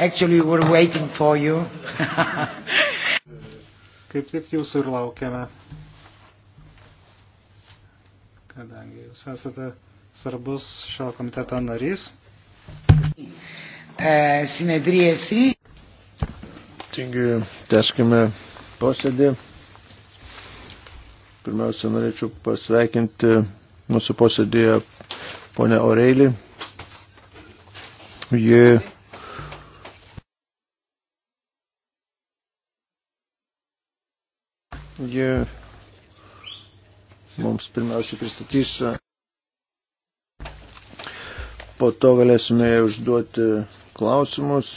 Actually, we're waiting for you. Kaip tik jūsų ir laukiame, kadangi jūs esate svarbus šio komiteto narys. E, Sinedriesi. Taigi, teskime posėdį. Pirmiausia, norėčiau pasveikinti mūsų posėdėje ponę Oreilį. Ji ji mums pirmiausiai pristatys. Po to galėsime užduoti klausimus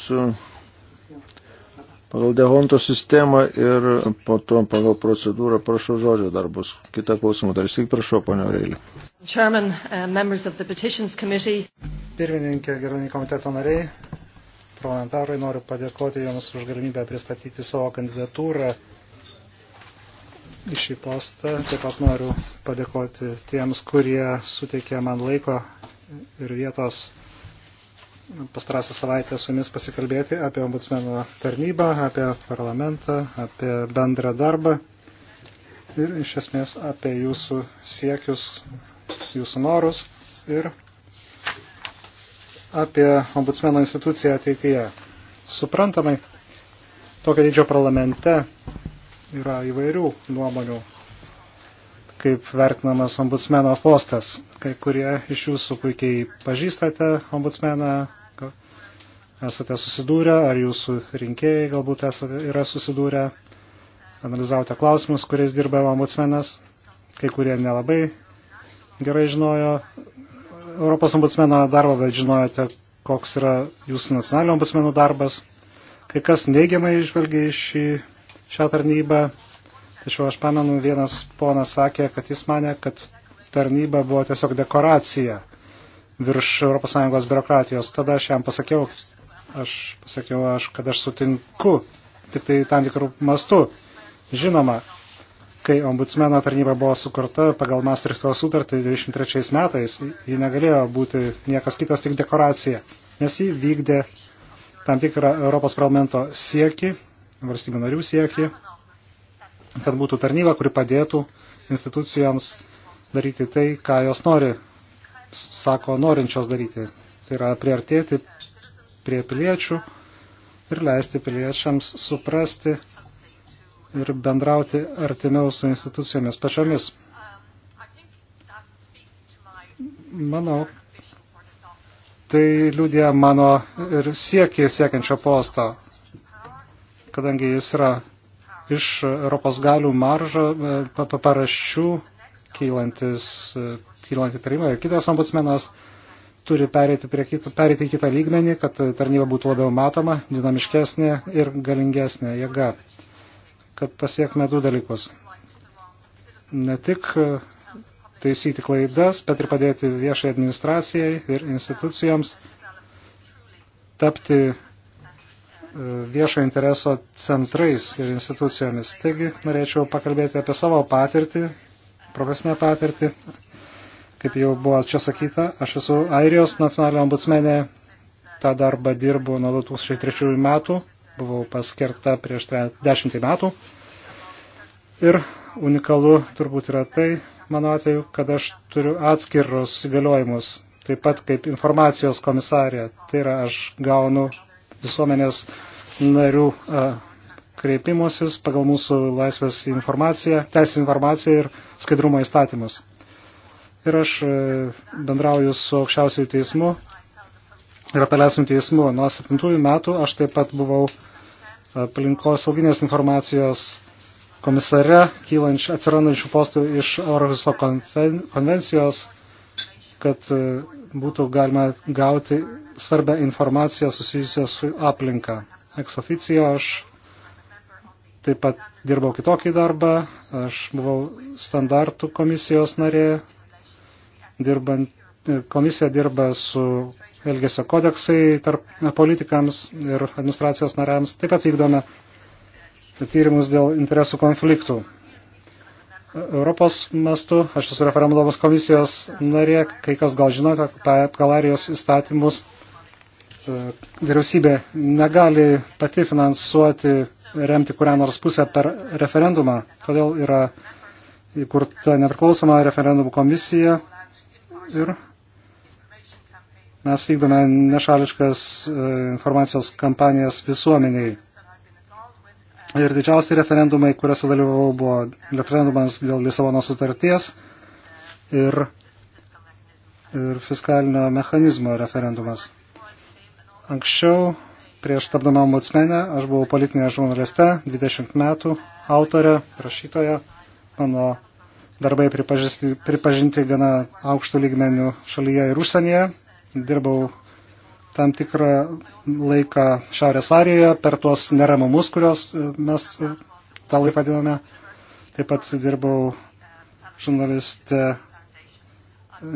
pagal Dehonto sistemą ir po to pagal procedūrą prašau žodžio dar bus. Kita klausimų dar tik prašau, ponia Reilė. Chairman, uh, members of the Petitions Committee. Pirmininkė, gerbimi komiteto nariai, parlamentarai, noriu padėkoti Jums už galimybę pristatyti savo kandidatūrą į šį postą. Taip pat noriu padėkoti tiems, kurie suteikė man laiko ir vietos pastarąsią savaitę su jumis pasikalbėti apie ombudsmeno tarnybą, apie parlamentą, apie bendrą darbą ir iš esmės apie jūsų siekius, jūsų norus ir apie ombudsmeno instituciją ateityje. Suprantamai, tokio dydžio parlamente yra įvairių nuomonių, kaip vertinamas ombudsmeno postas. Kai kurie iš jūsų puikiai pažįstate ombudsmeną, esate susidūrę, ar jūsų rinkėjai galbūt esate, yra susidūrę, analizavote klausimus, kuriais dirba ombudsmenas, kai kurie nelabai gerai žinojo Europos ombudsmeno darbą, bet žinojate, koks yra jūsų nacionalinio ombudsmenų darbas. Kai kas neigiamai išvelgia į šį šią tarnybą, tačiau aš pamenu, vienas ponas sakė, kad jis mane, kad tarnyba buvo tiesiog dekoracija virš ES biurokratijos. Tada aš jam pasakiau, aš pasakiau, aš, kad aš sutinku tik tai tam tikrų mastų. Žinoma, kai ombudsmeno tarnyba buvo sukurta pagal Maastrichto sutartį 23 metais, ji negalėjo būti niekas kitas tik dekoracija, nes ji vykdė tam tikrą Europos parlamento sieki valstybių narių siekį, kad būtų tarnyba, kuri padėtų institucijoms daryti tai, ką jos nori, sako norinčios daryti. Tai yra priartėti prie piliečių ir leisti piliečiams suprasti ir bendrauti artimiau su institucijomis pačiomis. Manau, tai liūdė mano ir siekį siekiančio posto kadangi jis yra iš Europos galių maržo e, paraščių kylantis, e, kylantį tarimą. Kitas ombudsmenas turi pereiti, prie kito, pereiti į kitą lygmenį, kad tarnyba būtų labiau matoma, dinamiškesnė ir galingesnė jėga, kad pasiekme du dalykus. Ne tik e, taisyti klaidas, bet ir padėti viešai administracijai ir institucijoms tapti viešo intereso centrais ir institucijomis. Taigi norėčiau pakalbėti apie savo patirtį, profesinę patirtį. Kaip jau buvo čia sakyta, aš esu Airijos nacionalinio ombudsmenė, tą darbą dirbu nuo 2003 metų, buvau paskirta prieš dešimtį metų. Ir unikalu turbūt yra tai, mano atveju, kad aš turiu atskirus įgaliojimus, taip pat kaip informacijos komisarė. Tai yra, aš gaunu visuomenės narių kreipimusis pagal mūsų laisvės informaciją, teisės informaciją ir skaidrumo įstatymus. Ir aš bendrauju su aukščiausiųjų teismu ir apeliacinių teismu. Nuo 7 metų aš taip pat buvau aplinkos sauginės informacijos komisare, kylanč, atsirandančių postų iš Orhuso konvencijos, kad būtų galima gauti svarbę informaciją susijusią su aplinka. Ex officio aš taip pat dirbau kitokį darbą, aš buvau standartų komisijos narė, dirbant, e, komisija dirba su elgesio kodeksai tarp e, politikams ir administracijos nariams, taip pat vykdome tyrimus dėl interesų konfliktų. Europos mastu, aš esu referendumos komisijos narė, kai kas gal žinote, galerijos įstatymus e, vyriausybė negali pati finansuoti, remti kurią nors pusę per referendumą. Todėl yra įkurta nepriklausoma referendumų komisija ir mes vykdome nešališkas e, informacijos kampanijas visuomeniai. Ir didžiausiai referendumai, kuriuose dalyvau, buvo referendumas dėl Lisabono sutarties ir, ir fiskalinio mechanizmo referendumas. Anksčiau, prieš tapdama ombudsmenę, aš buvau politinė žurnaliste, 20 metų, autorė, rašytoja. Mano darbai pripažinti, pripažinti gana aukštų lygmenių šalyje ir užsienyje. Dirbau tam tikrą laiką Šiaurės Arijoje per tuos neramumus, kurios e, mes e, tą laiką vadiname. Taip pat dirbau žurnaliste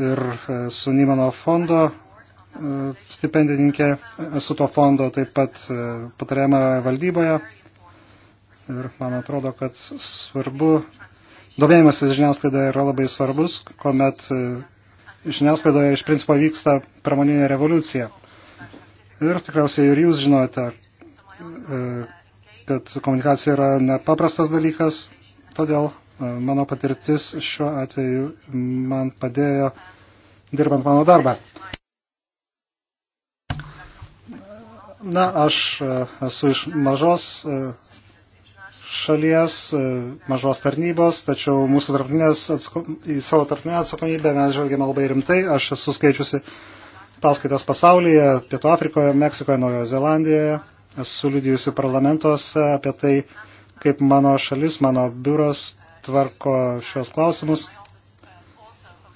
ir e, su Nymano fondo stipendininkė, esu to fondo taip pat patariama valdyboje. Ir man atrodo, kad svarbu, domėjimasis žiniasklaidoje yra labai svarbus, kuomet žiniasklaidoje iš principo vyksta pramoninė revoliucija. Ir tikriausiai ir jūs žinote, e, kad komunikacija yra nepaprastas dalykas, todėl e, mano patirtis šiuo atveju man padėjo dirbant mano darbą. Na, aš e, esu iš mažos šalies, mažos tarnybos, tačiau mūsų tarpinės atsakomybę, į savo tarpinę atsakomybę mes žvelgiame labai rimtai. Aš esu skaičiusi uh, paskaitas pasaulyje, Pietų Afrikoje, Meksikoje, Naujojo Zelandijoje. Esu liudijusi parlamentuose apie tai, kaip mano šalis, mano biuras tvarko šios klausimus.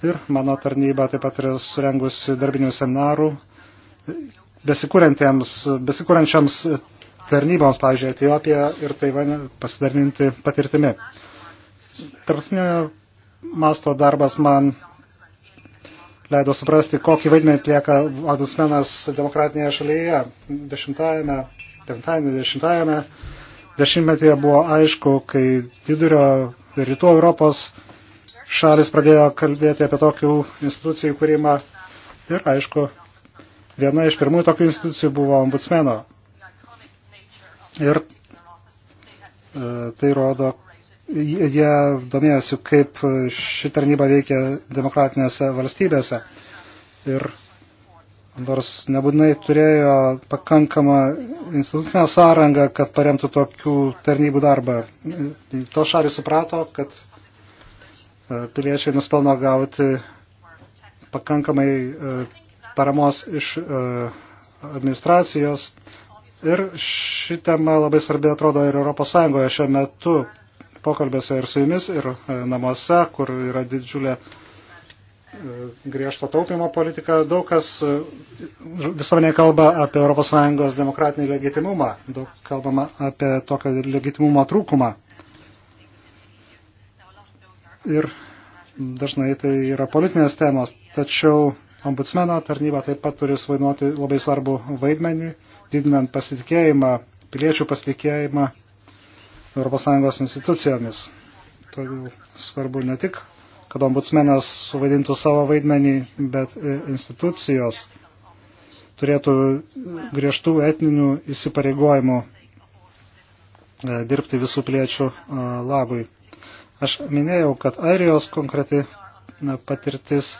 Ir mano tarnyba taip pat yra surengusi darbinių seminarų besikūrenčiams tarnyboms, pavyzdžiui, Etijopija ir Taivanė pasidalinti patirtimi. Tarptinio masto darbas man leido suprasti, kokį vaidmenį atlieka vadusmenas demokratinėje šalyje. Dešimtajame, devintajame, dešimtajame dešimtmetyje buvo aišku, kai vidurio rytų Europos šalis pradėjo kalbėti apie tokių institucijų kūrimą. Ir aišku, viena iš pirmųjų tokių institucijų buvo ombudsmeno. Ir e, tai rodo, jie domėjosi, kaip ši tarnyba veikia demokratinėse valstybėse. Ir nors nebūtinai turėjo pakankamą institucinę sąrangą, kad paremtų tokių tarnybų darbą. To šalis suprato, kad e, piliečiai nuspelno gauti pakankamai e, paramos iš e, administracijos. Ir ši tema labai svarbi atrodo ir Europos Sąjungoje šiuo metu pokalbėse ir su jumis, ir e, namuose, kur yra didžiulė e, griežto taupimo politika. Daug kas e, visuomenė kalba apie ES demokratinį legitimumą, daug kalbama apie tokio legitimumo trūkumą. Ir dažnai tai yra politinės temos, tačiau ombudsmeno tarnyba taip pat turi svainuoti labai svarbu vaidmenį, didinant pasitikėjimą, piliečių pasitikėjimą ES institucijomis. Todėl svarbu ne tik, kad ombudsmenas suvaidintų savo vaidmenį, bet institucijos turėtų griežtų etninių įsipareigojimų e, dirbti visų piliečių e, labui. Aš minėjau, kad Airijos konkreti patirtis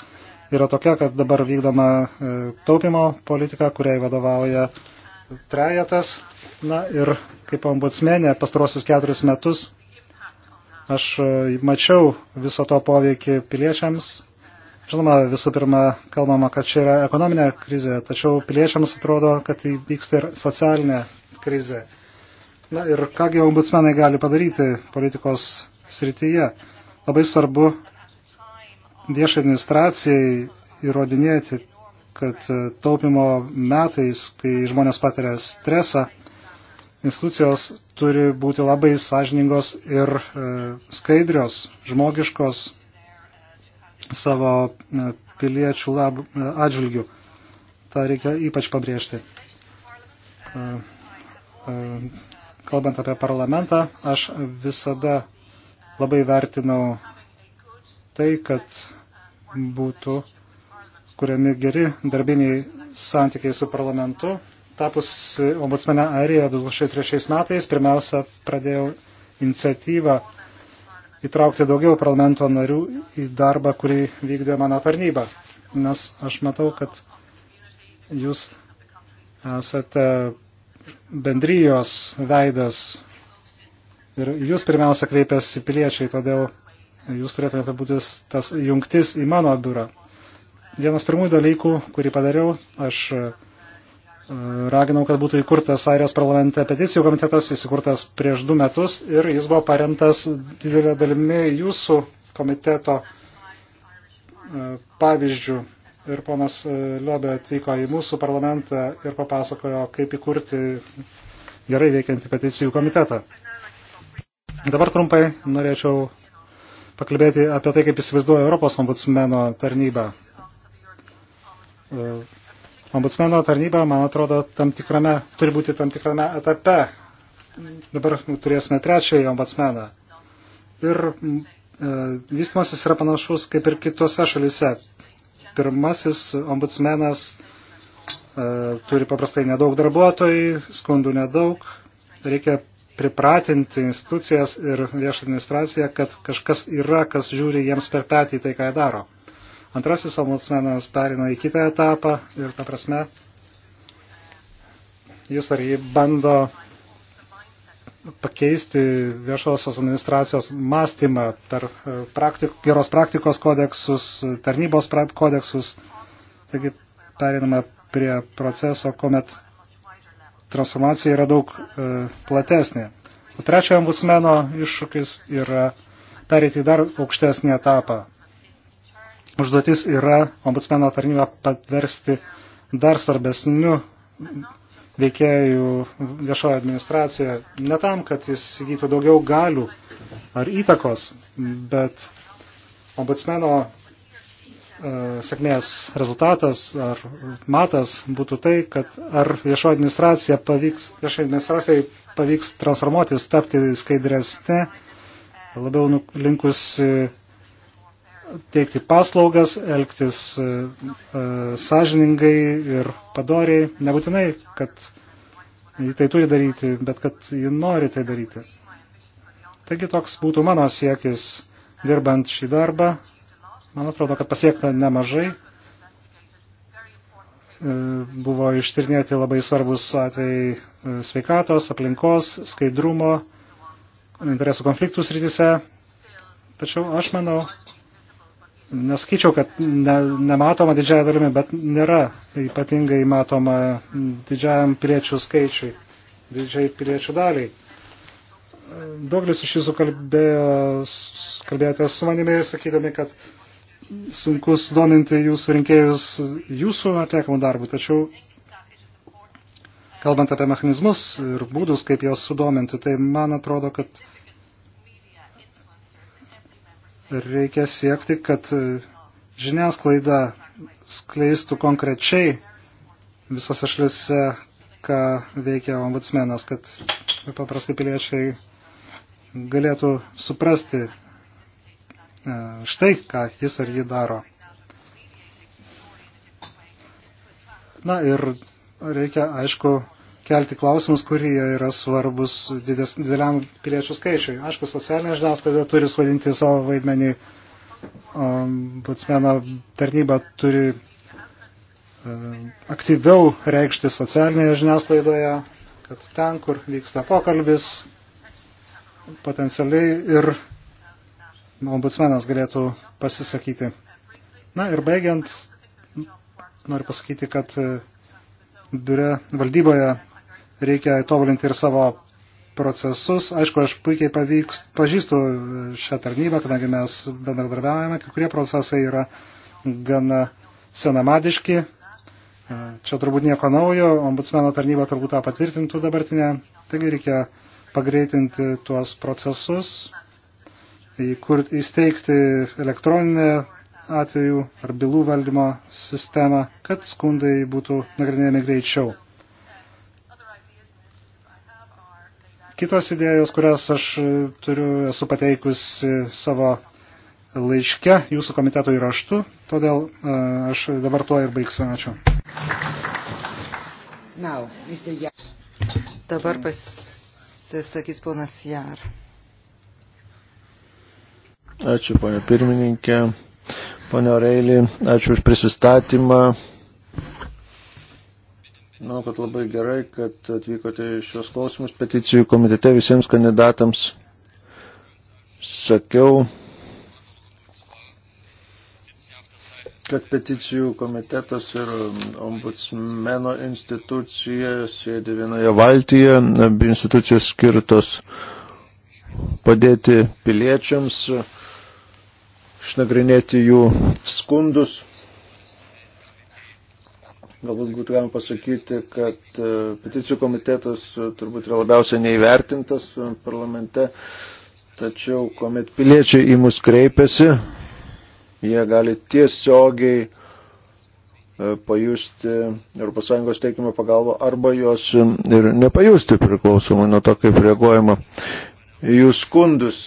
yra tokia, kad dabar vykdoma e, taupimo politika, kuriai vadovauja trejetas Na ir kaip ombudsmenė pastarosius keturis metus aš e, mačiau viso to poveikį piliečiams. Žinoma, visų pirma, kalbama, kad čia yra ekonominė krizė, tačiau piliečiams atrodo, kad tai vyksta ir socialinė krizė. Na ir kągi ombudsmenai gali padaryti politikos srityje. Labai svarbu viešai administracijai įrodinėti, kad taupimo metais, kai žmonės patiria stresą, institucijos turi būti labai sąžiningos ir e, skaidrios, žmogiškos savo e, piliečių lab, e, atžvilgių. Ta reikia ypač pabrėžti. Kalbant apie parlamentą, aš visada labai vertinau tai, kad būtų kuriami geri darbiniai santykiai su parlamentu Tapus ombudsmene Airija 2003 metais, pirmiausia, pradėjau iniciatyvą įtraukti daugiau parlamento narių į darbą, kurį vykdė mano tarnyba. Nes aš matau, kad jūs esate bendrijos veidas ir jūs pirmiausia kreipiasi piliečiai, todėl jūs turėtumėte būti tas jungtis į mano biurą. Vienas pirmųjų dalykų, kurį padariau, aš raginau, kad būtų įkurtas Airijos parlamente peticijų komitetas, jis įkurtas prieš du metus ir jis buvo paremtas didelė dalimi jūsų komiteto e, pavyzdžių. Ir ponas e, Liobė atvyko į mūsų parlamentą ir papasakojo, kaip įkurti gerai veikiantį peticijų komitetą. Dabar trumpai norėčiau pakalbėti apie tai, kaip įsivaizduoja Europos ombudsmeno tarnybą e, Ombudsmeno tarnyba, man atrodo, tam tikrame, turi būti tam tikrame etape. Dabar turėsime trečiąjį ombudsmeną. Ir e, vystimasis yra panašus kaip ir kitose šalise. Pirmasis ombudsmenas e, turi paprastai nedaug darbuotojų, skundų nedaug. Reikia pripratinti institucijas ir viešą administraciją, kad kažkas yra, kas žiūri jiems per petį tai, ką jie daro. Antrasis ombudsmenas perina į kitą etapą ir ta prasme jis ar jį bando pakeisti viešosios administracijos mąstymą per e, praktik, geros praktikos kodeksus, tarnybos kodeksus. Taigi periname prie proceso, kuomet transformacija yra daug e, platesnė. O trečiojo ombudsmeno iššūkis yra perėti į dar aukštesnį etapą užduotis yra ombudsmeno tarnybą patversti dar svarbesniu veikėjų viešoje administracijoje, ne tam, kad jis įgytų daugiau galių ar įtakos, bet ombudsmeno e, sėkmės rezultatas ar matas būtų tai, kad ar viešo administracija pavyks, viešo administracijai pavyks transformuotis, tapti skaidresnė, labiau linkus teikti paslaugas, elgtis e, e, sąžiningai ir padoriai. Nebūtinai, kad jį tai turi daryti, bet kad ji nori tai daryti. Taigi toks būtų mano siekis dirbant šį darbą. Man atrodo, kad pasiekta nemažai. E, buvo ištirnėti labai svarbus atvejai sveikatos, aplinkos, skaidrumo, interesų konfliktų srityse. Tačiau aš manau, Neskaičiau, kad ne, nematoma didžiaja dalimi, bet nėra ypatingai matoma didžiajam piliečių skaičiui, didžiai piliečių daliai. Daugelis iš jūsų kalbėjo, kalbėjote su manimi, sakydami, kad sunku sudominti jūsų rinkėjus jūsų atliekamų darbų, tačiau kalbant apie mechanizmus ir būdus, kaip juos sudominti, tai man atrodo, kad Reikia siekti, kad e, žiniasklaida skleistų konkrečiai visose šalise, ką veikia ombudsmenas, kad paprastai piliečiai galėtų suprasti e, štai, ką jis ar jį daro. Na ir reikia, aišku, kelti klausimus, kurie yra svarbus dides, dideliam piliečių skaičiui. Aišku, socialinė žiniasklaida turi suvadinti savo vaidmenį, um, būtsmeno tarnyba turi um, aktyviau reikšti socialinėje žiniasklaidoje, kad ten, kur vyksta pokalbis, potencialiai ir ombudsmenas galėtų pasisakyti. Na ir baigiant, noriu pasakyti, kad uh, biure valdyboje reikia tobulinti ir savo procesus. Aišku, aš puikiai pavyks, pažįstu šią tarnybą, kadangi mes bendradarbiavame, kai kurie procesai yra gana senamadiški. Čia turbūt nieko naujo, ombudsmeno tarnyba turbūt tą patvirtintų dabartinę. Taigi reikia pagreitinti tuos procesus, kur įsteigti elektroninę atvejų ar bylų valdymo sistemą, kad skundai būtų nagrinėjami greičiau. Kitos idėjos, kurias aš e, turiu, esu pateikus savo laiške jūsų komiteto įraštu, todėl e, aš dabar tuo ir baigsiu. Ačiū. Now, Dabar pasisakys ponas Jar. Ačiū, ponė pirmininkė. Pone Reilį, ačiū už prisistatymą. Manau, kad labai gerai, kad atvykote į šios klausimus peticijų komitete visiems kandidatams. Sakiau, kad peticijų komitetas ir ombudsmeno institucija sėdi vienoje valtyje, abi institucijos skirtos padėti piliečiams, išnagrinėti jų skundus. Galbūt būtų galima pasakyti, kad e, peticijų komitetas e, turbūt yra labiausiai neįvertintas e, parlamente, tačiau kuomet piliečiai į mus kreipiasi, jie gali tiesiogiai pajusti ES teikimą pagalbą arba jos ir nepajusti priklausomai nuo to, kaip reaguojama jų skundus.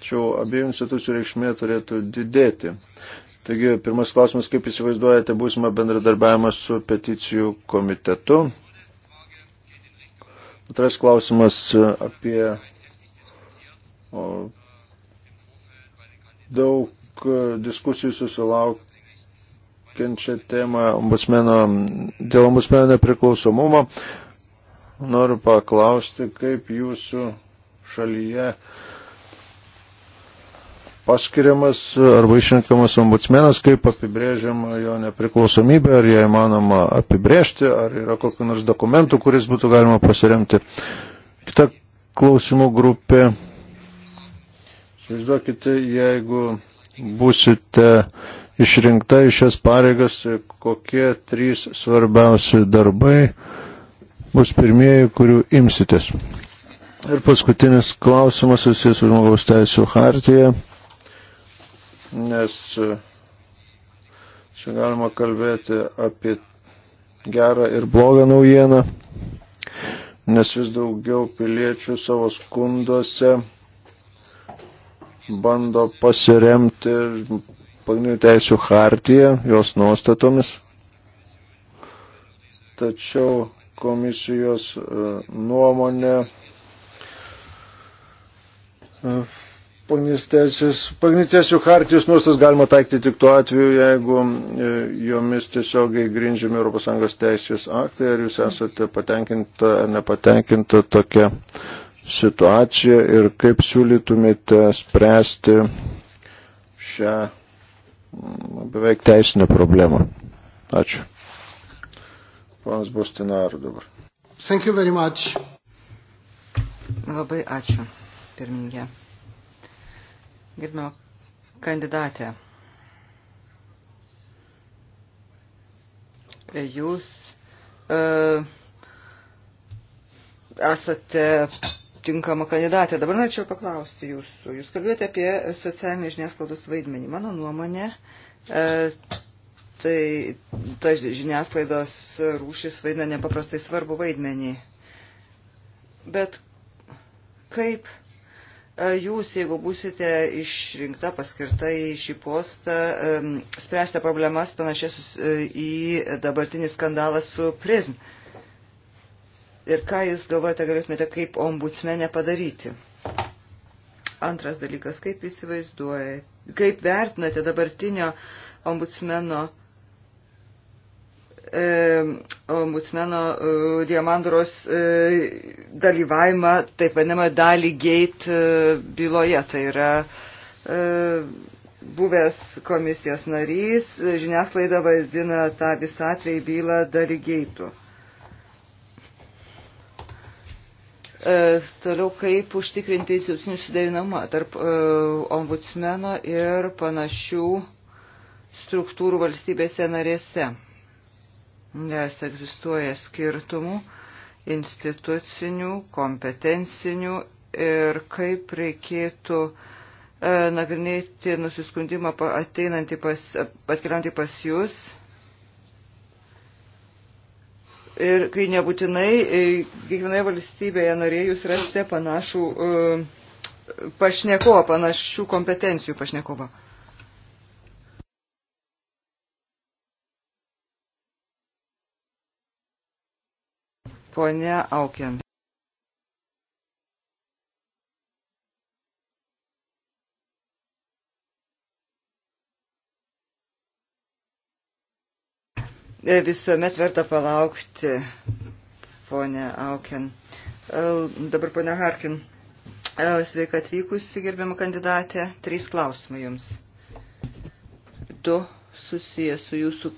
Tačiau abiejų institucijų reikšmė turėtų didėti. Taigi, pirmas klausimas, kaip įsivaizduojate būsimą bendradarbiavimą su peticijų komitetu? Antras klausimas apie o, daug diskusijų susilaukiančią temą ombudsmeno, dėl ombudsmeno nepriklausomumo. Noriu paklausti, kaip jūsų šalyje uh, paskiriamas arba išrinkamas ombudsmenas, kaip apibrėžiama jo nepriklausomybė, ar ją įmanoma apibrėžti, ar yra kokiu nors dokumentu, kuris būtų galima pasiremti. Kita klausimų grupė. Įsivaizduokite, jeigu būsite išrinkta iš šias pareigas, kokie trys svarbiausi darbai bus pirmieji, kurių imsitės. Ir paskutinis klausimas susijęs su žmogaus teisų hartija nes e, čia galima kalbėti apie gerą ir blogą naujieną, nes vis daugiau piliečių savo skunduose bando pasiremti pagrindinių teisų hartiją, jos nuostatomis. Tačiau komisijos e, nuomonė e, Pagrindinės teisų hartijos nuostas galima taikyti tik tuo atveju, jeigu e, jomis tiesiogiai grindžiami ES teisės aktai. Ar jūs esate patenkinta ar nepatenkinta tokia situacija ir kaip siūlytumėte spręsti šią beveik teisinę problemą? Ačiū. Panas Bostinar dabar. Thank you very much. Labai ačiū, pirmininkė. Gerbimo kandidatė. Jūs uh, esate tinkama kandidatė. Dabar norėčiau paklausti jūsų. Jūs kalbėjote apie socialinį žiniasklaidos vaidmenį. Mano nuomonė, e, tai ta žiniasklaidos rūšis vaidina nepaprastai svarbu vaidmenį. Bet kaip E, jūs, jeigu būsite išrinkta, paskirta į šį postą, spręsite problemas panašias e, į dabartinį skandalą su prizm. Ir ką jūs galvojate, galėtumėte kaip ombudsmenė padaryti? Antras dalykas, kaip įsivaizduojate, kaip vertinate dabartinio ombudsmeno ombudsmeno e, Diamandros e, dalyvavimą, taip vadinamą dalį gate e, byloje. Tai yra buvęs komisijos narys, žiniasklaida vadina tą visą atvejį bylą dalį geitų. toliau kaip užtikrinti institucinį suderinamą tarp ombudsmeno ir panašių struktūrų valstybėse narėse nes egzistuoja skirtumų institucinių, kompetencinių ir kaip reikėtų e, nagrinėti nusiskundimą ateinantį pas, atkeliantį pas jūs. Ir kai nebūtinai e, kiekvienoje valstybėje norėjai jūs rasite panašų e, pašnekovą, panašių kompetencijų pašnekovą. Pone Aukien. E, visuomet verta palaukti, ponė Auken. E, dabar ponė Harkin. E, sveika atvykusi, gerbiama kandidatė. Trys klausimai jums. Du susijęs su jūsų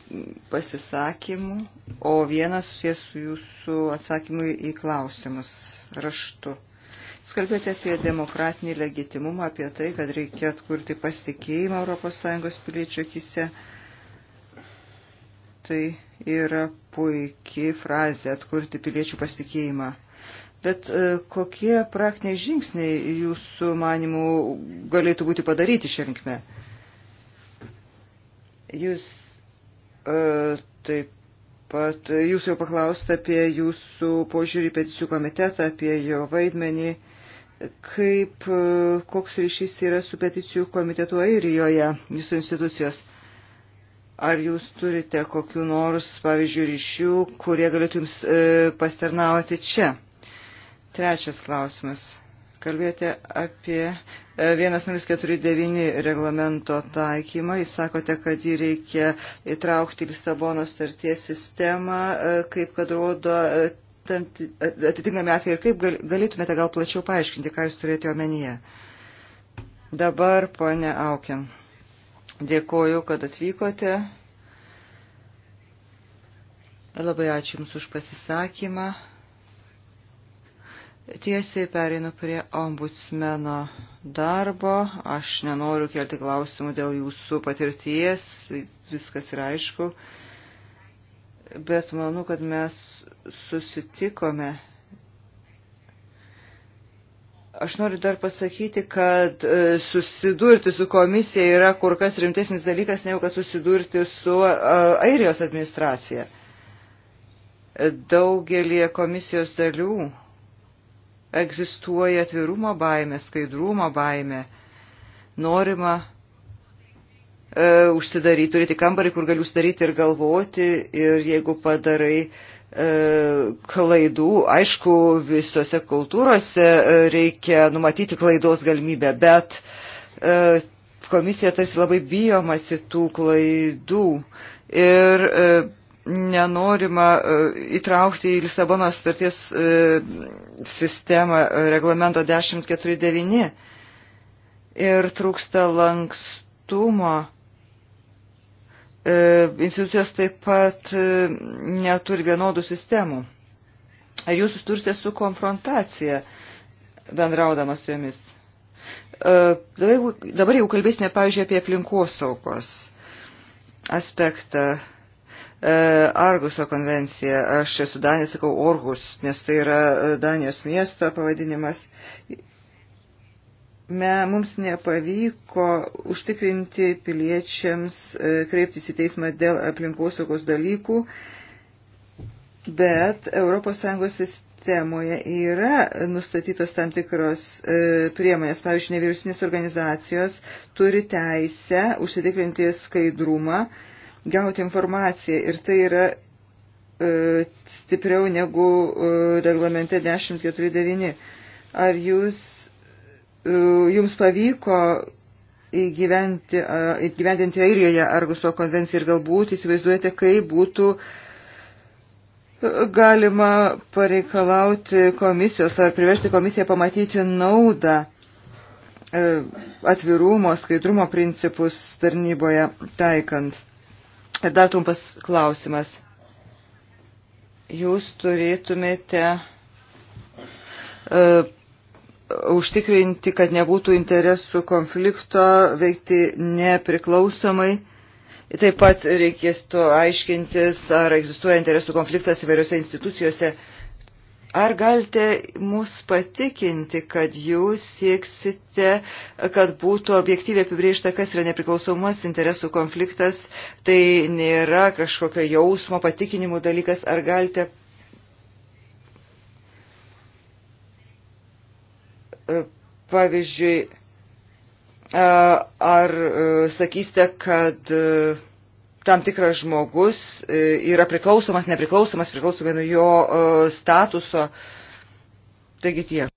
pasisakymu, o vienas susijęs su jūsų atsakymu į klausimus raštu. Jūs kalbėjote apie demokratinį legitimumą, apie tai, kad reikia atkurti pasitikėjimą ES piliečių akise. Tai yra puikiai frazė atkurti piliečių pasitikėjimą. Bet e, kokie praktiniai žingsniai jūsų manimų galėtų būti padaryti šią linkmę? Jūs e, taip pat, jūs jau paklausta apie jūsų požiūrį peticijų komitetą, apie jo vaidmenį, kaip, e, koks ryšys yra su peticijų komitetu Airijoje, jūsų institucijos. Ar jūs turite kokiu nors, pavyzdžiui, ryšių, kurie galėtų jums e, pasternauti čia? Trečias klausimas. Kalbėjote apie 1049 e, reglamento taikymą. Jūs sakote, kad jį reikia įtraukti į Lisabono starties sistemą, e, kaip kad rodo e, atitinkami atvejai. Ir kaip galėtumėte gal plačiau paaiškinti, ką jūs turėjote omenyje? Dabar, ponė Aukin, dėkoju, kad atvykote. Labai ačiū Jums už pasisakymą. Tiesiai pereinu prie ombudsmeno darbo. Aš nenoriu kelti klausimų dėl jūsų patirties, viskas yra aišku. Bet manau, kad mes susitikome. Aš noriu dar pasakyti, kad e, susidurti su komisija yra kur kas rimtesnis dalykas, negu kad susidurti su e, Airijos administracija. Daugelį komisijos dalių egzistuoja atvirumo baime, skaidrumo baime. Norima e, užsidaryti, turėti kambarį, kur galiu užsidaryti ir galvoti, ir jeigu padarai e, klaidų, aišku, visose kultūrose e, reikia numatyti klaidos galimybę, bet e, komisija tarsi labai bijomasi tų klaidų. Ir e, nenorima e, įtraukti į Lisabonos sutarties e, sistemą e, reglamento 1049 ir trūksta lankstumo. Institucijos taip pat neturi vienodų sistemų. Ar jūs sustursite su konfrontacija bendraudamas su jomis? Dabar jau kalbėsime, pavyzdžiui, apie aplinkosaugos aspektą E, Arguso konvencija. Aš esu Danė, sakau Orgus, nes tai yra e, Danijos miesto pavadinimas. Me, mums nepavyko užtikrinti piliečiams e, kreiptis į teismą dėl aplinkosaugos dalykų, bet ES sistemoje yra nustatytos tam tikros priemonės. Pavyzdžiui, nevyriausybinės organizacijos turi teisę užsitikrinti skaidrumą gauti informaciją ir tai yra e, stipriau negu e, reglamente 1049. Ar jūs, e, jums pavyko įgyventi, e, įgyvendinti Airijoje Arguso konvenciją ir galbūt įsivaizduojate, kaip būtų e, galima pareikalauti komisijos ar priversti komisiją pamatyti naudą e, atvirumo, skaidrumo principus tarnyboje taikant. Ir dar trumpas klausimas. Jūs turėtumėte uh, užtikrinti, kad nebūtų interesų konflikto, veikti nepriklausomai. Taip pat reikės to aiškintis, ar egzistuoja interesų konfliktas įvairiose institucijose. Uh, Ar galite mus patikinti, kad jūs sieksite, kad būtų objektyviai apibriešta, kas yra nepriklausomas interesų konfliktas, tai nėra kažkokio jausmo patikinimų dalykas, ar galite e, pavyzdžiui, e, ar e, sakysite, kad tam tikras žmogus e, yra priklausomas, nepriklausomas, priklausomai nuo jo e, statuso. Taigi tiek.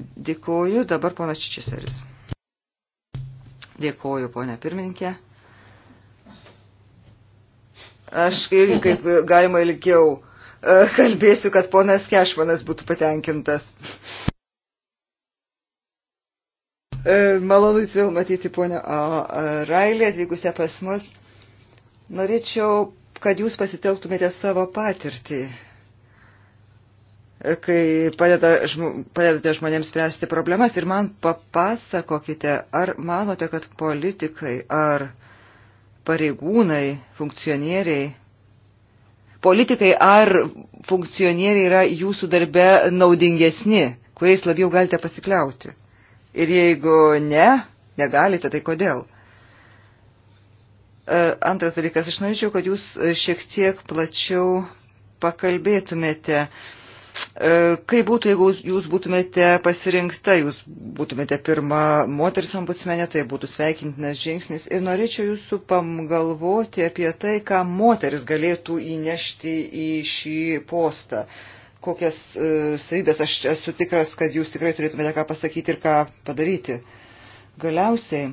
Dėkuoju, dabar ponas Čičeseris. Dėkuoju, ponė pirmininkė. Aš irgi kaip galima ilgiau e, kalbėsiu, kad ponas Kešmanas būtų patenkintas. E, malonu Jūs vėl matyti, ponia Railė, atvykusią pas mus. Norėčiau, kad Jūs pasitelktumėte savo patirtį, e, kai padeda, padedate žmonėms spręsti problemas ir man papasakokite, ar manote, kad politikai ar pareigūnai, funkcionieriai, politikai ar funkcionieriai yra Jūsų darbe naudingesni, kuriais labiau galite pasikliauti. Ir jeigu ne, negalite, tai kodėl? E, antras dalykas, aš norėčiau, kad jūs šiek tiek plačiau pakalbėtumėte. E, kaip būtų, jeigu jūs būtumėte pasirinkta, jūs būtumėte pirma moteris ombudsmenė, tai būtų sveikintinas žingsnis. Ir norėčiau jūsų pamgalvoti apie tai, ką moteris galėtų įnešti į šį postą kokias e, savybės aš esu tikras, kad jūs tikrai turėtumėte ką pasakyti ir ką padaryti. Galiausiai,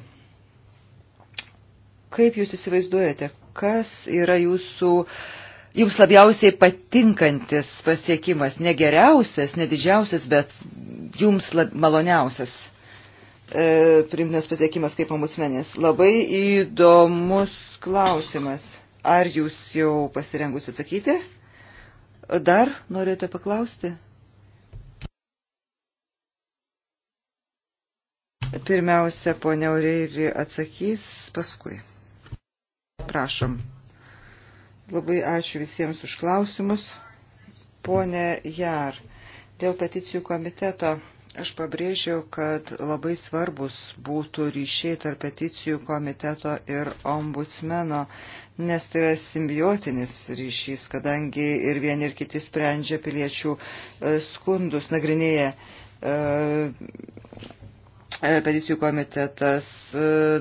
kaip jūs įsivaizduojate, kas yra jūsų jums labiausiai patinkantis pasiekimas, ne geriausias, ne didžiausias, bet jums lab, maloniausias e, primtinas pasiekimas kaip omusmenės. Labai įdomus klausimas. Ar jūs jau pasirengus atsakyti? Dar norėjote paklausti? Pirmiausia, ponia Aureiri atsakys paskui. Prašom. Labai ačiū visiems už klausimus. Pone Jar, dėl peticijų komiteto aš pabrėžiau, kad labai svarbus būtų ryšiai tarp peticijų komiteto ir ombudsmeno, nes tai yra simbiotinis ryšys, kadangi ir vieni ir kiti sprendžia piliečių e, skundus, nagrinėja e, e, peticijų komitetas,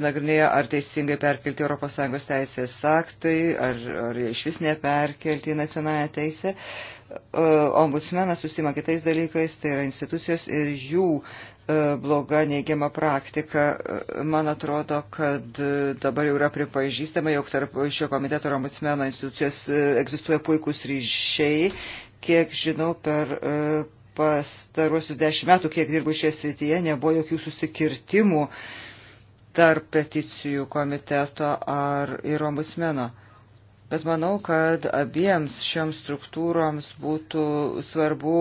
nagrinėja ar teisingai perkelti ES teisės aktai, ar, ar iš vis neperkelti į nacionalinę teisę. Ombudsmenas susima kitais dalykais, tai yra institucijos ir jų uh, E, bloga neigiama praktika. E, man atrodo, kad e, dabar jau yra pripažįstama, jog tarp šio komiteto ir ombudsmeno institucijos egzistuoja puikūs ryšiai. Kiek žinau, per pastaruosius dešimt metų, kiek dirbu šioje srityje, nebuvo jokių susikirtimų tarp peticijų komiteto ar ir ombudsmeno. Bet manau, kad abiems šioms struktūroms būtų svarbu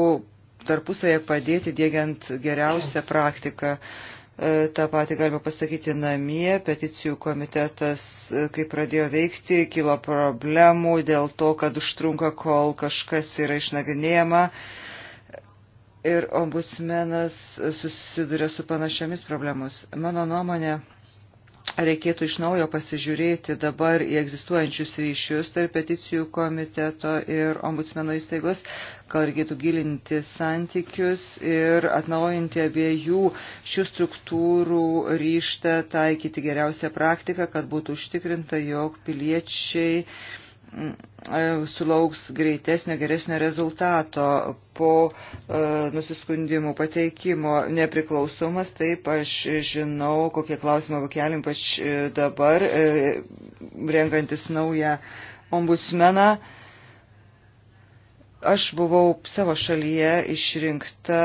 tarpusavėje padėti dėgiant geriausią praktiką. E, Ta pati galima pasakyti namie, peticijų komitetas, e, kai pradėjo veikti, kilo problemų dėl to, kad užtrunka, kol kažkas yra išnagrinėjama. Ir ombudsmenas susiduria su panašiamis problemus. Mano nuomonė, reikėtų iš naujo pasižiūrėti dabar į egzistuojančius ryšius tarp peticijų komiteto ir ombudsmeno įstaigos, gal reikėtų gilinti santykius ir atnaujinti abiejų šių struktūrų ryštą taikyti geriausią praktiką, kad būtų užtikrinta, jog piliečiai E, sulauks greitesnio, geresnio rezultato po e, nusiskundimų pateikimo. Nepriklausomas, taip, aš žinau, kokie klausimai vakelim, ypač e, dabar, renkantis naują ombudsmeną. Aš buvau savo šalyje išrinkta,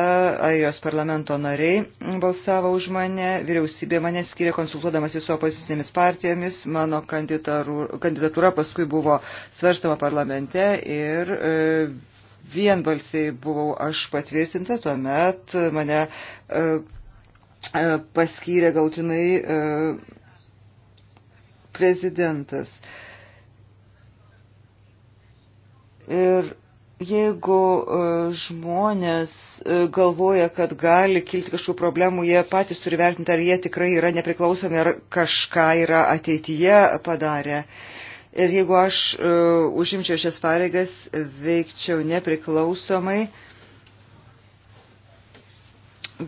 airijos parlamento nariai balsavo už mane, vyriausybė mane skiria konsultuodamas su opozicinėmis partijomis, mano kandidatūra paskui buvo svarstama parlamente ir e, vienbalsiai buvau aš patvirtinta, tuomet mane e, e paskyrė galtinai e, prezidentas. Ir Jeigu e, žmonės e, galvoja, kad gali kilti kažkokių problemų, jie patys turi vertinti, ar jie tikrai yra nepriklausomi, ar kažką yra ateityje padarę. Ir jeigu aš uh, užimčiau šias pareigas, veikčiau nepriklausomai,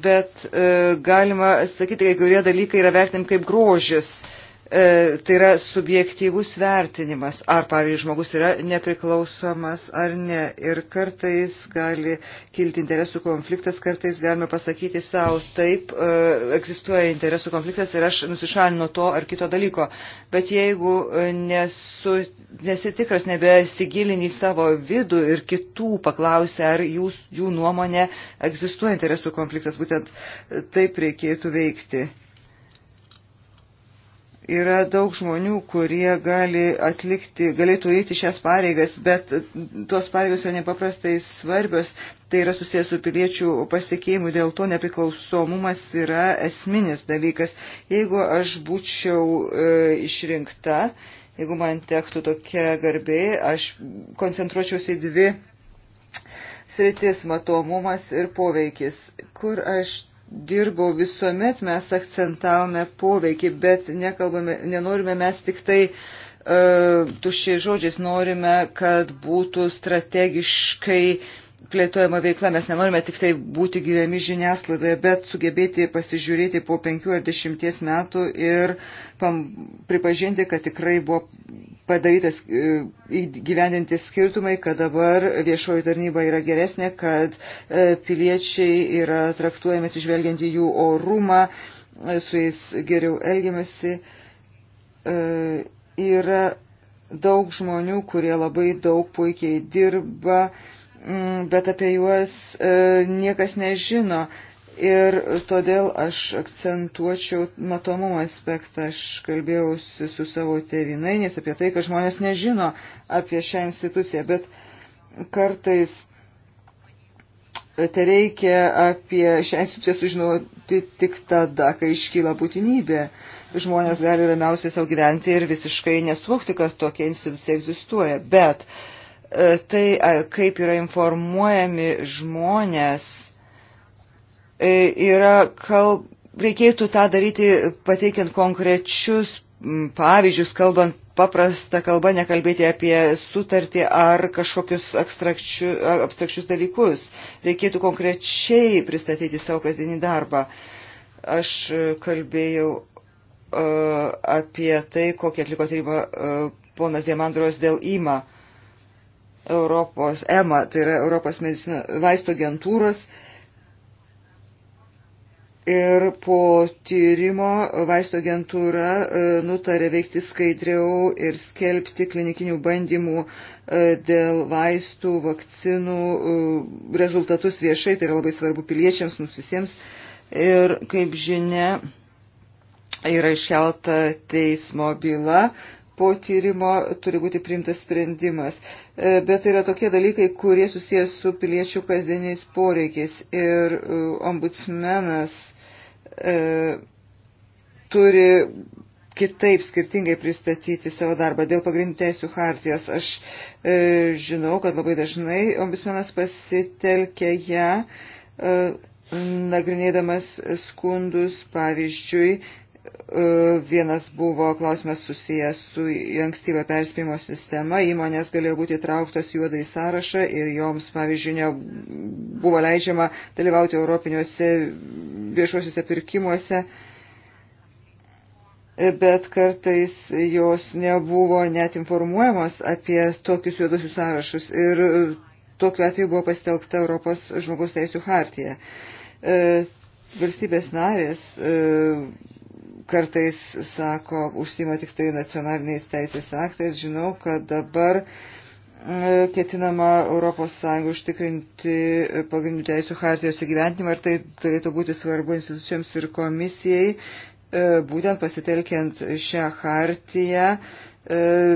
bet uh, galima sakyti, kai kurie dalykai yra vertinami kaip grožis. Uh, E, tai yra subjektyvus vertinimas, ar, pavyzdžiui, žmogus yra nepriklausomas ar ne. Ir kartais gali kilti interesų konfliktas, kartais galime pasakyti savo, taip, e, egzistuoja interesų konfliktas ir aš nusišalinu to ar kito dalyko. Bet jeigu e, nesu, nesitikras, nebesigilini į savo vidų ir kitų paklausia, ar jūs, jų nuomonė egzistuoja interesų konfliktas, būtent taip reikėtų veikti Yra daug žmonių, kurie gali atlikti, galėtų eiti šias pareigas, bet tos pareigos yra nepaprastai svarbios. Tai yra susijęs su piliečių pasiekėjimu, dėl to nepriklausomumas yra esminis dalykas. Jeigu aš būčiau e, išrinkta, jeigu man tektų tokia garbė, aš koncentruočiausi į dvi sritis - matomumas ir poveikis. Kur aš dirbau visuomet, mes akcentavome poveikį, bet nekalbame, nenorime mes tik tai uh, e, tuščiai žodžiais, norime, kad būtų strategiškai uh, plėtojama veikla. Mes nenorime tik tai būti giriami žiniasklaidoje, bet sugebėti pasižiūrėti po penkių ar dešimties metų ir pam, pripažinti, kad tikrai buvo padarytas e, įgyvendinti skirtumai, kad dabar viešoji tarnyba yra geresnė, kad e, piliečiai yra traktuojami atsižvelgiant į jų orumą, e, su jais geriau elgiamasi. Yra daug žmonių, kurie labai daug puikiai dirba, Mm, bet apie juos e, niekas nežino. Ir todėl aš akcentuočiau matomumo aspektą. Aš kalbėjausi su savo tėvinainės apie tai, kad žmonės nežino apie šią instituciją, bet kartais tai reikia apie šią instituciją sužinoti tik tada, kai iškyla būtinybė. Žmonės gali ramiausiai savo gyventi ir visiškai nesuvokti, kad tokia institucija egzistuoja. Bet uh, E, tai, kaip yra informuojami žmonės, e, yra kalb... reikėtų tą daryti pateikiant konkrečius pavyzdžius, kalbant paprastą kalbą, nekalbėti apie sutartį ar kažkokius abstrakčius dalykus. Reikėtų konkrečiai pristatyti savo kasdienį darbą. Aš e, kalbėjau uh, apie tai, kokį atliko tyrimą uh, ponas Diamandros dėl įma. Europos EMA, tai yra Europos medicino, vaisto agentūros. Ir po tyrimo vaisto agentūra e, nutarė veikti skaidriau ir skelbti klinikinių bandymų e, dėl vaistų, vakcinų e, rezultatus viešai, tai yra labai svarbu piliečiams, mums visiems. Ir kaip žinia, yra iškelta teismo byla po tyrimo turi būti priimtas sprendimas. E, bet tai yra tokie dalykai, kurie susijęs su piliečių kasdieniais poreikiais. Ir e, ombudsmenas e, turi kitaip skirtingai pristatyti savo darbą dėl pagrindinių teisų hartijos. Aš e, žinau, kad labai dažnai ombudsmenas pasitelkia ją. E, nagrinėdamas skundus, pavyzdžiui, E, vienas buvo klausimas susijęs su ankstyva perspėjimo sistema. Įmonės galėjo būti įtrauktos juodai sąrašą ir joms, pavyzdžiui, nebuvo leidžiama dalyvauti europiniuose viešuosiuose pirkimuose, e, bet kartais jos nebuvo net informuojamos apie tokius juodosius sąrašus ir tokiu atveju buvo pasitelkta Europos žmogaus teisų hartija. E, valstybės narės kartais sako, užsima tik tai nacionaliniais teisės aktais. Žinau, kad dabar e, ketinama ES užtikrinti e, pagrindinių teisų hartijos įgyventimą ir tai turėtų būti svarbu institucijoms ir komisijai, e, būtent pasitelkiant šią hartiją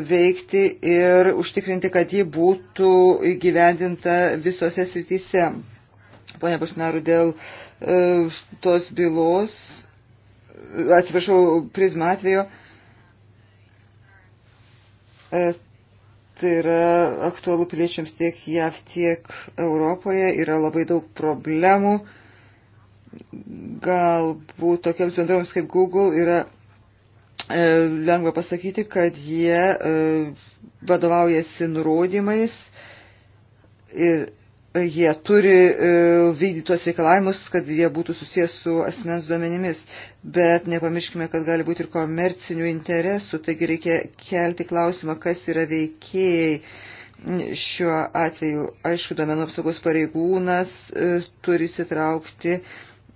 veikti ir užtikrinti, kad ji būtų įgyvendinta visose srityse. Pone Pušnaru, dėl tos bylos atsiprašau, prizmą atveju. E, tai yra aktualu piliečiams tiek JAV, tiek Europoje. Yra labai daug problemų. Galbūt tokiems bendrovėms kaip Google yra e, lengva pasakyti, kad jie e, vadovaujasi nurodymais ir jie turi e, vykdyti tuos reikalavimus, kad jie būtų susijęs su asmens duomenimis. Bet nepamirškime, kad gali būti ir komercinių interesų, taigi reikia kelti klausimą, kas yra veikėjai šiuo atveju. Aišku, duomenų apsaugos pareigūnas e, turi sitraukti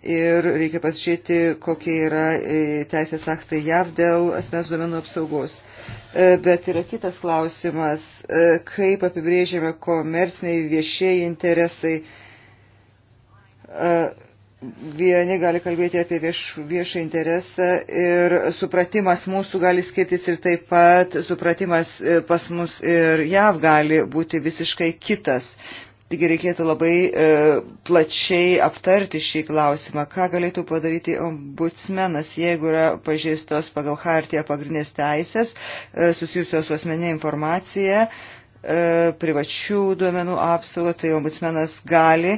ir reikia pasižiūrėti, kokie yra e, teisės aktai JAV dėl asmens duomenų apsaugos. E, bet yra kitas klausimas, e, kaip apibrėžiame komerciniai viešieji interesai. Vieni gali kalbėti apie vieš, viešą interesą ir supratimas mūsų gali skirtis ir taip pat supratimas pas mus ir JAV gali būti visiškai kitas. Taigi reikėtų labai e, plačiai aptarti šį klausimą, ką galėtų padaryti ombudsmenas, jeigu yra pažeistos pagal hartiją pagrindinės teisės e, susijusios su asmeninė informacija, e, privačių duomenų apsauga, tai ombudsmenas gali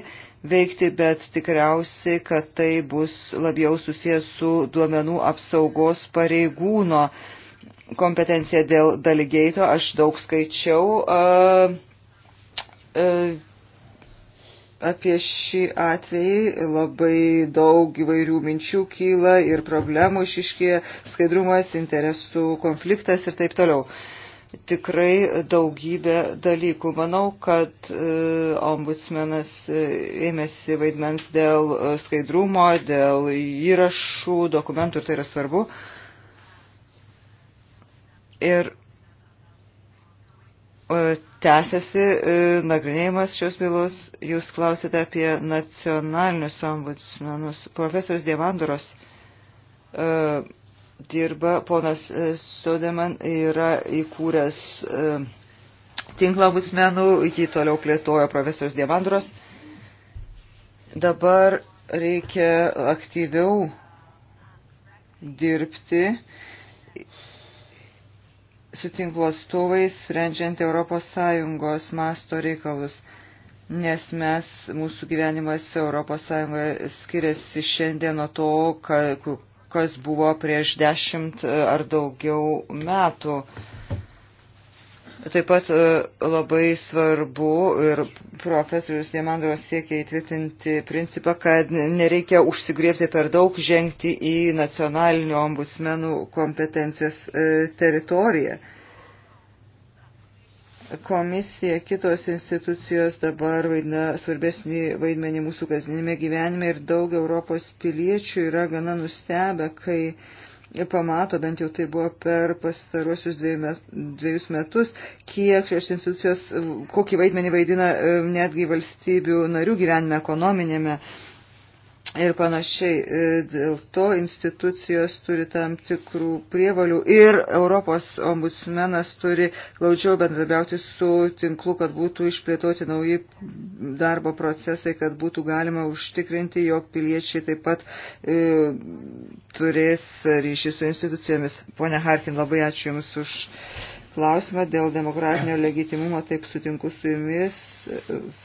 veikti, bet tikriausiai, kad tai bus labiau susijęs su duomenų apsaugos pareigūno kompetencija dėl daligeito. Aš daug skaičiau. E, e, apie šį atvejį labai daug įvairių minčių kyla ir problemų išiškėja, skaidrumas, interesų konfliktas ir taip toliau. Tikrai daugybė dalykų. Manau, kad e, ombudsmenas e, ėmėsi vaidmens dėl e, skaidrumo, dėl įrašų, dokumentų ir tai yra svarbu. Ir E, tęsiasi e, nagrinėjimas šios bylos. Jūs klausėte apie nacionalinius ombudsmenus. Profesorius Diemandoros e, dirba, ponas e, Sodeman yra įkūręs e, tinklą ombudsmenų, jį toliau plėtojo profesorius Diemandoros. Dabar reikia aktyviau dirbti su tinklo atstovais, sprendžiant ES masto reikalus, nes mes, mūsų gyvenimas ES skiriasi šiandien nuo to, kas buvo prieš dešimt e, ar daugiau metų. Taip pat e, labai svarbu ir profesorius Diemandros siekia įtvirtinti principą, kad nereikia užsigriepti per daug žengti į nacionalinių ombudsmenų kompetencijos e, teritoriją. Komisija, kitos institucijos dabar vaidina svarbesnį vaidmenį mūsų kasdienime gyvenime ir daug Europos piliečių yra gana nustebę, kai uh, pamato, bent jau tai buvo per pastaruosius dviejus metus, kiek šios institucijos, kokį vaidmenį vaidina e, netgi valstybių narių gyvenime ekonominėme. Ir panašiai, e, dėl to institucijos turi tam tikrų prievalių ir Europos ombudsmenas turi glaudžiau bendrabiauti su tinklu, kad būtų išplėtoti nauji darbo procesai, kad būtų galima užtikrinti, jog piliečiai taip pat e, turės ryšį su institucijomis. Pone Harkin, labai ačiū Jums už klausimą dėl demokratinio legitimumo, taip sutinku su Jumis,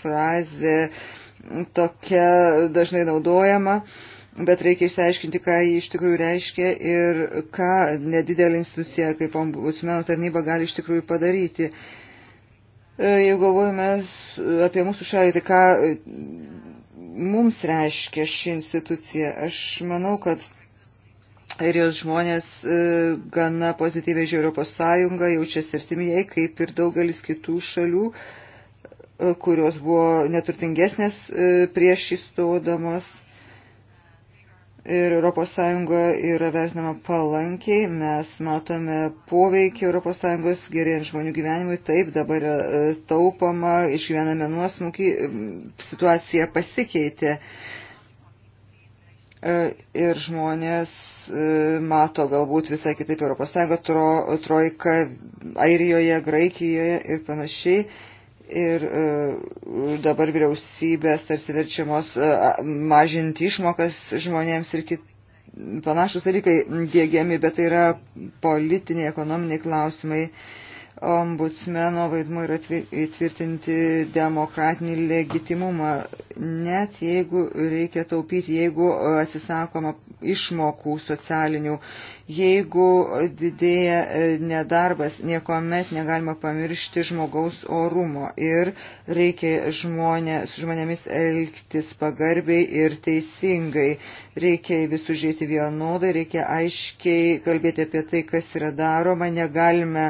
frazė tokia dažnai naudojama. Bet reikia išsiaiškinti, ką jį iš tikrųjų reiškia ir ką nedidelė institucija kaip ombudsmeno tarnyba gali iš tikrųjų padaryti. E, jeigu galvojame apie mūsų šalį, tai ką mums reiškia ši institucija. Aš manau, kad airijos žmonės e, gana pozityviai žiūri Europos Sąjungą, jaučiasi artimieji, kaip ir daugelis kitų šalių, e, kurios buvo neturtingesnės e, prieš įstodamos. Ir Europos Sąjunga yra vertinama palankiai, mes matome poveikį Europos Sąjungos gerėjant žmonių gyvenimui, taip dabar taupama, išgyvename nuosmukį, situacija pasikeitė. E, ir žmonės e, mato galbūt visai kitaip Europos Sąjungą, tro, trojką Airijoje, Graikijoje ir panašiai. Ir e, dabar vyriausybės tarsi verčiamos mažinti išmokas žmonėms ir kit, panašus dalykai dėgiami, bet tai yra politiniai, ekonominiai klausimai ombudsmeno vaidmuo yra įtvirtinti demokratinį legitimumą, net jeigu reikia taupyti, jeigu atsisakoma išmokų socialinių Jeigu didėja e, nedarbas, niekuomet negalima pamiršti žmogaus orumo ir reikia žmonė, su žmonėmis elgtis pagarbiai ir teisingai. Reikia visus žiūrėti vienodai, reikia aiškiai kalbėti apie tai, kas yra daroma, negalime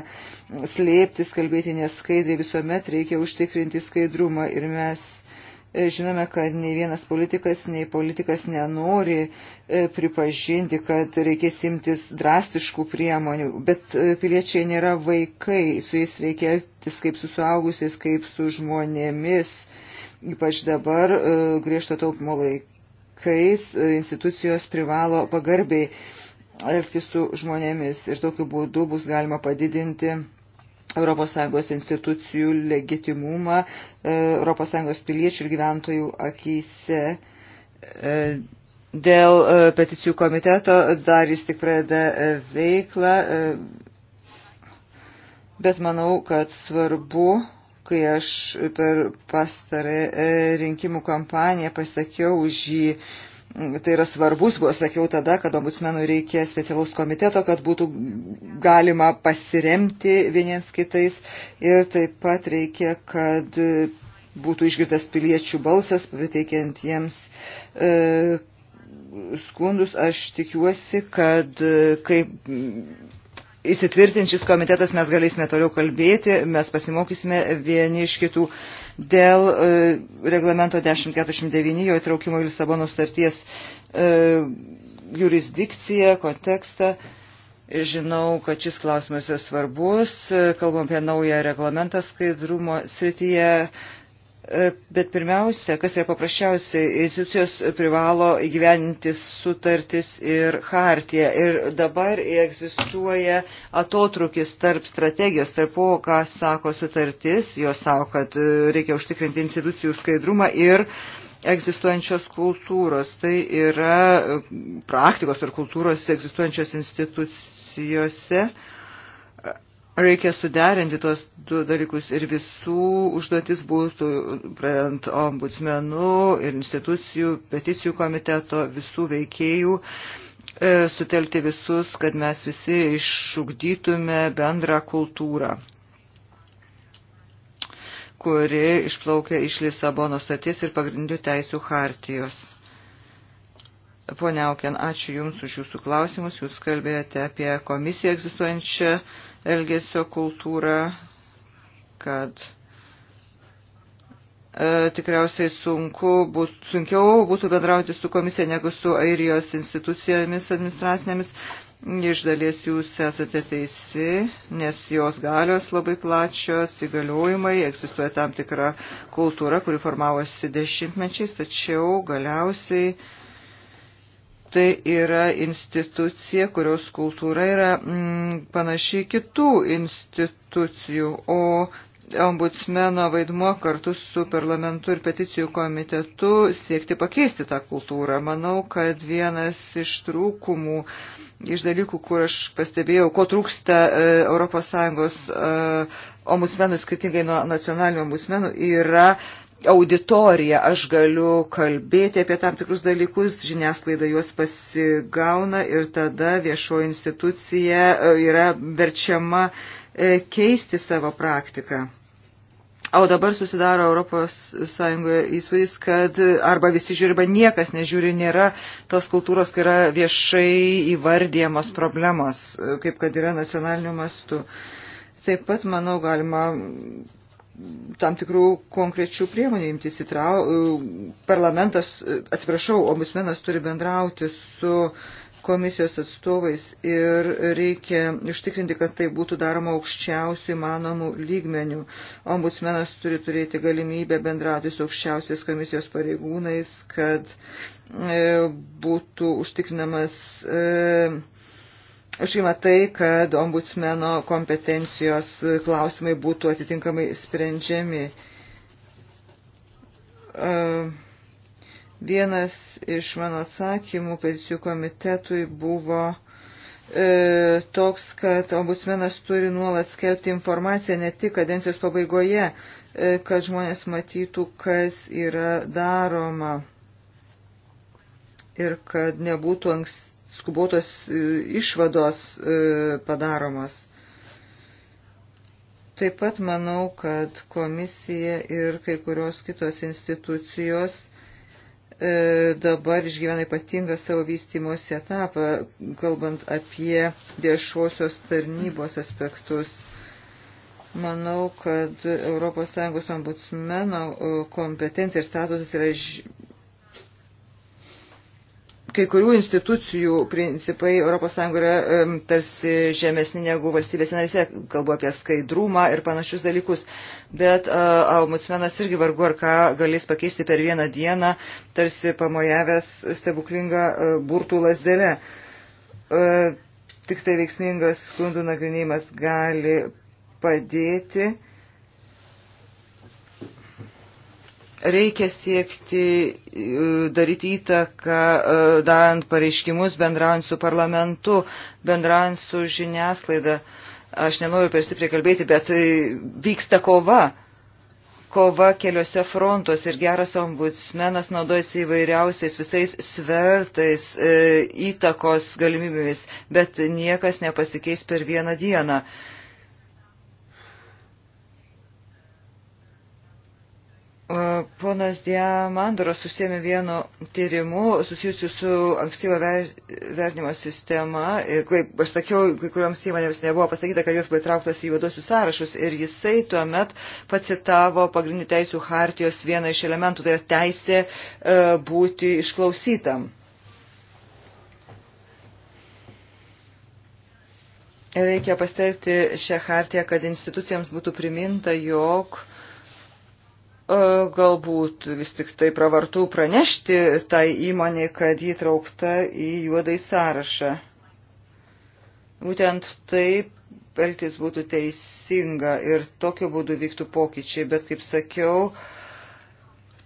slėptis, kalbėti neskaidriai, visuomet reikia užtikrinti skaidrumą ir mes E, žinome, kad nei vienas politikas, nei politikas nenori e, pripažinti, kad reikės imtis drastiškų priemonių, bet e, piliečiai nėra vaikai, su jais reikia elgtis kaip su suaugusiais, kaip su žmonėmis, ypač dabar griežto taupimo laikais institucijos privalo pagarbiai elgtis su žmonėmis ir tokiu būdu bus galima padidinti ES institucijų legitimumą ES piliečių ir gyventojų akyse. E, dėl e, peticijų komiteto dar jis tik pradeda e, veiklą, bet manau, kad svarbu, kai aš per pastarą rinkimų kampaniją pasakiau už jį, tai yra svarbus, buvo sakiau tada, kad ombudsmenui reikia specialaus komiteto, kad būtų galima pasiremti vieniems kitais ir taip pat reikia, kad būtų išgirtas piliečių balsas, pateikiant jiems e, skundus. Aš tikiuosi, kad e, kaip įsitvirtinčius komitetas mes galėsime toliau kalbėti, mes pasimokysime vieni iš kitų. E, dėl e, reglamento 1049, jo įtraukimo į Lisabono starties e, jurisdikciją, kontekstą. Žinau, kad šis klausimas yra svarbus. Kalbam apie naują reglamentą skaidrumo srityje. E, bet pirmiausia, kas yra paprasčiausia, institucijos privalo įgyveninti sutartis ir hartiją. Ir dabar egzistuoja atotrukis tarp strategijos, tarp po, ką sako sutartis, jos sako, kad e, reikia užtikrinti institucijų skaidrumą ir egzistuojančios kultūros. Tai yra e, praktikos ir kultūros egzistuojančios institucijose. Uh, Reikia suderinti tos du dalykus ir visų užduotis būtų, pradant ombudsmenų ir institucijų, peticijų komiteto, visų veikėjų, e, sutelkti visus, kad mes visi išugdytume bendrą kultūrą, kuri išplaukia iš Lisabono staties ir pagrindinių teisų hartijos. Pone Auken, ačiū Jums už Jūsų klausimus. Jūs kalbėjote apie komisiją egzistuojančią elgesio kultūrą, kad e, tikriausiai sunku būt, sunkiau būtų bendrauti su komisija negu su airijos institucijomis administracinėmis. Iš dalies jūs esate teisi, nes jos galios labai plačios, įgaliojimai, egzistuoja tam tikra kultūra, kuri formavosi dešimtmečiais, tačiau galiausiai e, tai yra institucija, kurios kultūra yra mm, panašiai kitų institucijų, o ombudsmeno vaidmuo kartu su parlamentu ir peticijų komitetu siekti pakeisti tą kultūrą. Manau, kad vienas iš trūkumų, iš dalykų, kur aš pastebėjau, ko trūksta ES e, ombudsmenų skirtingai nuo nacionalinių ombudsmenų, yra auditoriją, aš galiu kalbėti apie tam tikrus dalykus, žiniasklaida juos pasigauna ir tada viešoji institucija e, yra verčiama e, keisti savo praktiką. O dabar susidaro Europos Sąjungoje įspūdis, kad arba visi žiūri, arba niekas nežiūri, nėra tos kultūros, kai yra viešai įvardyjamos problemos, e, kaip kad yra nacionaliniu mastu. Taip pat, manau, galima tam tikrų konkrečių priemonių imtis įtrau. Parlamentas, atsiprašau, ombudsmenas turi bendrauti su komisijos atstovais ir reikia ištikrinti, kad tai būtų daroma aukščiausių įmanomų lygmenių. Ombudsmenas turi turėti galimybę bendrauti su aukščiausiais komisijos pareigūnais, kad e, būtų užtikrinamas e, Štai matai, kad ombudsmeno kompetencijos klausimai būtų atitinkamai sprendžiami. E, vienas iš mano atsakymų peticijų komitetui buvo e, toks, kad ombudsmenas turi nuolat skelbti informaciją ne tik kadencijos pabaigoje, e, kad žmonės matytų, kas yra daroma ir kad nebūtų anksti skubotos e, išvados e, padaromos. Taip pat manau, kad komisija ir kai kurios kitos institucijos e, dabar išgyvena ypatingą savo vystimosi etapą, kalbant apie viešosios tarnybos aspektus. Manau, kad ES ombudsmeno kompetencija ir statusas yra kai kurių institucijų principai ES yra tarsi žemesni negu valstybės narise, kalbu apie skaidrumą ir panašius dalykus, bet ombudsmenas irgi vargu ar ką galės pakeisti per vieną dieną, tarsi pamojavęs stebuklingą burtų lasdelę. Tik tai veiksmingas skundų nagrinėjimas gali padėti reikia siekti e, daryti įtaką, e, darant pareiškimus, bendraujant su parlamentu, bendraujant su žiniasklaida. Aš nenoriu per stipriai kalbėti, bet e, vyksta kova. Kova keliose frontos ir geras ombudsmenas naudojasi įvairiausiais visais svertais, įtakos galimybėmis, bet niekas nepasikeis per vieną dieną. Ponas Diamandoras susėmė vienu tyrimu susijusiu su ankstyvo vertinimo sistema. Kaip aš sakiau, kai kuriuoms įmonėms nebuvo pasakyta, kad jos buvo įtrauktos į juodosius sąrašus ir jisai tuomet pacitavo pagrindinių teisų hartijos vieną iš elementų, tai yra teisė e, būti išklausytam. Reikia pastelti šią hartiją, kad institucijoms būtų priminta, jog uh, E, galbūt vis tik tai pravartų pranešti tai įmonė, kad jį traukta į juodai sąrašą. Būtent taip elgtis būtų teisinga ir tokiu būdu vyktų pokyčiai, bet kaip sakiau,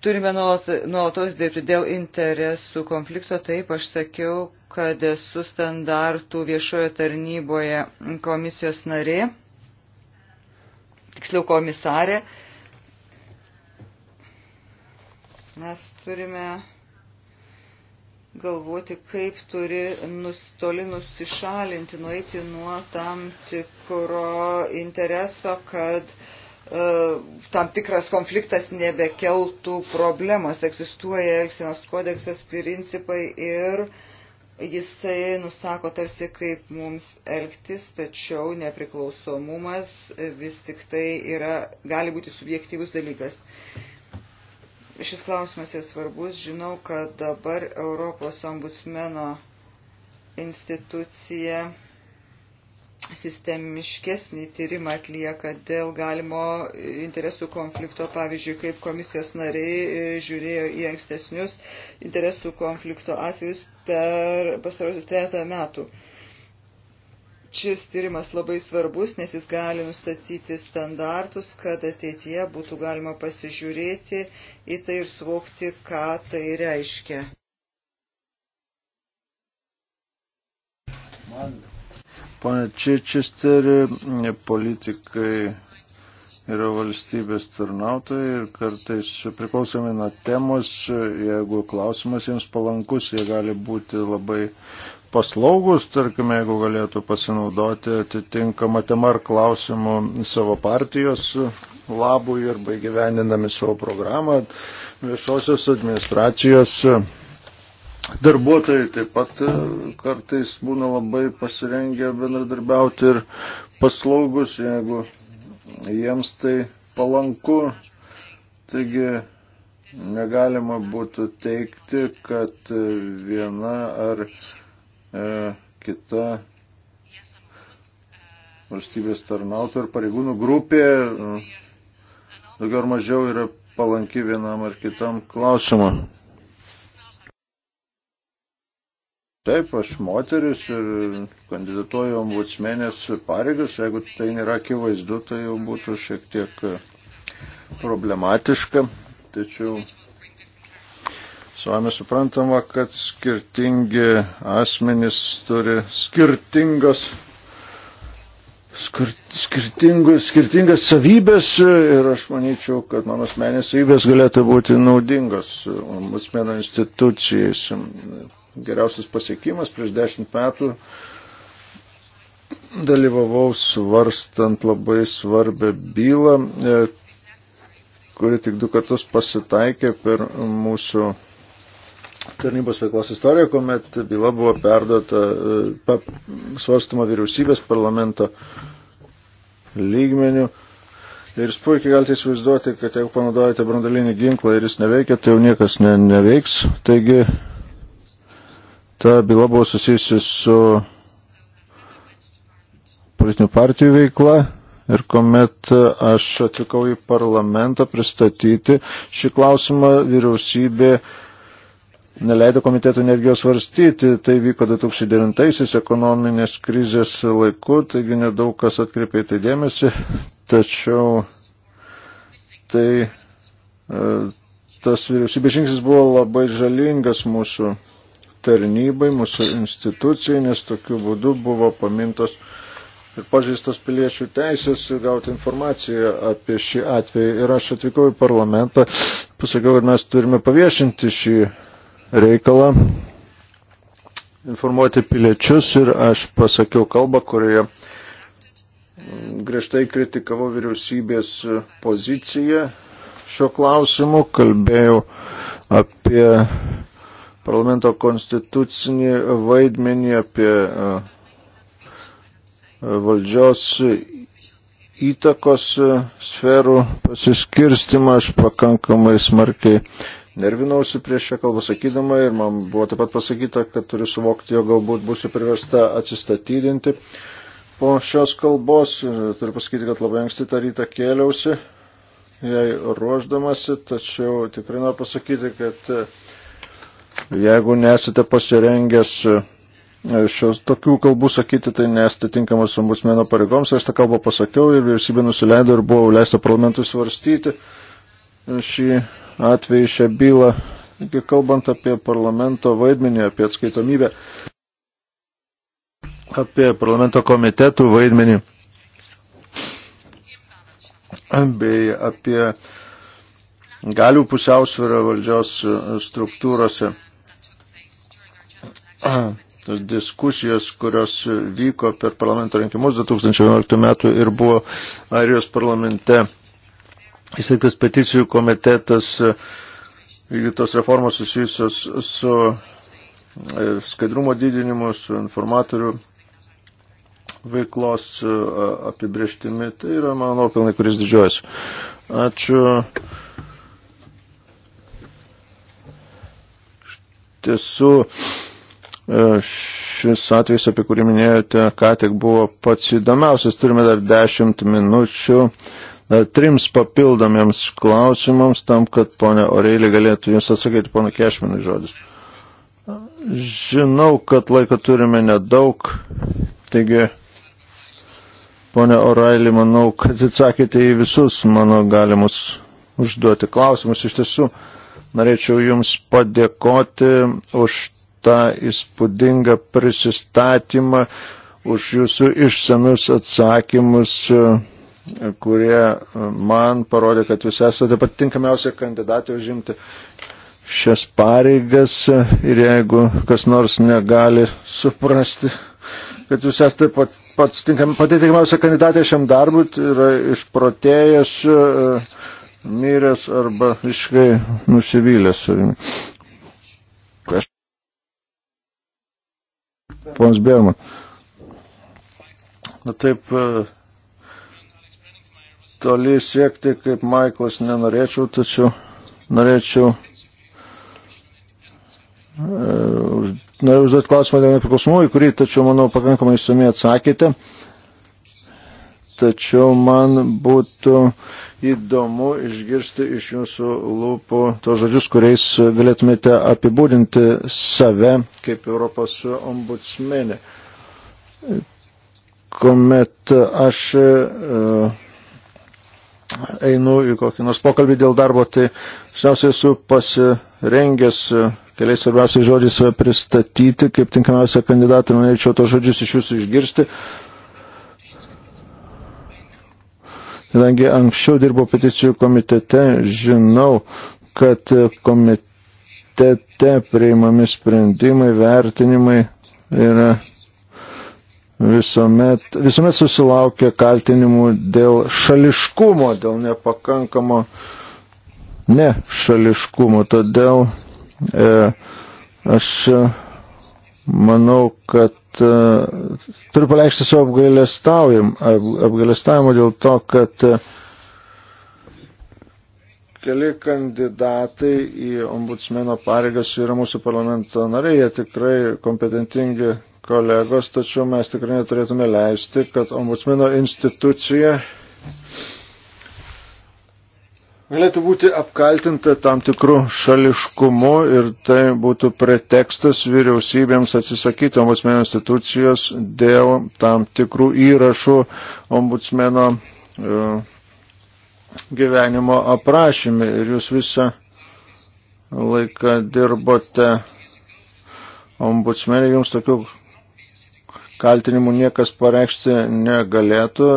turime nuolatos dirbti dėl interesų konflikto, taip aš sakiau, kad esu standartų viešojo tarnyboje komisijos narė, tiksliau komisarė, Mes turime galvoti, kaip turi toli nusišalinti, nueiti nuo tam tikro intereso, kad uh, tam tikras konfliktas nebekeltų problemos. Egzistuoja Elksinos kodeksas, principai ir jisai nusako tarsi, kaip mums elgtis, tačiau nepriklausomumas vis tik tai yra, gali būti subjektyvus dalykas. Uh, šis klausimas yra svarbus. Žinau, kad dabar Europos ombudsmeno institucija sistemiškesnį tyrimą atlieka dėl galimo interesų konflikto, pavyzdžiui, kaip komisijos nariai žiūrėjo į ankstesnius interesų konflikto atvejus per pastarosius trejata metų. Uh, šis tyrimas labai svarbus, nes jis gali nustatyti standartus, kad ateityje būtų galima pasižiūrėti į tai ir suvokti, ką tai reiškia. Pane Čečesteri, politikai yra valstybės tarnautojai ir kartais priklausomi nuo temos, jeigu klausimas jiems palankus, jie gali būti labai paslaugus, tarkime, jeigu galėtų pasinaudoti atitinkamą temą ar klausimų savo partijos labui arba gyvenindami savo programą. Viešosios administracijos darbuotojai taip pat e, kartais būna labai pasirengę bendradarbiauti ir paslaugus, jeigu jiems tai palanku. Taigi negalima būtų teikti, kad viena ar E, kita valstybės tarnautojų ir pareigūnų grupė e, daugiau ar mažiau yra palanki vienam ar kitam klausimam. Taip, aš moteris ir kandidatuoju ombudsmenės pareigas, jeigu tai nėra akivaizdu, tai jau būtų šiek tiek problematiška, tačiau Savame suprantama, kad skirtingi asmenys turi skirtingos, skir, skirtingus, skirtingas savybės ir aš manyčiau, kad mano asmenės savybės galėtų būti naudingos ombudsmeno institucijais. Geriausias pasiekimas prieš dešimt metų dalyvavau svarstant labai svarbę bylą, e, kuri tik du kartus pasitaikė per mūsų tarnybos veiklos istoriją, kuomet byla buvo perduota, e, pa, svarstama vyriausybės parlamento lygmenių. Ir jūs puikiai galite įsivaizduoti, kad jeigu panaudojate brandalinį ginklą ir jis neveikia, tai jau niekas ne, neveiks. Taigi ta byla buvo susijusi su politinių partijų veikla, Ir kuomet aš atvykau į parlamentą pristatyti šį klausimą, vyriausybė neleido komitetų netgi jo svarstyti. Tai vyko 2009-aisiais ekonominės krizės laiku, taigi nedaug kas atkreipė į tai dėmesį, tačiau tai e, tas vyriausybės žingsnis buvo labai žalingas mūsų tarnybai, mūsų institucijai, nes tokiu būdu buvo pamintos ir pažeistas piliečių teisės gauti informaciją apie šį atvejį. Ir aš atvykau į parlamentą, pasakiau, kad mes turime paviešinti šį reikalą informuoti piliečius ir aš pasakiau kalbą, kurioje griežtai kritikavau vyriausybės poziciją šio klausimu, kalbėjau apie parlamento konstitucinį vaidmenį, apie e, valdžios įtakos sferų pasiskirstimą, aš pakankamai smarkiai nervinausi prieš šią kalbą sakydama ir man buvo taip pat pasakyta, kad turiu suvokti, jog galbūt būsiu priversta atsistatydinti. Po šios kalbos turiu pasakyti, kad labai anksti tą rytą kėliausi, jai ruoždamasi, tačiau tikrai noriu pasakyti, kad e, jeigu nesate pasirengęs e, šios tokių kalbų sakyti, tai nesate tinkamas ombudsmeno pareigoms, aš tą kalbą pasakiau ir vyriausybė nusileido ir buvo leista parlamentui svarstyti e, šį atveju šią bylą. Taigi, kalbant apie parlamento vaidmenį, apie atskaitomybę, apie parlamento komitetų vaidmenį bei apie galių pusiausvyrą valdžios struktūrose. Tos diskusijos, kurios vyko per parlamento rinkimus 2011 metų ir buvo Airijos parlamente įsteigtas peticijų komitetas e, vykdytos reformos susijusios su e, skaidrumo didinimu, su informatorių veiklos e, apibrieštimi. Tai yra mano nuopilnai, kuris didžiuojasi. Ačiū. Tiesų, šis atvejs, apie kurį minėjote, ką tik buvo pats įdomiausias. Turime dar dešimt minučių. E, trims papildomiems klausimams tam, kad ponė Oreilį galėtų jums atsakyti, pono Kešminai žodis. Žinau, kad laiko turime nedaug, taigi, ponė Orailį, manau, kad atsakėte į visus mano galimus užduoti klausimus. Iš tiesų, norėčiau Jums padėkoti už tą įspūdingą prisistatymą, už Jūsų išsamius atsakymus. Uh, kurie man parodė, kad jūs esate patinkamiausia kandidatė užimti šias pareigas ir jeigu kas nors negali suprasti, kad jūs esate pat, pats patinkamiausia kandidatė šiam darbui, tai yra išprotėjęs, myręs arba iškai nusivylęs savimi. Pons Berman. Na taip, toli siekti, kaip Maiklas nenorėčiau, tačiau norėčiau e, Noriu užduoti klausimą dėl nepriklausomų, į kurį, tačiau, manau, pakankamai išsamei atsakėte. Tačiau man būtų įdomu išgirsti iš jūsų lūpų tos žodžius, kuriais galėtumėte apibūdinti save kaip Europos ombudsmenė. Komet aš. Uh, einu į kokį nors pokalbį dėl darbo, tai žinausiai esu pasirengęs e, keliais svarbiausiais žodžiais save pristatyti, kaip tinkamiausia kandidatą, norėčiau tos žodžius iš jūsų išgirsti. Kadangi anksčiau dirbau peticijų komitete, žinau, kad komitete priimami sprendimai, vertinimai yra visuomet, visuomet susilaukia kaltinimų dėl šališkumo, dėl nepakankamo nešališkumo. Todėl e, aš manau, kad e, turiu pareikšti savo apgailestavimą dėl to, kad e, keli kandidatai į ombudsmeno pareigas yra mūsų parlamento nariai, jie tikrai kompetentingi kolegos, tačiau mes tikrai neturėtume leisti, kad ombudsmeno institucija galėtų būti apkaltinta tam tikrų šališkumu ir tai būtų pretekstas vyriausybėms atsisakyti ombudsmeno institucijos dėl tam tikrų įrašų ombudsmeno e, gyvenimo aprašymį. Ir jūs visą laiką dirbote ombudsmenį, jums tokių kaltinimų niekas pareikšti negalėtų.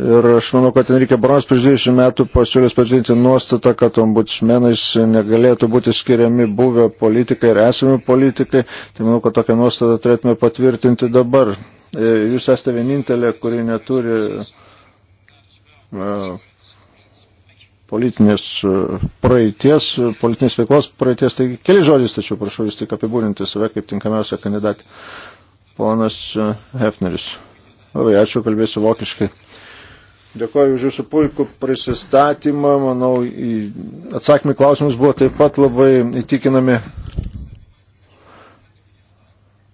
Ir aš manau, kad Enrique Bronas prieš 20 metų pasiūlės patvirtinti nuostatą, kad ombudsmenais negalėtų būti skiriami buvę politikai ir esami politikai. Tai manau, kad tokią nuostatą turėtume patvirtinti dabar. E, jūs esate vienintelė, kuri neturi e, politinės e, praeities, politinės veiklos praeities. Taigi keli žodžiai, tačiau prašau vis tik apibūdinti save kaip tinkamiausią kandidatę ponas e, Hefneris. Labai ačiū, kalbėsiu vokiškai. Dėkuoju už jūsų puikų prisistatymą. Manau, atsakymai klausimus buvo taip pat labai įtikinami.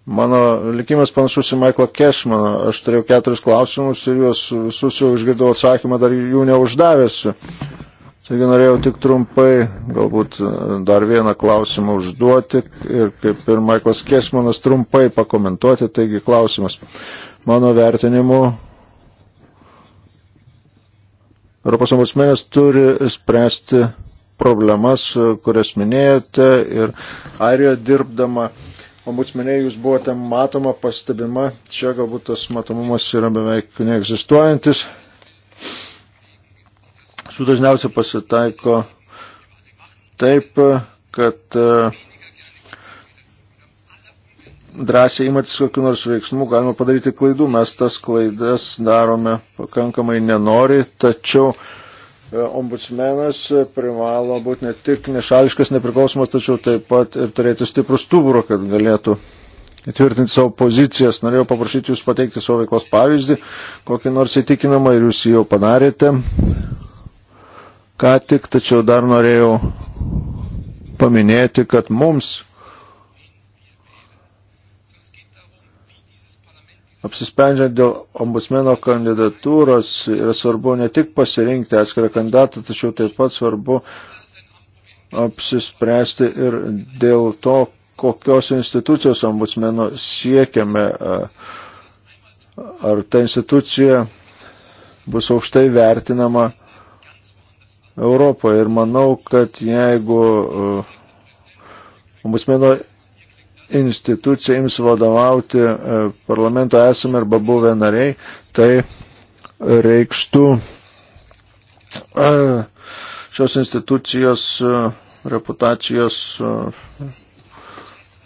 Mano likimas panašus į Michaelą Cashmaną. Aš turėjau keturis klausimus ir juos visus jau išgirdau atsakymą, dar jų neuždavęs. Taigi norėjau tik trumpai galbūt e, dar vieną klausimą užduoti ir kaip ir Maiklas Kesmanas trumpai pakomentuoti. Taigi klausimas. Mano vertinimu, Europos ambasmenės turi spręsti problemas, e, kurias minėjote ir Airijoje dirbdama. Ombudsmenė, jūs buvote matoma, pastebima, čia galbūt tas matomumas yra beveik neegzistuojantis, Šių dažniausiai pasitaiko taip, kad e, drąsiai imatis kokiu nors veiksmu, galima padaryti klaidų, mes tas klaidas darome pakankamai nenori, tačiau e, ombudsmenas privalo būti ne tik nešališkas, nepriklausomas, tačiau taip pat ir turėti stiprų stuburą, kad galėtų įtvirtinti savo pozicijas. Norėjau paprašyti jūs pateikti savo veiklos pavyzdį, kokį nors įtikinamą ir jūs jį jau padarėte ką tik, tačiau dar norėjau paminėti, kad mums apsisprendžiant dėl ombudsmeno kandidatūros yra svarbu ne tik pasirinkti atskirą kandidatą, tačiau taip pat svarbu apsispręsti ir dėl to, kokios institucijos ombudsmeno siekiame. Ar ta institucija bus aukštai vertinama Europoje. Ir manau, kad jeigu e, ombudsmeno institucija ims vadovauti e, parlamento esame arba buvę nariai, tai reikštų e, šios institucijos reputacijos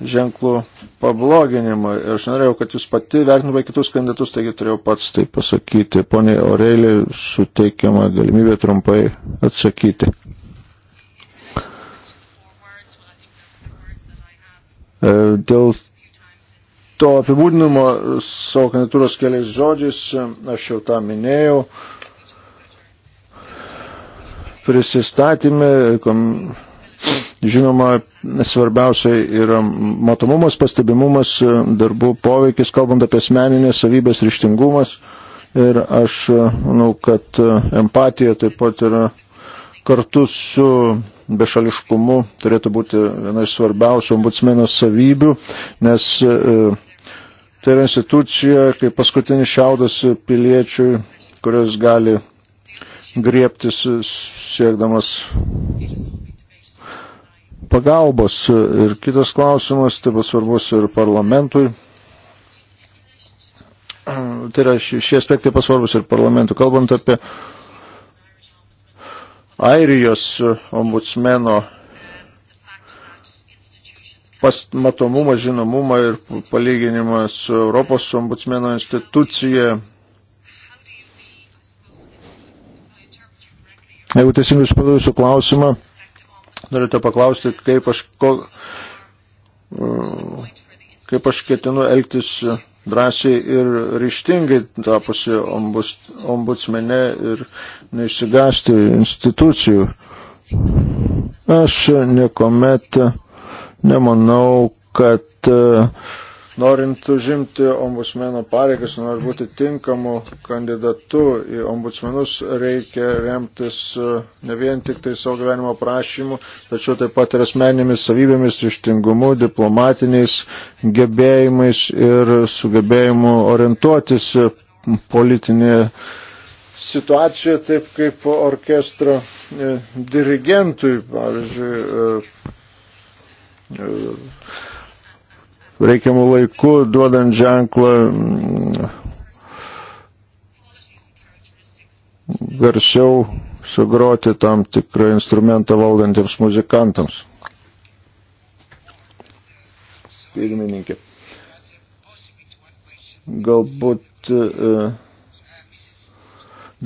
ženklų pabloginimui. Ir aš norėjau, kad jūs pati vertintumai kitus kandidatus, taigi turėjau pats tai pasakyti. Pone Orelė, suteikiama galimybė trumpai atsakyti. E, dėl to apibūdinimo savo kandidatūros keliais žodžiais, aš jau tą minėjau, prisistatymė, kom, Žinoma, svarbiausia yra matomumas, pastebimumas, darbų poveikis, kalbant apie asmeninės savybės ryštingumas. Ir aš manau, kad empatija taip pat yra kartu su bešališkumu turėtų būti viena iš svarbiausių ombudsmeno savybių, nes e, tai yra institucija, kaip paskutinis šiaudas piliečiui, kurios gali griebtis siekdamas pagalbos. Ir kitas klausimas, taip pat svarbus ir parlamentui. Tai yra šie aspektai pasvarbus ir parlamentui. Kalbant apie Airijos ombudsmeno matomumą, žinomumą ir palyginimą su Europos ombudsmeno institucija. Jeigu teisingai supratau jūsų klausimą, norite paklausti, kaip aš, ko, kaip aš ketinu elgtis drąsiai ir ryštingai tapusi ombus, ombudsmene ir neišsigasti institucijų. Aš niekuomet nemanau, kad uh, norint užimti ombudsmeno pareigas, norint būti tinkamu kandidatu į ombudsmenus, reikia remtis e, ne vien tik tai savo gyvenimo prašymu, tačiau taip pat ir asmeninėmis savybėmis, ištingumu, diplomatiniais gebėjimais ir sugebėjimu orientuotis e, politinėje situacijoje, taip kaip orkestro e, dirigentui, pavyzdžiui, reikiamų laikų, duodant ženklą mm, garsiau sugroti tam tikrą instrumentą valdantiems muzikantams. Pirmininkė. Galbūt e,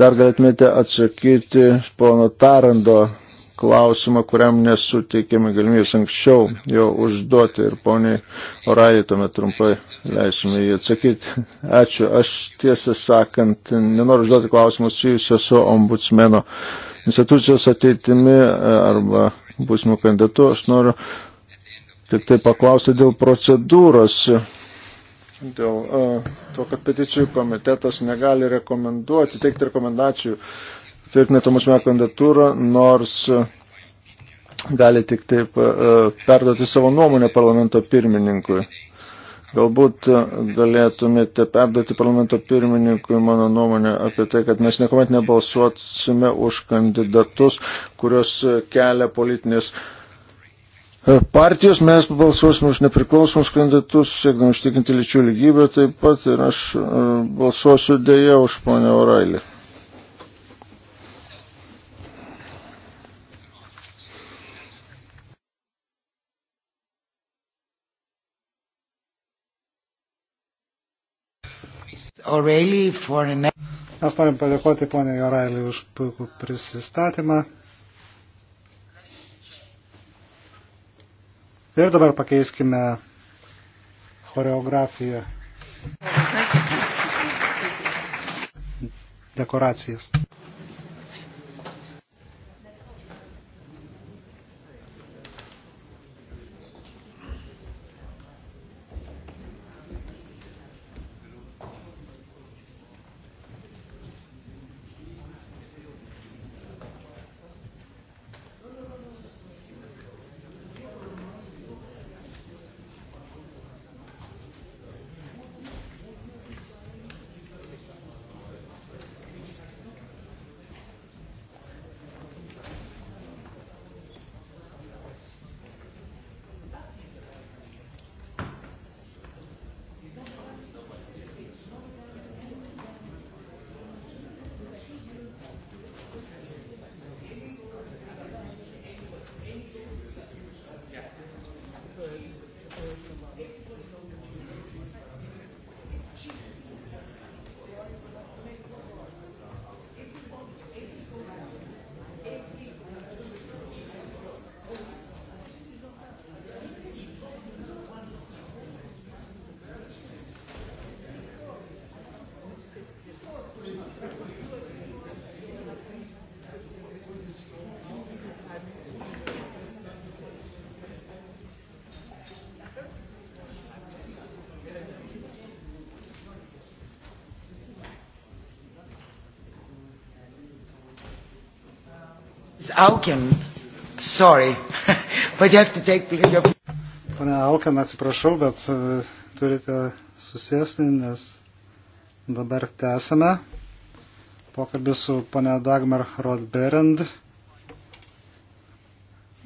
dar galėtumėte atsakyti pono Tarando klausimą, kuriam nesuteikėme galimybės anksčiau jo užduoti ir poniai Orai tuomet trumpai leisime jį atsakyti. Ačiū. Aš tiesą sakant, nenoriu užduoti klausimus susijusio su ombudsmeno institucijos ateitimi e, arba būsimų kandidatų. Aš noriu tik tai paklausti dėl procedūros dėl uh, to, kad peticijų komitetas negali rekomenduoti, teikti rekomendacijų tvirtina Tomas Meko kandidatūrą, nors e, gali tik taip e, perduoti savo nuomonę parlamento pirmininkui. Galbūt e, galėtumėte perduoti parlamento pirmininkui mano nuomonę apie tai, kad mes niekuomet nebalsuosime už kandidatus, kurios kelia politinės partijos. Mes balsuosime už nepriklausomus kandidatus, siekdami užtikinti lyčių lygybę taip pat ir aš balsuosiu dėja už ponę Orailį. Mes norim padėkoti ponė Jorailį už puikų prisistatymą. Ir dabar pakeiskime choreografiją. Dekoracijas. Auken, sorry, but you have to take your... Pane Auken, atsiprašau, bet e, turite susėsti, nes dabar tęsame pokalbį su pane Dagmar Rodberend.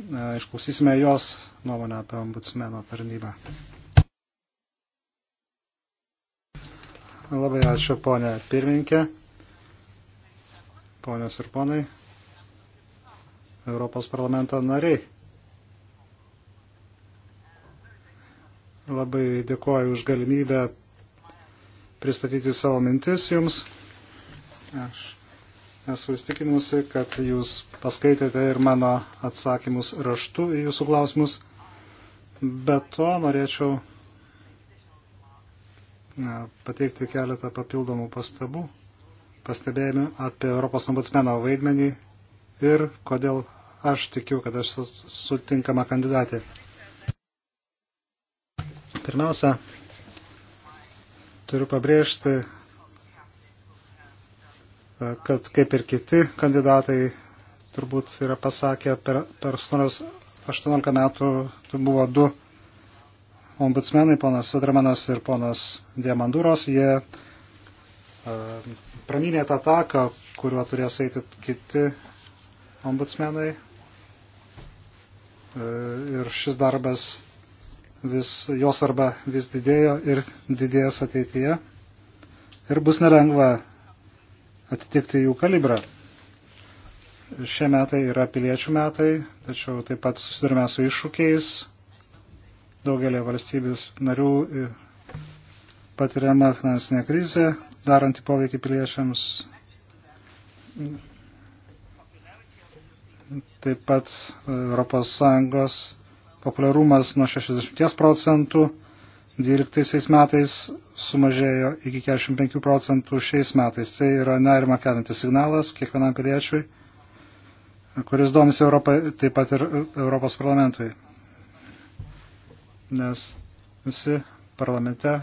E, išklausysime jos nuomonę apie ombudsmeno tarnybą. Labai ačiū, ponė pirmininkė, ponios ir ponai. Europos parlamento nariai. Labai dėkuoju už galimybę pristatyti savo mintis jums. Aš esu įstikinusi, kad jūs paskaitėte ir mano atsakymus raštu į jūsų klausimus. Be to norėčiau pateikti keletą papildomų pastabų, pastebėjimų apie Europos ombudsmeno vaidmenį ir kodėl Aš tikiu, kad aš sutinkama kandidatė. Pirmiausia, turiu pabrėžti, kad kaip ir kiti kandidatai turbūt yra pasakę per, per 18 metų buvo du ombudsmenai, ponas Sudramanas ir ponas Diamanduros. Jie e, pramynė tą taką, kuriuo turės eiti kiti ombudsmenai. E, ir šis darbas vis, jos arba vis didėjo ir didėjęs ateityje. Ir bus nelengva atitikti jų kalibrą. Šie metai yra piliečių metai, tačiau taip pat susidurime su iššūkiais. Daugelio valstybės narių e, patiriama finansinė krizė, daranti poveikį piliečiams. Taip pat ES populiarumas nuo 60 procentų 12 metais sumažėjo iki 45 procentų šiais metais. Tai yra nerima kelintis signalas kiekvienam piliečiui, kuris domisi Europą, taip pat ir Europos parlamentui. Nes visi parlamente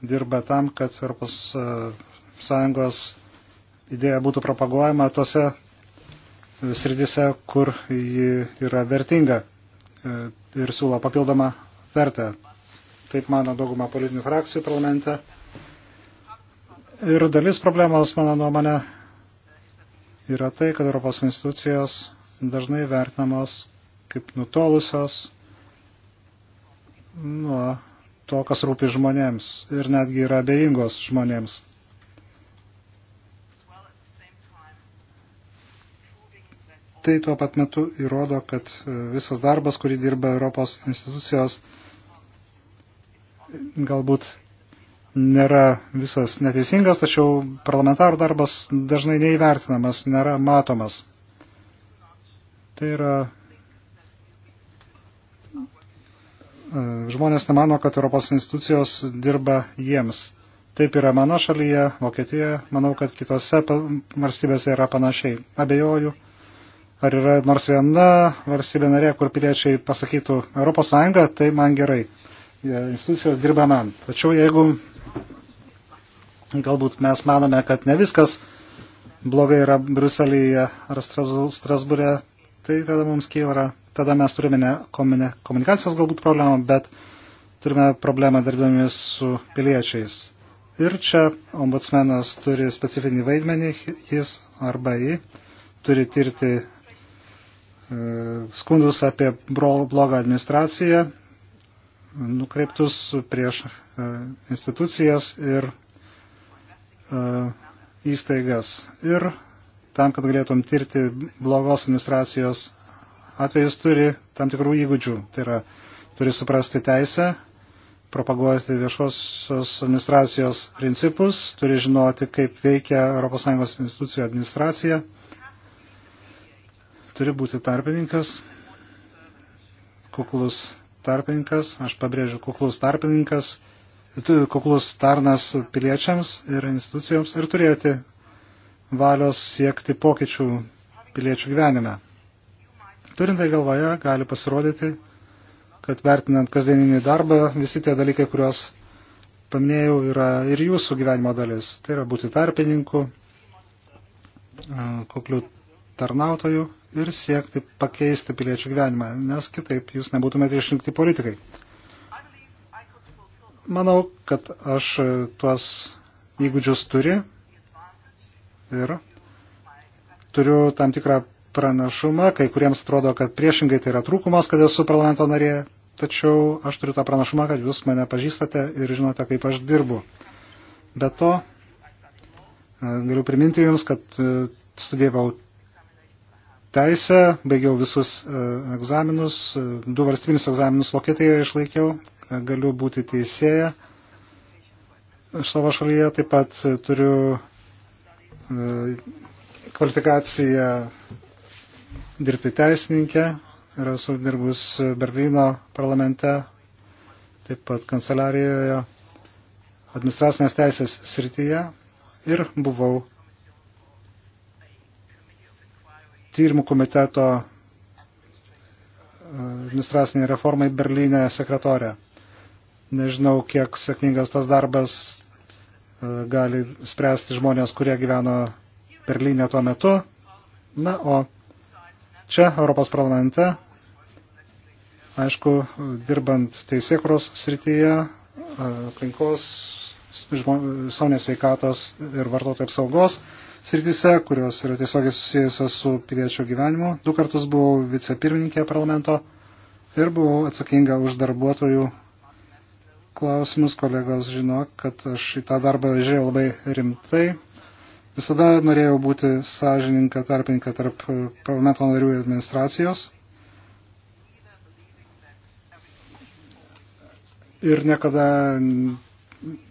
dirba tam, kad Europos e, Sąjungos idėja būtų propaguojama tose sridise, kur ji yra vertinga e, ir siūlo papildomą vertę. Taip mano dauguma politinių frakcijų parlamente. Ir dalis problemos, mano nuomonė, yra tai, kad Europos institucijos dažnai vertinamos kaip nutolusios nuo to, kas rūpi žmonėms ir netgi yra abejingos žmonėms. tai tuo pat metu įrodo, kad e, visas darbas, kurį dirba Europos institucijos, galbūt nėra visas neteisingas, tačiau parlamentarų darbas dažnai neįvertinamas, nėra matomas. Tai yra e, žmonės nemano, kad Europos institucijos dirba jiems. Taip yra mano šalyje, Vokietijoje, manau, kad kitose valstybėse yra panašiai. Abejoju, ar yra nors viena valstybė narė, kur piliečiai pasakytų ES, tai man gerai, institucijos dirba man. Tačiau jeigu galbūt mes manome, kad ne viskas blogai yra Bruselėje ar Strasbūre, tai tada mums kyla, tada mes turime ne komunikacijos galbūt problemą, bet turime problemą dirbdami su piliečiais. Ir čia ombudsmenas turi specifinį vaidmenį, jis arba jį turi tirti skundus apie blogą administraciją nukreiptus prieš e, institucijas ir e, įstaigas. Ir tam, kad galėtum tirti blogos administracijos atvejus, turi tam tikrų įgūdžių. Tai yra, turi suprasti teisę, propaguoti viešosios administracijos principus, turi žinoti, kaip veikia ES institucijų administracija turi būti tarpininkas, kuklus tarpininkas, aš pabrėžiu kuklus tarpininkas, kuklus tarnas piliečiams ir institucijoms ir turėti valios siekti pokyčių piliečių gyvenime. Turint tai galvoje, gali pasirodyti, kad vertinant kasdieninį darbą, visi tie dalykai, kuriuos paminėjau, yra ir jūsų gyvenimo dalis. Tai yra būti tarpininku, kukliu tarnautoju ir siekti pakeisti piliečių gyvenimą, nes kitaip jūs nebūtumėte išrinkti politikai. Manau, kad aš tuos įgūdžius turi ir turiu tam tikrą pranašumą, kai kuriems atrodo, kad priešingai tai yra trūkumas, kad esu parlamento narė, tačiau aš turiu tą pranašumą, kad jūs mane pažįstate ir žinote, kaip aš dirbu. Be to, galiu priminti jums, kad e, studijavau teisę, baigiau visus e, egzaminus, e, du varstybinius egzaminus Vokietijoje išlaikiau, e, galiu būti teisėja. Savo šalyje taip pat turiu kvalifikaciją dirbti teisininkę ir esu dirbus Berlyno parlamente, taip pat kanceliarijoje administracinės teisės srityje ir buvau tyrimų komiteto e, administraciniai reformai Berlyne sekretorė. Nežinau, kiek sėkmingas tas darbas e, gali spręsti žmonės, kurie gyveno Berlyne tuo metu. Na, o čia Europos parlamente, aišku, dirbant teisėkros srityje, e, aplinkos, saunės veikatos ir vartotojų apsaugos, srityse, kurios yra tiesiogiai susijusios su piliečio gyvenimu. Du kartus buvau vicepirmininkė parlamento ir buvau atsakinga už darbuotojų klausimus. Kolegos žino, kad aš į tą darbą žiūrėjau labai rimtai. Visada norėjau būti sąžininką tarpininką tarp parlamento narių ir administracijos. Ir niekada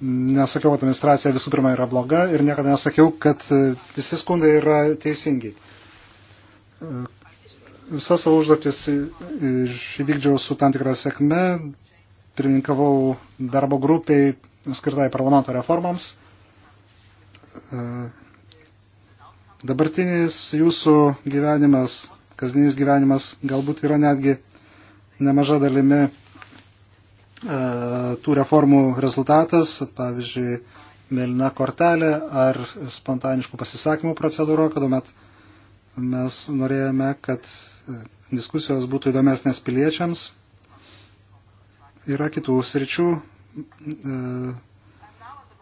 nesakiau, kad administracija visų pirma yra bloga ir niekada nesakiau, kad e, visi skundai yra teisingi. E, Visą savo užduotis išvykdžiau su tam tikrą sėkme, pirmininkavau darbo grupiai skirtai parlamento reformams. E, dabartinis jūsų gyvenimas, kasdienis gyvenimas galbūt yra netgi nemaža dalimi E, tų reformų rezultatas, pavyzdžiui, mėlyna kortelė ar spontaniškų pasisakymų procedūra, kad tuomet mes norėjome, kad diskusijos būtų įdomesnės piliečiams. Yra kitų sričių, e,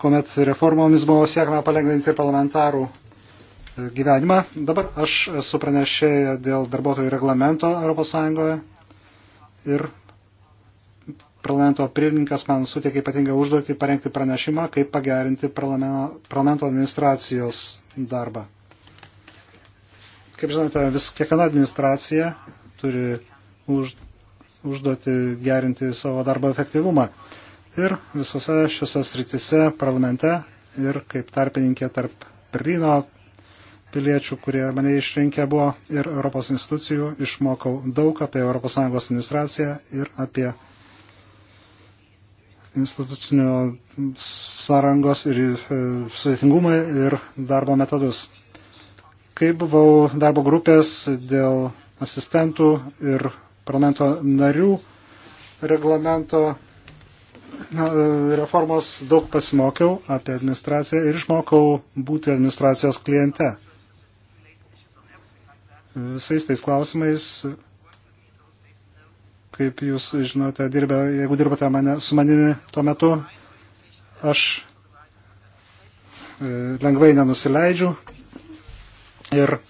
kuomet reformomis buvo siekama palengventi parlamentarų e, gyvenimą. Dabar aš esu pranešėję dėl darbuotojų reglamento ES ir parlamento pirmininkas man suteikė ypatingą užduotį parengti pranešimą, kaip pagerinti parlamento administracijos darbą. Kaip žinote, vis, kiekviena administracija turi už, užduoti gerinti savo darbo efektyvumą. Ir visose šiose sritise parlamente ir kaip tarpininkė tarp Prino piliečių, kurie mane išrinkė buvo ir Europos institucijų, išmokau daug apie ES administraciją ir apie institucinio sąrangos ir e, sudėtingumą ir darbo metodus. Kai buvau darbo grupės dėl asistentų ir parlamento narių reglamento e, reformos daug pasimokiau apie administraciją ir išmokau būti administracijos kliente. Visais tais klausimais kaip jūs žinote, dirbę, jeigu dirbate mane, su manimi tuo metu, aš e, lengvai nenusileidžiu ir e,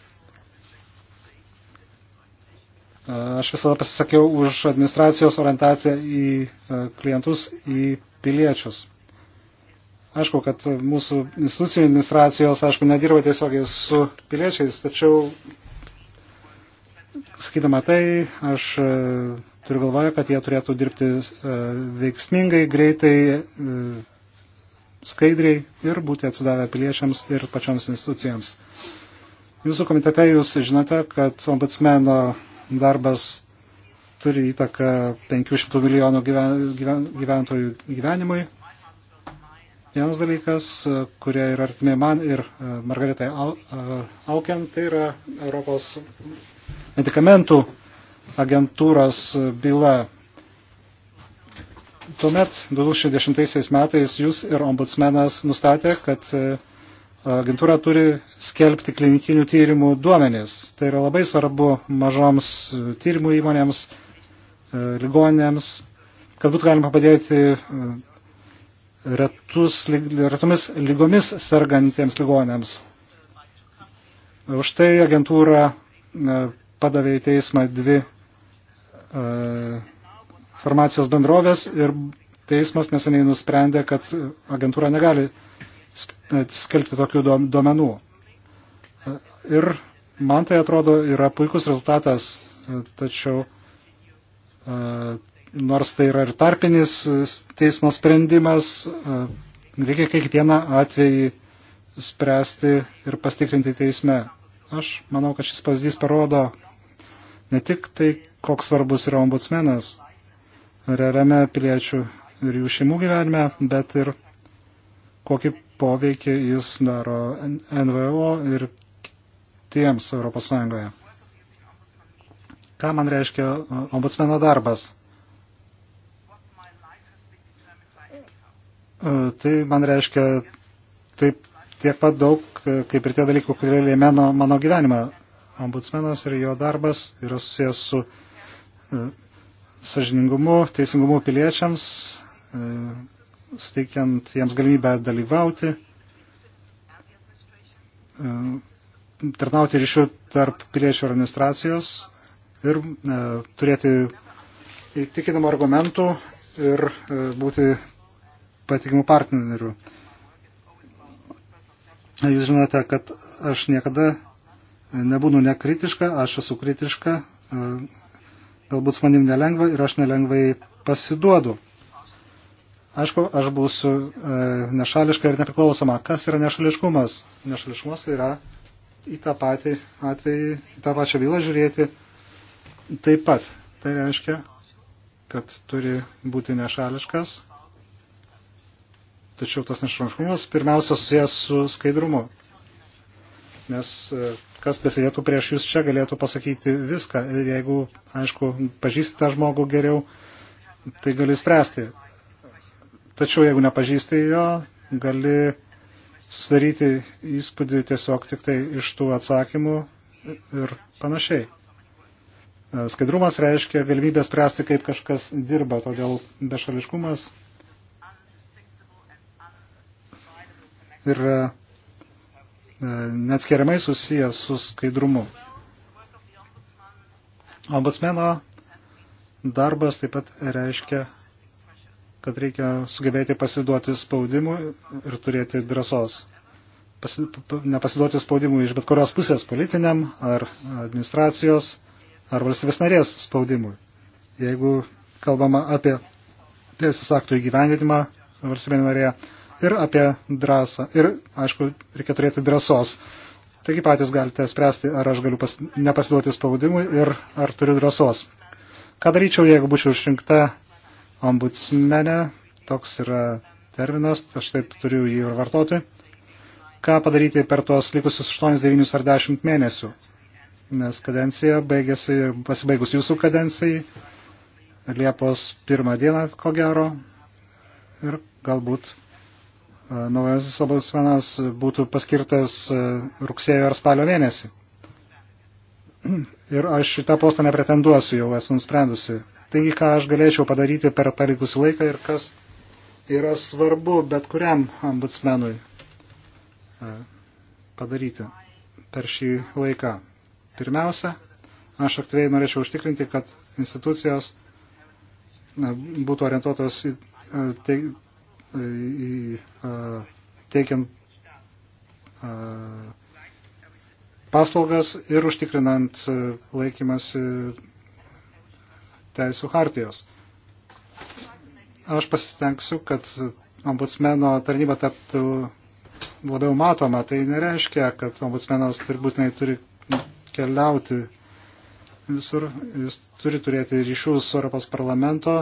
Aš visada pasisakiau už administracijos orientaciją į e, klientus, į piliečius. Aišku, kad mūsų institucijų administracijos, aišku, nedirba tiesiogiai su piliečiais, tačiau, sakydama tai, aš Turiu galvoje, kad jie turėtų dirbti e, veiksmingai, greitai, e, skaidriai ir būti atsidavę piliečiams ir pačioms institucijams. Jūsų komitete jūs žinote, kad ombudsmeno darbas turi įtaką 500 milijonų gyven, gyven, gyventojų gyvenimui. Vienas dalykas, e, kurie yra artimi man ir Margaritai Aukian, tai yra Europos medikamentų agentūros byla. Tuomet 2010 metais jūs ir ombudsmenas nustatė, kad e, agentūra turi skelbti klinikinių tyrimų duomenys. Tai yra labai svarbu mažoms e, tyrimų įmonėms, e, ligoninėms, kad būtų galima padėti retus, retomis lygomis sergantiems ligonėms. Už tai agentūra padavė į teismą dvi E, farmacijos bendrovės ir teismas neseniai nusprendė, kad agentūra negali e, skelbti tokių duomenų. E, ir man tai atrodo yra puikus rezultatas, tačiau nors tai yra ir tarpinis teismo sprendimas, reikia kiekvieną atvejį spręsti ir pastikrinti teisme. Aš manau, kad šis pavyzdys parodo, Ne tik tai, koks svarbus yra ombudsmenas realiame piliečių ir jų šeimų gyvenime, bet ir kokį poveikį jis daro NVO ir tiems Europos Sąjungoje. Ką man reiškia ombudsmeno darbas? E, tai man reiškia taip tiek pat daug, e, kaip ir tie dalykai, kurie lėmė mano gyvenimą ombudsmenas ir jo darbas yra susijęs su e, sažiningumu, teisingumu piliečiams, e, steikiant jiems galimybę dalyvauti, e, tarnauti ryšių tarp piliečių administracijos ir turėti įtikinamų argumentų ir būti patikimų partnerių. Jūs žinote, kad aš niekada nebūnu nekritiška, aš esu kritiška, e, galbūt su manim nelengva ir aš nelengvai pasiduodu. Aišku, aš būsiu e, nešališka ir nepriklausoma. Kas yra nešališkumas? Nešališkumas tai yra į tą patį atvejį, į tą pačią bylą žiūrėti taip pat. Tai reiškia, kad turi būti nešališkas. Tačiau tas nešališkumas pirmiausia susijęs su skaidrumu. Nes e, kas besidėtų prieš jūs čia, galėtų pasakyti viską. Ir jeigu, aišku, pažįsti tą žmogų geriau, tai gali spręsti. Tačiau jeigu nepažįsti jo, gali susidaryti įspūdį tiesiog tik tai iš tų atsakymų ir panašiai. Skaidrumas reiškia galimybę spręsti, kaip kažkas dirba, todėl bešališkumas yra E, neatskiriamai susijęs su skaidrumu. Ombudsmeno darbas taip pat reiškia, kad reikia sugebėti pasiduoti spaudimu ir turėti drąsos. Pasi, nepasiduoti spaudimu iš bet kurios pusės politiniam ar administracijos ar valstybės narės spaudimui. Jeigu kalbama apie teisės aktų įgyvendinimą valstybė narėje, ir apie drąsą. Ir, aišku, reikia turėti drąsos. Taigi patys galite spręsti, ar aš galiu pas, nepasiduoti spaudimui ir ar turiu drąsos. Ką daryčiau, jeigu būčiau išrinkta ombudsmenė, toks yra terminas, aš taip turiu jį ir vartoti. Ką padaryti per tuos likusius 8, 9 ar 10 mėnesių? Nes kadencija baigėsi, pasibaigus jūsų kadencijai, Liepos pirmą dieną, ko gero, ir galbūt naujasis obasmenas būtų paskirtas e, rugsėjo ar spalio mėnesį. Ir aš šitą postą nepretenduosiu, jau esu nusprendusi. Taigi, ką aš galėčiau padaryti per tą likusį laiką ir kas yra svarbu bet kuriam ombudsmenui e, padaryti per šį laiką. Pirmiausia, aš aktyviai norėčiau užtikrinti, kad institucijos būtų orientuotos į e, tai, į, teikiant paslaugas ir užtikrinant laikymasi teisų hartijos. Aš pasistengsiu, kad ombudsmeno tarnyba taptų labiau matoma. Tai nereiškia, kad ombudsmenas turbūtinai turi keliauti visur. Jis turi turėti ryšių su Europos parlamento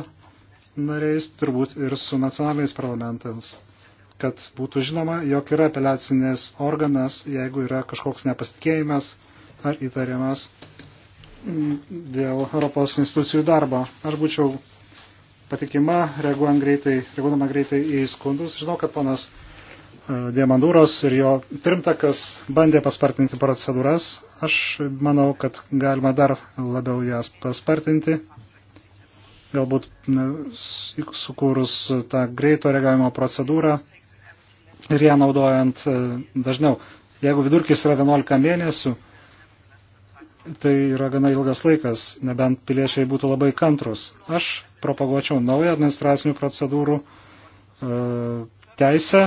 nariais, turbūt ir su nacionaliniais parlamentams, kad būtų žinoma, jog yra apeliacinės organas, jeigu yra kažkoks nepasitikėjimas ar įtariamas mm, dėl Europos institucijų darbo. Aš būčiau patikima, reaguojant greitai, reaguodama greitai į skundus. Žinau, kad ponas e, Diamandūros ir jo pirmtakas bandė paspartinti procedūras. Aš manau, kad galima dar labiau jas paspartinti galbūt sukūrus tą greito reagavimo procedūrą ir ją naudojant e, dažniau. Jeigu vidurkis yra 11 mėnesių, tai yra gana ilgas laikas, nebent piliečiai būtų labai kantrus. Aš propaguočiau naują administracinių procedūrų e, teisę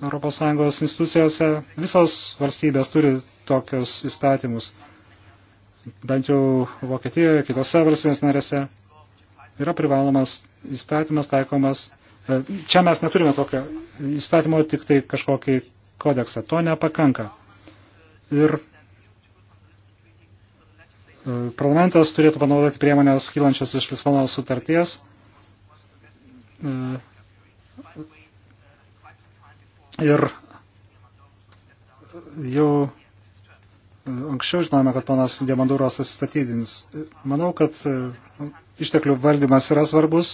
ES institucijose. Visos valstybės turi tokius įstatymus, bent jau Vokietijoje, kitose valstybės narėse yra privalomas įstatymas taikomas. E, čia mes neturime tokio įstatymo, tik tai kažkokį kodeksą. To nepakanka. Ir e, parlamentas turėtų panaudoti priemonės kylančias iš Lisbonos sutarties. E, ir jau Anksčiau žinome, kad panas Diamanduros atsistatydins. Manau, kad e, išteklių valdymas yra svarbus,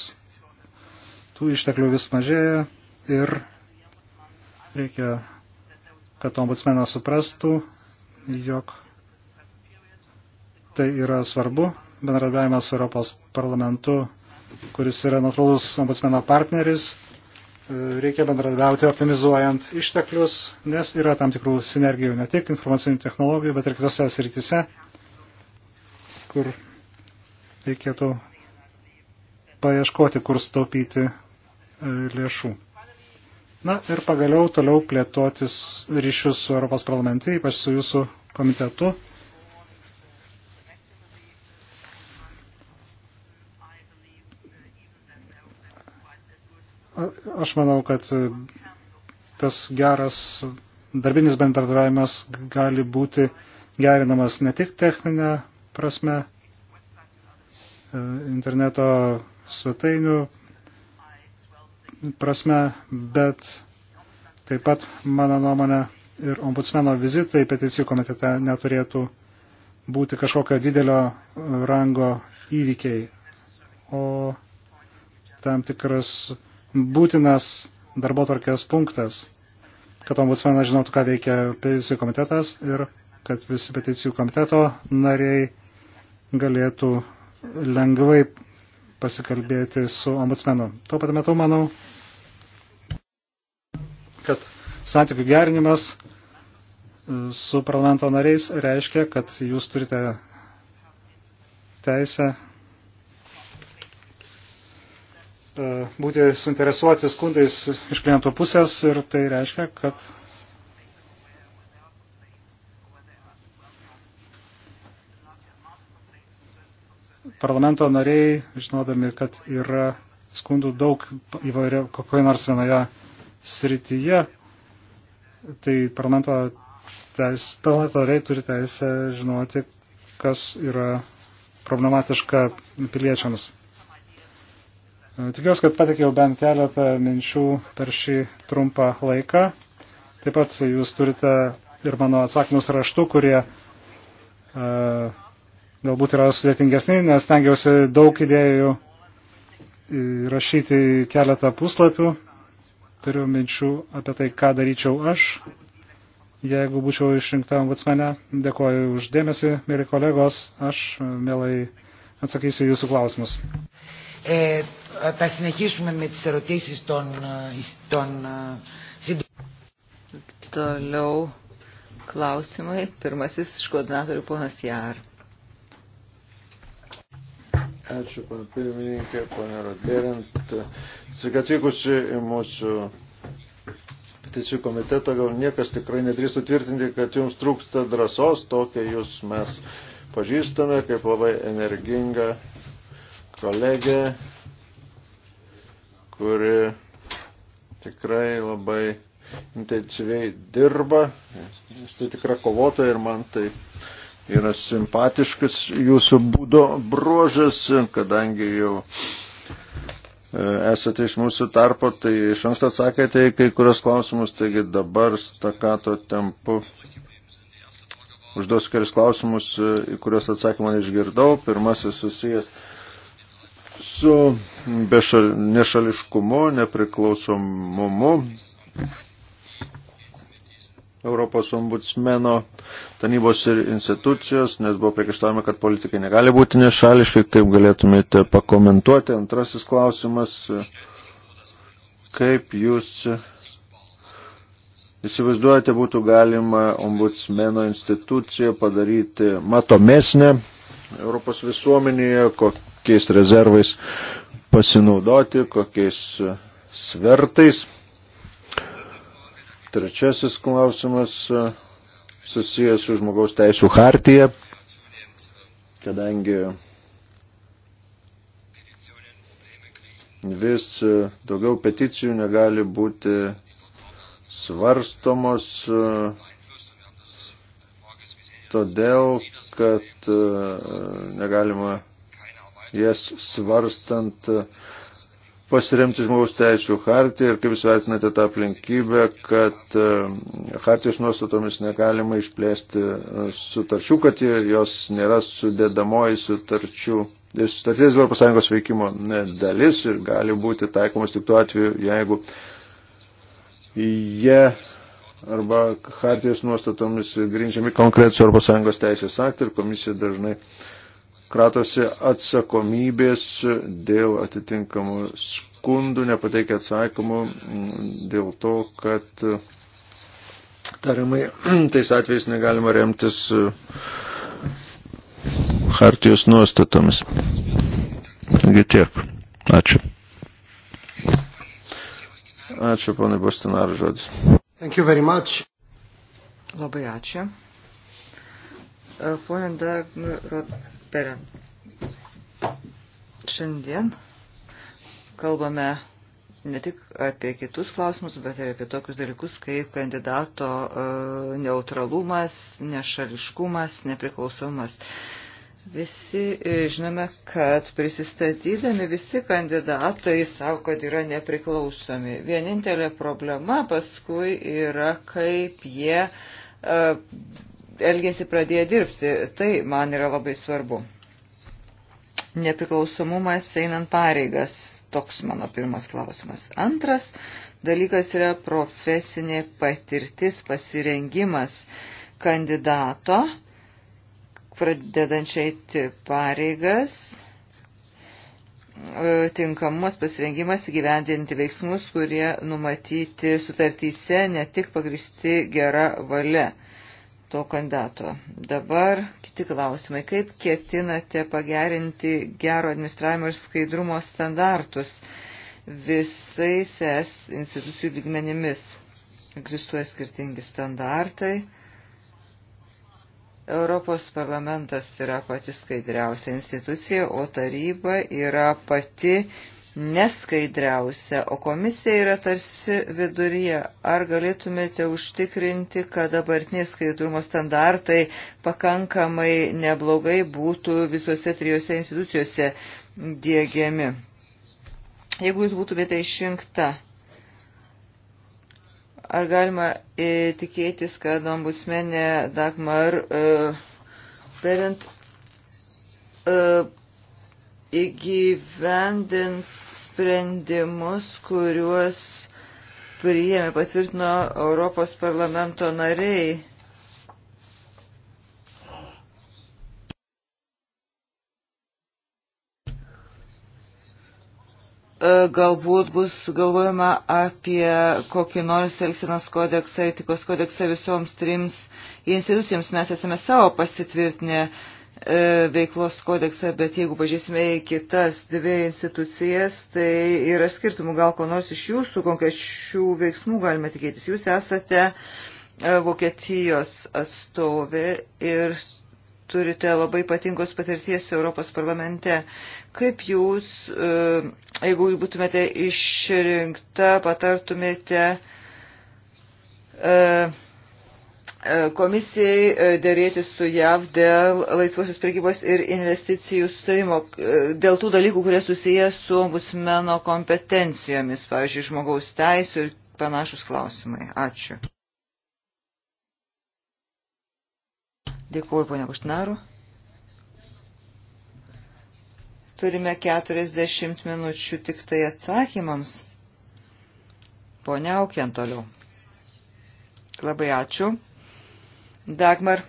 tų išteklių vis mažėja ir reikia, kad ombudsmenas suprastų, jog tai yra svarbu, bendradarbiavimas su Europos parlamentu, kuris yra natūralus ombudsmeno partneris, reikia bendradarbiauti optimizuojant išteklius, nes yra tam tikrų sinergijų ne tik informacinių technologijų, bet ir kitose srityse, kur reikėtų paieškoti, kur staupyti e, lėšų. Na ir pagaliau toliau plėtotis ryšius su Europos parlamente, ypač su jūsų komitetu. Aš manau, kad e, tas geras darbinis bendradarbiavimas gali būti gerinamas ne tik techninę prasme, e, interneto svetainių prasme, bet taip pat, mano nuomonė, ir ombudsmeno vizitai peticijų komitete neturėtų būti kažkokio didelio rango įvykiai, o tam tikras būtinas darbo tvarkės punktas, kad ombudsmenas žinotų, ką veikia peticijų komitetas ir kad visi peticijų komiteto nariai galėtų lengvai pasikalbėti su ombudsmenu. Tuo pat metu manau, kad santykių gerinimas e, su parlamento nariais reiškia, kad jūs turite teisę E, būti suinteresuoti skundais iš kliento pusės ir tai reiškia, kad parlamento nariai, žinodami, kad yra skundų daug įvairio kokioje nors vienoje srityje, tai parlamento, teis, parlamento nariai turi teisę žinoti, kas yra problematiška piliečiams. E, tikiuosi, kad patikėjau bent keletą minčių per šį trumpą laiką. Taip pat jūs turite ir mano atsakymus raštu, kurie uh, galbūt yra sudėtingesni, nes tengiausi daug idėjų e, rašyti keletą puslapių. Turiu minčių apie tai, ką daryčiau aš, jeigu būčiau išrinkta ombudsmane. Dėkuoju už dėmesį, mėly kolegos, aš mielai atsakysiu jūsų klausimus. Ε, θα συνεχίσουμε με τις ερωτήσεις των, των συντονιστών. Toliau klausimai. Pirmasis iš koordinatorių ponas Jar. Ačiū, pana pirmininkė, pana Rodberint. Sveiki atvykusi į mūsų peticijų komiteto. Gal niekas tikrai nedrįstų tvirtinti, kad jums trūksta drąsos. Tokia jūs mes pažįstame kaip labai energingą kolegę, kuri tikrai labai intensyviai dirba. Jis tai tikra kovotoja ir man tai yra simpatiškas jūsų būdo bruožas, kadangi jau e, esate iš mūsų tarpo, tai iš anksto atsakėte į kai kurios klausimus, taigi dabar stakato tempu užduosiu kelis klausimus, e, į kuriuos atsakymą išgirdau. Pirmasis susijęs su bešal, nešališkumu, nepriklausomumu. Europos ombudsmeno tarnybos ir institucijos, nes buvo priekaištavome, kad politikai negali būti nešališki, kaip galėtumėte pakomentuoti. Antrasis klausimas, kaip jūs įsivaizduojate, būtų galima ombudsmeno instituciją padaryti matomesnę Europos visuomenėje, kokią kokiais rezervais pasinaudoti, kokiais svertais. Trečiasis klausimas e, susijęs su žmogaus teisų hartija, kadangi vis e, daugiau peticijų negali būti svarstomos, e, todėl, kad negalima jas svarstant e, pasiremti žmogaus teisų hartiją ir kaip jūs vertinate tą aplinkybę, kad e, hartijos nuostatomis negalima išplėsti e, sutarčių, kad jos nėra sudėdamoji sutarčių. Ir sutarties Europos Sąjungos veikimo dalis ir gali būti taikomas tik tuo atveju, jeigu jie arba hartijos nuostatomis grindžiami konkretus Europos Sąjungos teisės aktai ir komisija dažnai uh, kratosi atsakomybės dėl atitinkamų skundų, nepateikia atsakymų dėl to, kad tariamai tais atvejais negalima remtis hartijos nuostatomis. Taigi tiek. Ačiū. Ačiū, ponai Bostinar, žodis. Thank you very much. Labai ačiū. Ponė Dagmarot Peren. Šiandien kalbame ne tik apie kitus klausimus, bet ir apie tokius dalykus kaip kandidato e, neutralumas, nešališkumas, nepriklausomas. Visi e, žinome, kad prisistatydami visi kandidatai savo, kad yra nepriklausomi. Vienintelė problema paskui yra, kaip jie e, elgėsi pradėję dirbti. Tai man yra labai svarbu. Nepriklausomumas einant pareigas. Toks mano pirmas klausimas. Antras dalykas yra profesinė patirtis, pasirengimas kandidato, pradedančiai eiti pareigas, e, tinkamumas pasirengimas įgyvendinti veiksmus, kurie numatyti sutartyse ne tik pagristi gera valia to kandidato. Dabar kiti klausimai. Kaip ketinate pagerinti gero administravimo ir skaidrumo standartus visais es institucijų lygmenimis? Egzistuoja skirtingi standartai. Europos parlamentas yra pati skaidriausia institucija, o taryba yra pati neskaidriausia, o komisija yra tarsi viduryje. Ar galėtumėte užtikrinti, kad dabartiniai skaidrumo standartai pakankamai neblogai būtų visose trijose institucijose dėgiami? Jeigu jūs būtumėte išrinkta, ar galima e, tikėtis, kad ombudsmenė Dagmar e, Berint e, įgyvendins sprendimus, kuriuos priėmė, patvirtino Europos parlamento nariai. E, galbūt bus galvojama apie kokį nors Elksinos kodeksą, etikos kodeksą visoms trims institucijoms. Mes esame savo pasitvirtinę uh, E, veiklos kodeksą, bet jeigu pažiūrėsime į kitas dvi institucijas, tai yra skirtumų, gal ko nors iš jūsų konkrečių veiksmų galime tikėtis. Jūs esate e, Vokietijos atstovė ir turite labai patingos patirties Europos parlamente. Kaip jūs, e, jeigu jūs būtumėte išrinkta, patartumėte E, komisijai e, dėrėti su JAV dėl laisvosios prekybos ir investicijų sustarimo, e, dėl tų dalykų, kurie susiję su ombudsmeno kompetencijomis, pavyzdžiui, žmogaus teisų ir panašus klausimai. Ačiū. Dėkuoju, ponia Buštinaru. Turime 40 minučių tik tai atsakymams. Ponia Aukien toliau. Labai ačiū. Dagmar,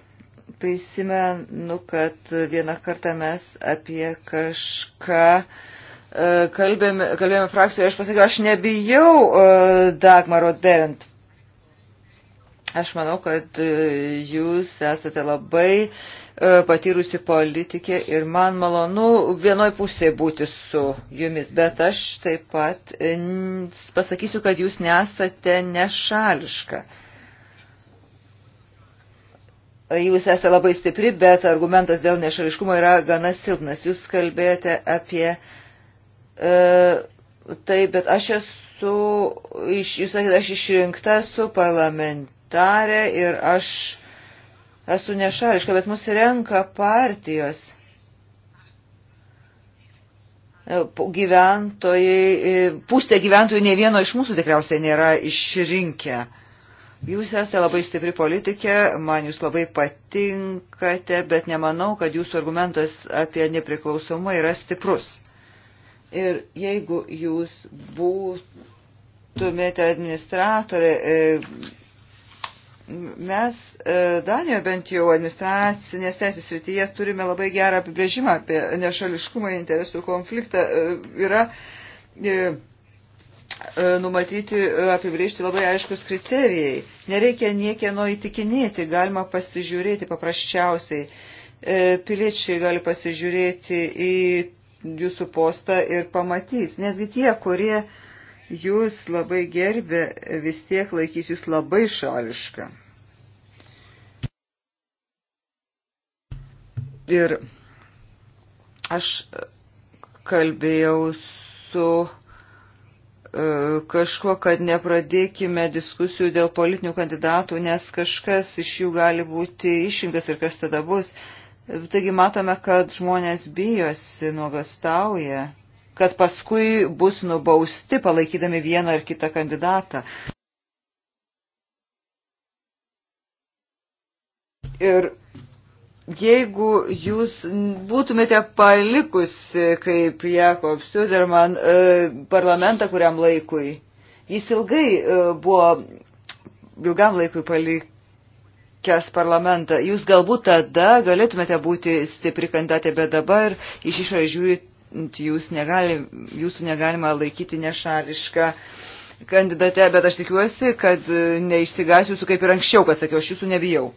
prisimenu, kad vieną kartą mes apie kažką e, kalbėjome, kalbėjome frakcijoje ir aš pasakiau, aš nebijau e, Dagmaro derint. Aš manau, kad e, jūs esate labai patyrusi politikė ir man malonu vienoj pusėje būti su jumis, bet aš taip pat pasakysiu, kad jūs nesate nešališka. Jūs esate labai stipri, bet argumentas dėl nešališkumo yra gana silpnas. Jūs kalbėjote apie e, tai, bet aš esu, iš, jūs sakėte, aš išrinkta esu parlamentarė ir aš esu nešališka, bet mus renka partijos e, gyventojai, e, pusė gyventojų ne vieno iš mūsų tikriausiai nėra išrinkę. Jūs esate labai stipri politikė, man jūs labai patinkate, bet nemanau, kad jūsų argumentas apie nepriklausomą yra stiprus. Ir jeigu jūs būtumėte administratorė, e, mes e, Danijoje bent jau administracinės teisės rytyje turime labai gerą apibrėžimą apie nešališkumą interesų konfliktą. E, yra E, numatyti, e, apibriežti labai aiškus kriterijai. Nereikia niekieno įtikinėti, galima pasižiūrėti paprasčiausiai. E, piliečiai gali pasižiūrėti į jūsų postą ir pamatys. Netgi tie, kurie jūs labai gerbė, vis tiek laikys jūs labai šališką. Ir aš kalbėjau su E, kažkuo, kad nepradėkime diskusijų dėl politinių kandidatų, nes kažkas iš jų gali būti išrinktas ir kas tada bus. Taigi matome, kad žmonės bijosi, nuogastauja, kad paskui bus nubausti palaikydami vieną ar kitą kandidatą. Ir jeigu jūs būtumėte palikusi kaip Jakob Suderman e, parlamentą kuriam laikui, jis ilgai e, buvo, ilgam laikui palikęs parlamentą, jūs galbūt tada galėtumėte būti stipri kandidatė, bet dabar iš išorės žiūrint jūs negali, jūsų negalima laikyti nešališką kandidate, bet aš tikiuosi, kad e, neišsigąsiu jūsų kaip ir anksčiau, kad sakiau, aš jūsų nebijau.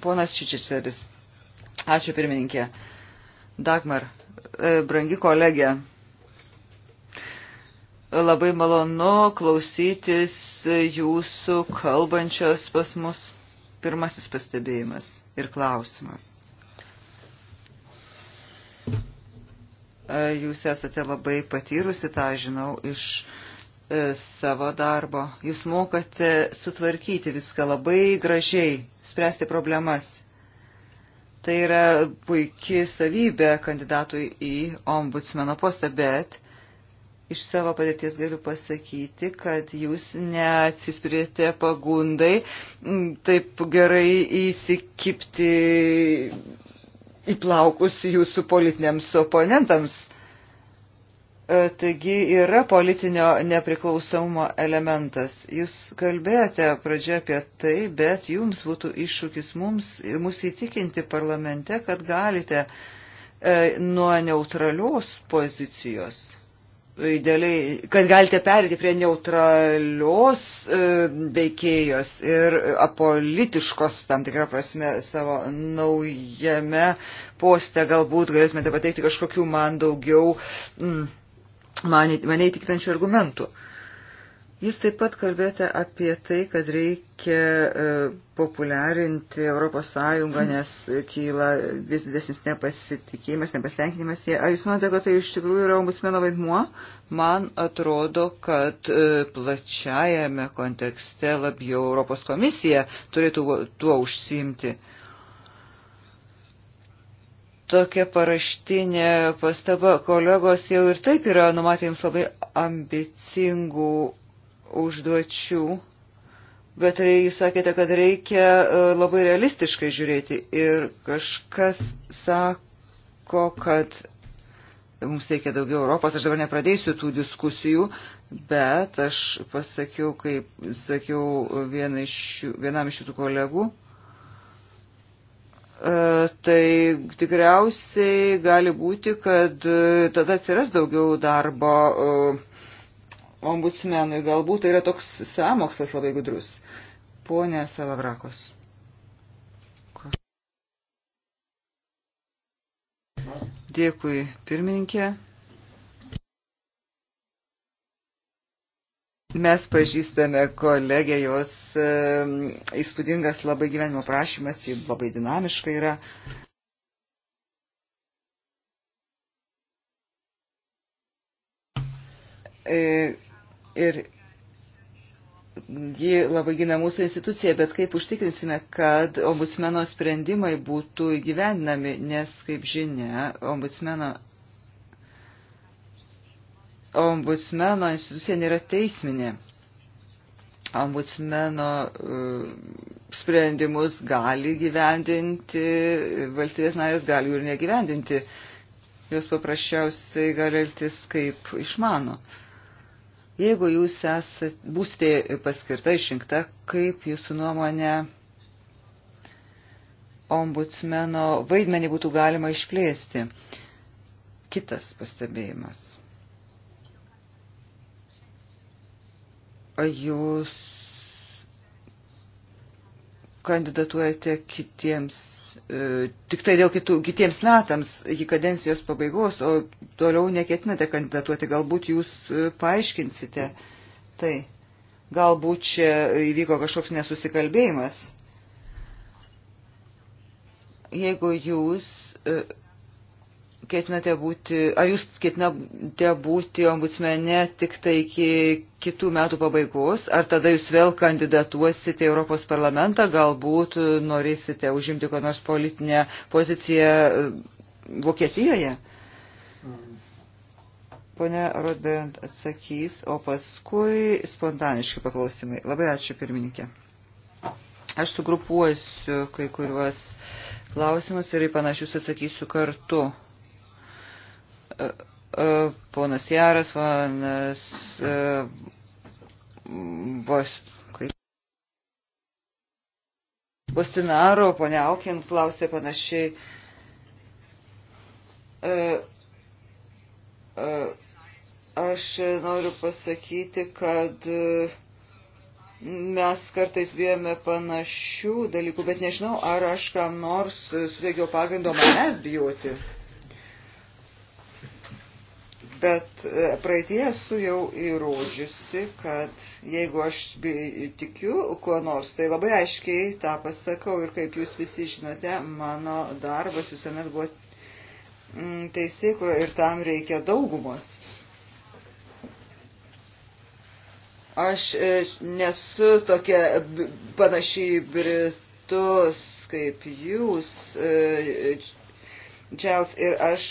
Ponas Čičičeris. Ačiū pirmininkė. Dagmar, e, brangi kolegė, labai malonu klausytis jūsų kalbančios pas mus. Pirmasis pastebėjimas ir klausimas. E, jūs esate labai patyrusi, tą žinau, iš uh, E, savo darbo. Jūs mokate sutvarkyti viską labai gražiai, spręsti problemas. Tai yra puikia savybė kandidatui į ombudsmeno postą, bet iš savo patirties galiu pasakyti, kad jūs neatsispirėte pagundai taip gerai įsikipti į plaukus jūsų politiniams oponentams. E, taigi yra politinio nepriklausomumo elementas. Jūs kalbėjote pradžioje apie tai, bet jums būtų iššūkis mums, mus įtikinti parlamente, kad galite e, nuo neutralios pozicijos, idealiai, kad galite perėti prie neutralios e, veikėjos ir apolitiškos, tam tikrą prasme, savo naujame poste galbūt galėtumėte pateikti kažkokių man daugiau. Mm, mane, mane įtikinančių argumentų. Jūs taip pat kalbėjote apie tai, kad reikia e, populiarinti ES, nes kyla vis didesnis nepasitikėjimas, nepasitenkinimas. Ar jūs manote, kad tai iš tikrųjų yra ombudsmeno vaidmuo? Man atrodo, kad e, plačiajame kontekste labiau Europos komisija turėtų tuo užsiimti tokia paraštinė pastaba. Kolegos jau ir taip yra numatę jums labai ambicingų užduočių, bet jūs sakėte, kad reikia e, labai realistiškai žiūrėti. Ir kažkas sako, kad mums reikia daugiau Europos. Aš dabar nepradėsiu tų diskusijų, bet aš pasakiau, kaip sakiau viena iš, vienam iš šitų kolegų E, tai tikriausiai gali būti, kad e, tada atsiras daugiau darbo e, ombudsmenui. Galbūt tai yra toks samokslas labai gudrus. Pone Salavrakos. Dėkui, pirmininkė. Mes pažįstame kolegę, jos įspūdingas labai gyvenimo prašymas, ji labai dinamiška yra. E, ir ji labai gina mūsų instituciją, bet kaip užtikrinsime, kad ombudsmeno sprendimai būtų įgyvendinami, nes, kaip žinia, ombudsmeno ombudsmeno institucija nėra teisminė. Ombudsmeno e, sprendimus gali gyvendinti, valstybės narės gali jų ir negyvendinti. Jos paprasčiausiai gali elgtis kaip išmano. Jeigu jūs esat, būsite paskirta išrinkta, kaip jūsų nuomonė ombudsmeno vaidmenį būtų galima išplėsti? Kitas pastebėjimas. jūs kandidatuojate kitiems, e, tik tai dėl kitų, kitiems metams iki kadencijos pabaigos, o toliau neketinate kandidatuoti, galbūt jūs e, paaiškinsite tai. Galbūt čia įvyko kažkoks nesusikalbėjimas. Jeigu jūs e, ketinate būti, ar jūs ketinate būti ombudsmene tik tai iki kitų metų pabaigos, ar tada jūs vėl kandidatuosite Europos parlamentą, galbūt norėsite užimti kokią nors politinę poziciją e, Vokietijoje? Pone Rodberant atsakys, o paskui spontaniški paklausimai. Labai ačiū pirmininkė. Aš sugrupuosiu kai kuriuos klausimus ir į panašius atsakysiu kartu ponas Jaras, ponas e, Bostinaro, ponia Aukin klausė panašiai. E, e, aš noriu pasakyti, kad mes kartais bijome panašių dalykų, bet nežinau, ar aš kam nors sudėgiau pagrindo manęs bijoti. Bet e, praeitie esu jau įrodžiusi, kad jeigu aš tikiu kuo nors, tai labai aiškiai tą pasakau ir kaip jūs visi žinote, mano darbas visuomet buvo mm, teisėkuro ir tam reikia daugumos. Aš e, nesu tokia panašiai britus kaip jūs e, Džels ir aš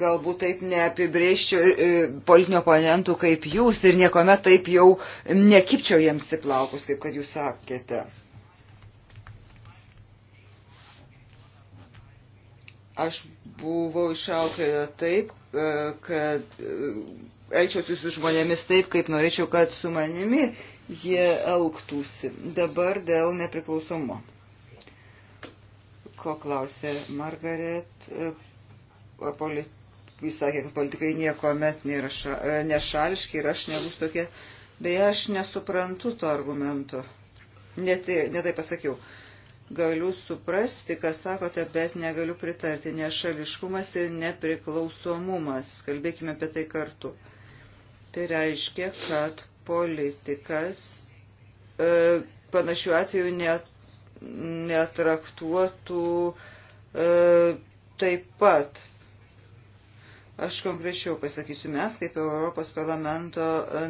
galbūt taip neapibrėžčiau e, politinio oponentų kaip jūs ir niekuomet taip jau nekipčiau jiems į plaukus, kaip kad jūs sakėte. Aš buvau išauklėta taip, e, kad e, elgčiausi su žmonėmis taip, kaip norėčiau, kad su manimi jie elgtųsi. Dabar dėl nepriklausomo ko klausė Margaret. E, Polit... Jis sakė, kad politikai nieko met nėra ša... E, nešališki ir aš nebus tokie. Beje, aš nesuprantu to argumento. Netai, netai pasakiau. Galiu suprasti, ką sakote, bet negaliu pritarti. Nešališkumas ir nepriklausomumas. Kalbėkime apie tai kartu. Tai reiškia, kad politikas e, panašių atveju net netraktuotų e, taip pat. Aš konkrečiau pasakysiu, mes kaip Europos parlamento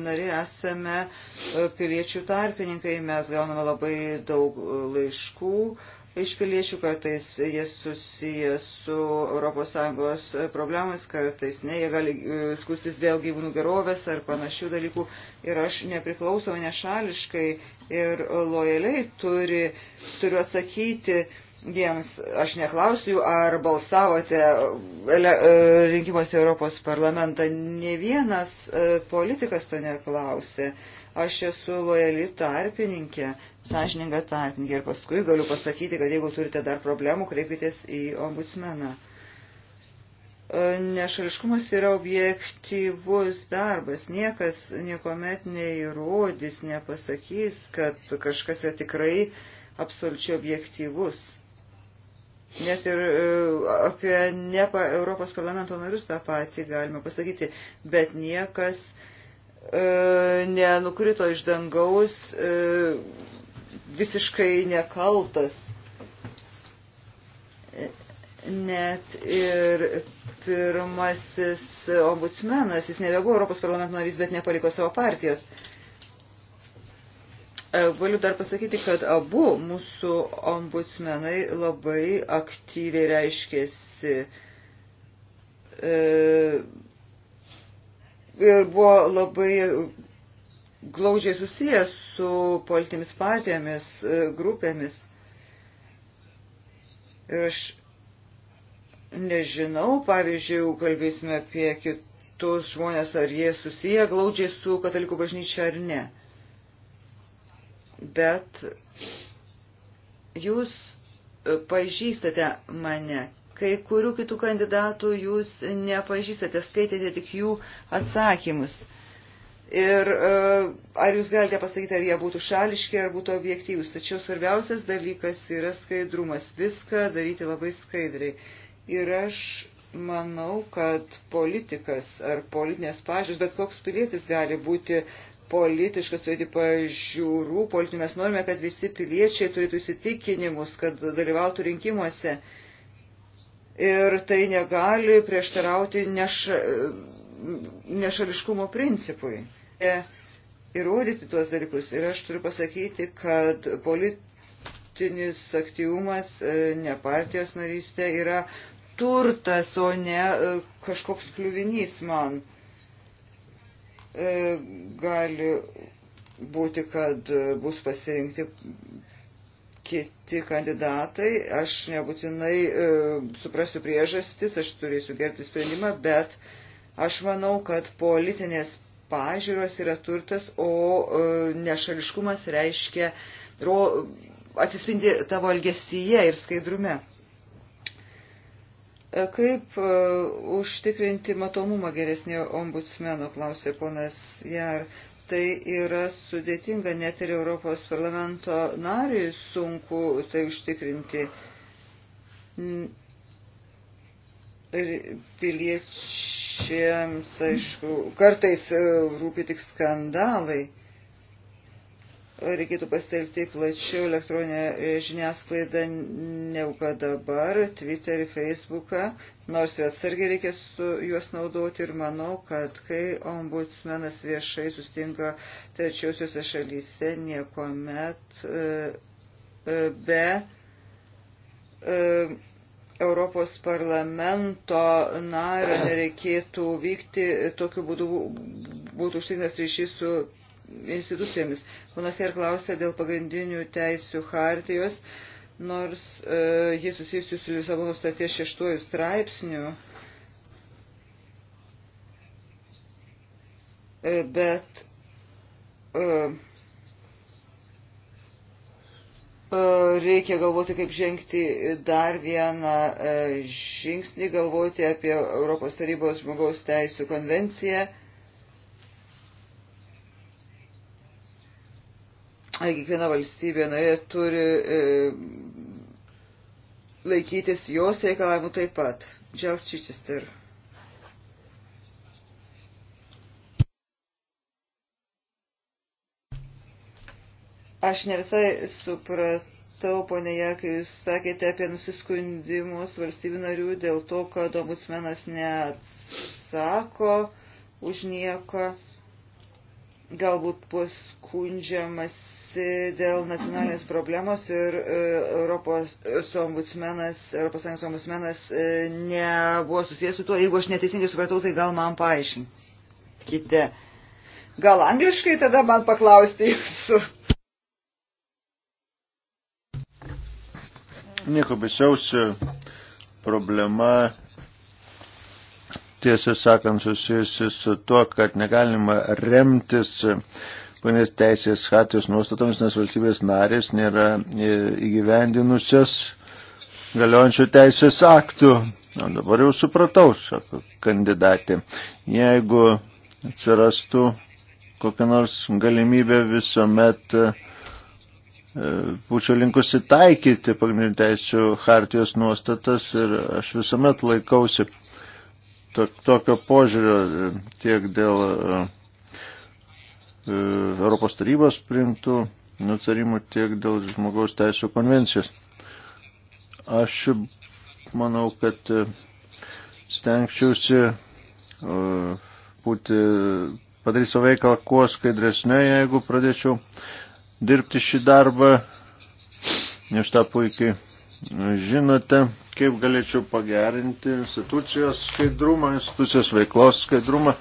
nariai esame e, piliečių tarpininkai, mes gauname labai daug e, laiškų, e, iš piliečių, kartais jie susiję su ES problemais, kartais ne, jie gali e, skustis dėl gyvūnų gerovės ar panašių dalykų. Ir aš nepriklausomai, nešališkai ir lojaliai turi, turiu atsakyti jiems, aš neklausiu jų, ar balsavote e, rinkimuose Europos parlamentą. Ne vienas e, politikas to neklausė. Aš esu lojali tarpininkė sąžininga tarpininkė. Ir paskui galiu pasakyti, kad jeigu turite dar problemų, kreipkitės į ombudsmeną. E, nešališkumas yra objektyvus darbas. Niekas niekuomet neįrodys, nepasakys, kad kažkas yra tikrai absoliučiai objektyvus. Net ir e, apie nepa Europos parlamento narius tą patį galima pasakyti, bet niekas e, nenukrito iš dangaus, e, visiškai nekaltas. Net ir pirmasis ombudsmenas, jis nebebuvo Europos parlamento narys, bet nepaliko savo partijos. E, galiu dar pasakyti, kad abu mūsų ombudsmenai labai aktyviai reiškėsi e, ir buvo labai glaudžiai susijęs su politinėmis partijomis, e, grupėmis. Ir aš nežinau, pavyzdžiui, jeigu kalbėsime apie kitus žmonės, ar jie susiję glaudžiai su katalikų bažnyčia ar ne. Bet jūs e, pažįstate mane. Kai kurių kitų kandidatų jūs nepažįstate, skaitėte tik jų atsakymus. Ir e, ar jūs galite pasakyti, ar jie būtų šališki, ar būtų objektyvūs. Tačiau svarbiausias dalykas yra skaidrumas. Viską daryti labai skaidriai. Ir aš manau, kad politikas ar politinės pažiūrės, bet koks pilietis gali būti politiškas, turėti pažiūrų, politinių. Mes norime, kad visi piliečiai turėtų įsitikinimus, kad dalyvautų rinkimuose. Ir tai negali prieštarauti neša, nešališkumo principui reikia įrodyti tuos dalykus. Ir aš turiu pasakyti, kad politinis aktyvumas, e, ne partijos narystė, yra turtas, o ne e, kažkoks kliuvinys man. E, gali būti, kad bus pasirinkti kiti kandidatai. Aš nebūtinai e, suprasiu priežastis, aš turėsiu gerbti sprendimą, bet aš manau, kad politinės pažiūros yra turtas, o e, nešališkumas reiškia, ro, atsispindi tavo elgesyje ir skaidrume. E, kaip e, užtikrinti matomumą geresnio ombudsmeno, klausė ponas Jar. Tai yra sudėtinga, net ir Europos parlamento nariui sunku tai užtikrinti piliečiai piliečiams, aišku, kartais e, rūpi tik skandalai. Reikėtų pasitelkti plačiau elektroninę e, žiniasklaidą negu kad dabar, Twitterį, Facebooką, nors ir atsargiai reikia su juos naudoti ir manau, kad kai ombudsmenas viešai sustinka trečiosiuose šalyse, niekuomet e, be Europos parlamento nario nereikėtų vykti, tokiu būdu būtų užtikrintas ryšys su institucijomis. Ponas Jer klausė dėl pagrindinių teisių hartijos, nors e, jis susijusi su Lisabono statės šeštuoju straipsniu, e, bet e, E, reikia galvoti, kaip žengti dar vieną e, žingsnį, galvoti apie Europos tarybos žmogaus teisų konvenciją. E, kiekviena valstybė narė turi laikytis jos reikalavimų taip pat. Džels Čičester. Aš ne visai supratau, ponė Jarkai, jūs sakėte apie nusiskundimus valstybių narių dėl to, kad ombudsmenas neatsako už nieką. Galbūt bus skundžiamasi dėl nacionalinės problemos ir e, Europos ombudsmenas, Europos Sąjungos ombudsmenas e, nebuvo susijęs su tuo. Jeigu aš neteisingai supratau, tai gal man paaiškinkite. Gal angliškai tada man paklausti jūsų. Nieko baisiausia problema, tiesą sakant, susijusi su tuo, kad negalima remtis panės teisės hartijos nuostatomis, nes valstybės narės nėra e, įgyvendinusios galiojančių teisės aktų. O dabar jau supratau, sako kandidatė, jeigu atsirastų kokia nors galimybė visuomet uh, E, būčiau linkusi taikyti pagrindinių teisų hartijos nuostatas ir aš visuomet laikausi tokio požiūrio tiek dėl e, e, Europos tarybos priimtų nutarimų, tiek dėl žmogaus teisų konvencijos. Aš manau, kad stengčiausi būti, padaryti savo veiklą kuo skaidresnė, jeigu pradėčiau dirbti šį darbą, nes tą puikiai žinote, kaip galėčiau pagerinti institucijos skaidrumą, institucijos veiklos skaidrumą.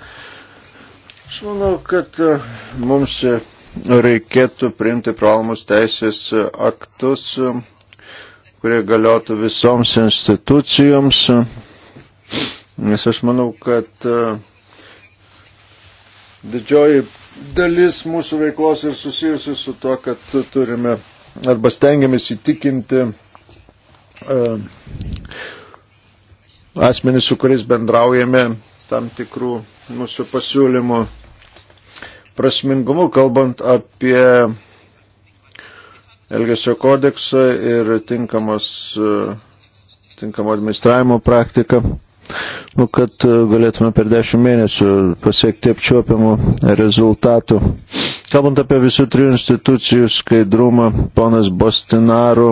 Aš manau, kad e, mums reikėtų priimti privalomus teisės aktus, kurie galiotų visoms institucijoms, nes aš manau, kad e, didžioji dalis mūsų veiklos ir susijusi su to, kad turime arba stengiamės įtikinti e, asmenys, su kuriais bendraujame tam tikrų mūsų pasiūlymų prasmingumu, kalbant apie Elgesio kodeksą ir tinkamos, e, tinkamo administravimo praktiką nu, kad e, galėtume per dešimt mėnesių pasiekti apčiuopiamų rezultatų. Kalbant apie visų trijų institucijų skaidrumą, ponas Bostinaru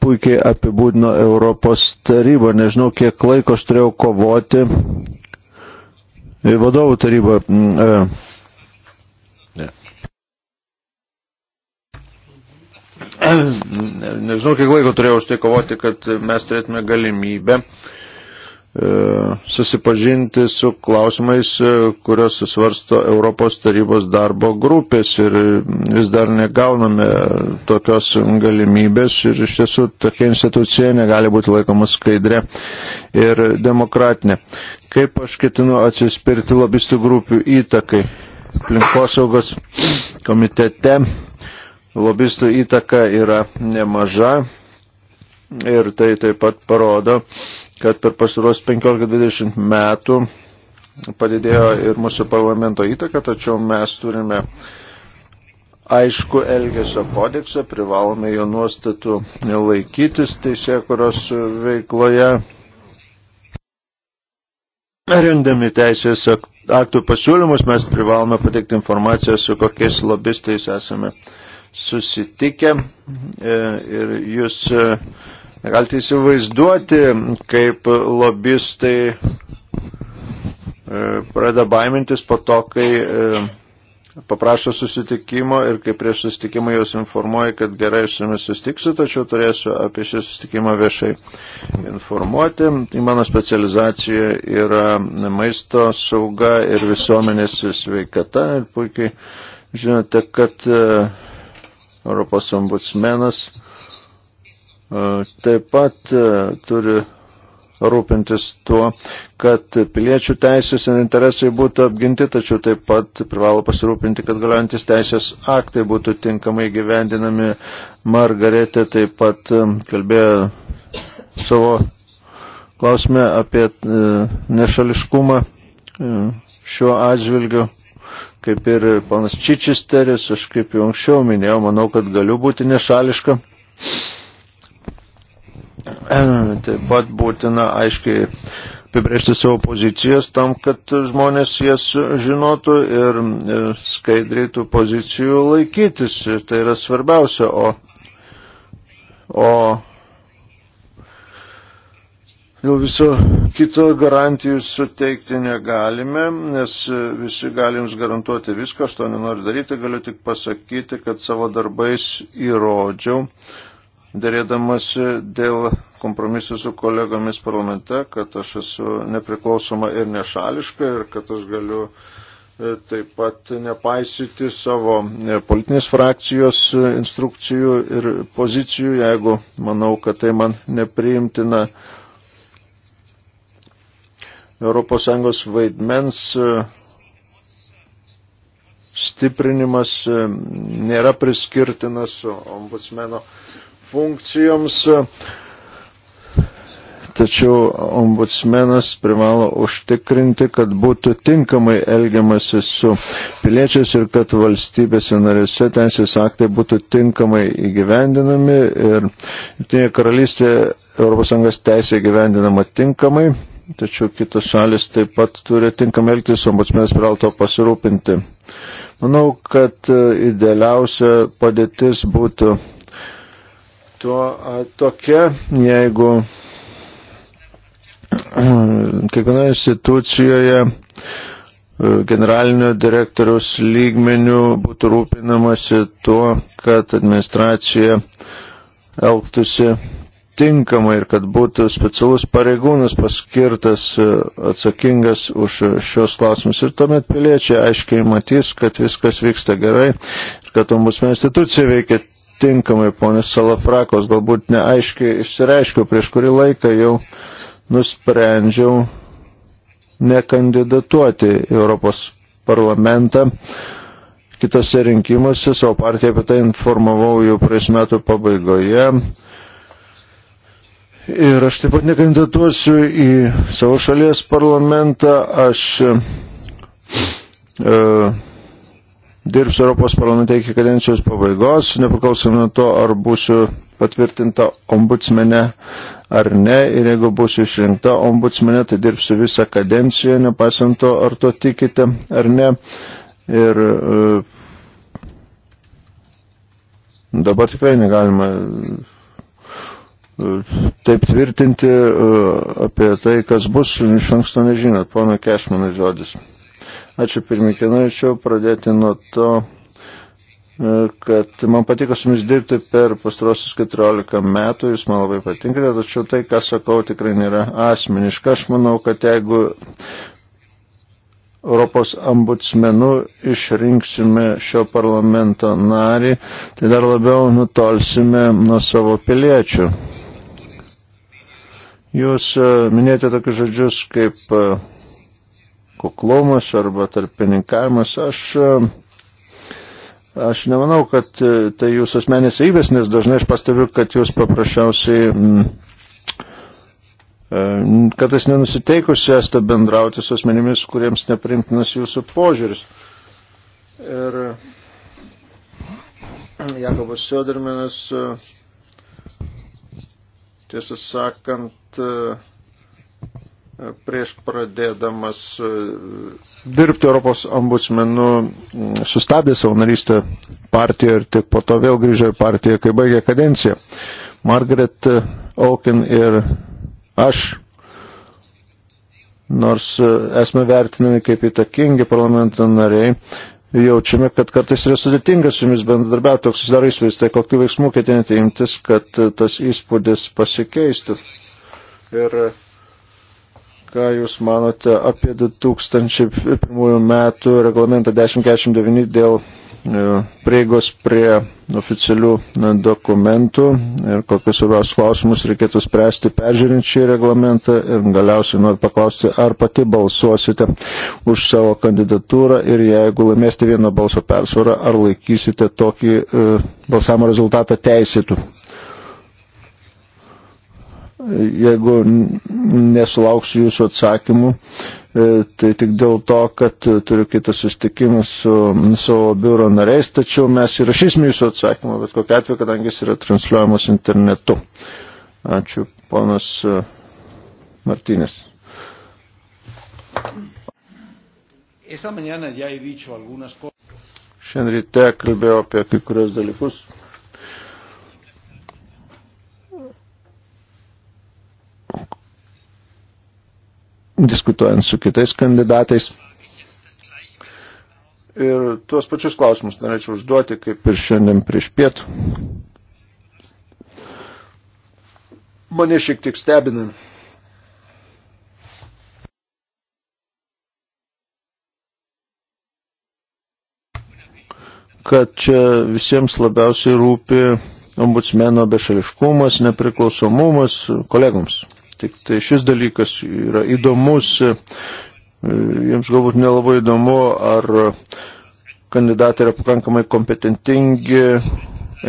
puikiai apibūdino Europos tarybą. Nežinau, kiek laiko aš turėjau kovoti e, vadovų tarybą. E. Ne. Nežinau, kiek laiko turėjau už tai kovoti, kad mes turėtume galimybę uh, E, susipažinti su klausimais, e, kurios susvarsto Europos tarybos darbo grupės ir vis dar negauname tokios galimybės ir iš tiesų tokia institucija negali būti laikoma skaidrė ir demokratinė. Kaip aš ketinu atsispirti lobistų grupių įtakai aplinkosaugos komitete, lobistų įtaka yra nemaža ir tai taip pat parodo, kad per pasiruos 15-20 metų padidėjo ir mūsų parlamento įtaka, tačiau mes turime aišku Elgesio kodeksą, privalome jo nuostatų laikytis teisėkuros veikloje, rendami teisės aktų pasiūlymus, mes privalome pateikti informaciją, su kokiais lobistais esame susitikę e, ir jūs Galite įsivaizduoti, kaip lobistai e, pradeda baimintis po to, kai e, paprašo susitikimo ir kai prieš susitikimą jos informuoja, kad gerai aš su jumis susitiksiu, tačiau turėsiu apie šį susitikimą viešai informuoti. Tai mano specializacija yra maisto sauga ir visuomenės sveikata. Ir puikiai žinote, kad e, Europos ombudsmenas E, taip pat e, turi rūpintis tuo, kad piliečių teisės ir interesai būtų apginti, tačiau taip pat privalo pasirūpinti, kad galiojantis teisės aktai būtų tinkamai gyvendinami. Margaretė taip pat e, kalbėjo savo klausime apie nešališkumą šiuo atžvilgiu. Kaip ir panas Čičisteris, aš kaip jau anksčiau minėjau, manau, kad galiu būti nešališka. Taip pat būtina aiškiai apibrėžti savo pozicijas tam, kad žmonės jas žinotų ir e, skaidriai tų pozicijų laikytis. Ir tai yra svarbiausia. O, o dėl viso kito garantijų suteikti negalime, nes visi gali jums garantuoti viską, aš to nenoriu daryti, galiu tik pasakyti, kad savo darbais įrodžiau dėrėdamasi dėl kompromisų su kolegomis parlamente, kad aš esu nepriklausoma ir nešališka ir kad aš galiu e, taip pat nepaisyti savo e, politinės frakcijos e, instrukcijų ir pozicijų, jeigu manau, kad tai man nepriimtina ES vaidmens stiprinimas nėra priskirtinas ombudsmeno funkcijoms, tačiau ombudsmenas privalo užtikrinti, kad būtų tinkamai elgiamasi su piliečiais ir kad valstybėse narėse teisės aktai būtų tinkamai įgyvendinami ir Jungtinėje karalystėje ES teisė įgyvendinama tinkamai. Tačiau kitos šalis taip pat turi tinkamai elgtis, ombudsmenas privalo to pasirūpinti. Manau, kad e, idealiausia padėtis būtų tuo, tokia, jeigu kiekvienoje institucijoje generalinio direktoriaus lygmenių būtų rūpinamasi tuo, kad administracija elgtųsi tinkamai ir kad būtų specialus pareigūnas paskirtas atsakingas už šios klausimus. Ir tuomet piliečiai aiškiai matys, kad viskas vyksta gerai ir kad ombudsmenų institucija veikia tinkamai, ponė Salafrakos, galbūt neaiškiai išsireiškiau, prieš kurį laiką jau nusprendžiau nekandidatuoti Europos parlamentą. Kitose rinkimuose savo partiją apie tai informavau jau prieš metų pabaigoje. Ir aš taip pat nekandidatuosiu į savo šalies parlamentą. Aš e, dirbs Europos parlamente iki kadencijos pabaigos, nepriklausomai nuo to, ar būsiu patvirtinta ombudsmenė ar ne. Ir jeigu būsiu išrinkta ombudsmenė, tai dirbsiu visą kadenciją, nepaisant to, ar to tikite ar ne. Ir e, dabar tikrai negalima e, taip tvirtinti e, apie tai, kas bus, iš anksto nežinot. Pono Kešmanai žodis. Ačiū pirmininkė. Norėčiau pradėti nuo to, e, kad man patiko su jumis dirbti per pastarosius 14 metų, jūs man labai patinkate, tačiau tai, ką sakau, tikrai nėra asmeniška. Aš manau, kad jeigu Europos ambutsmenu išrinksime šio parlamento narį, tai dar labiau nutolsime nuo savo piliečių. Jūs e, minėjote tokius žodžius kaip e, kuklumas arba tarpininkavimas. Aš, aš nemanau, kad e, tai jūsų asmenės įvės, nes dažnai aš pastebiu, kad jūs paprasčiausiai mm, e, kartais nenusiteikusi esate bendrauti su asmenimis, kuriems neprimtinas jūsų požiūris. Ir e, Jakobas Sjoderminas, tiesą sakant, prieš pradėdamas e, dirbti Europos ombudsmenu sustabdė savo narystę partiją ir tik po to vėl grįžo į partiją, kai baigė kadenciją. Margaret Aukin ir aš, nors e, esame vertinami kaip įtakingi parlamento nariai, jaučiame, kad kartais yra sudėtinga su jumis bendradarbiauti, toks susidaro įspūdis, tai kokiu veiksmu ketinate imtis, kad tas įspūdis pasikeistų. Ir Ką Jūs manote apie 2001 metų reglamentą 1049 dėl e, prieigos prie oficialių dokumentų ir kokius svarbiausius klausimus reikėtų spręsti peržiūrint šį reglamentą ir galiausiai noriu paklausti, ar pati balsuosite už savo kandidatūrą ir jeigu laimėsite vieną balso persvarą, ar laikysite tokį e, balsavimo rezultatą teisėtų jeigu nesulauksiu jūsų atsakymų, e, tai tik dėl to, kad e, turiu kitą sustikimą su savo biuro nariais, tačiau mes įrašysime jūsų atsakymą, bet kokia atveju, kadangi jis yra transliuojamas internetu. Ačiū, ponas e, Martynės. Šiandien ryte kalbėjau apie kai kurios dalykus. diskutuojant su kitais kandidatais. Ir tuos pačius klausimus norėčiau užduoti, kaip ir šiandien prieš pietų. Mane šiek tiek stebina. kad čia visiems labiausiai rūpi ombudsmeno bešališkumas, nepriklausomumas kolegoms. Tik tai šis dalykas yra įdomus, e, jiems galbūt nelabai įdomu, ar kandidatai yra pakankamai kompetentingi,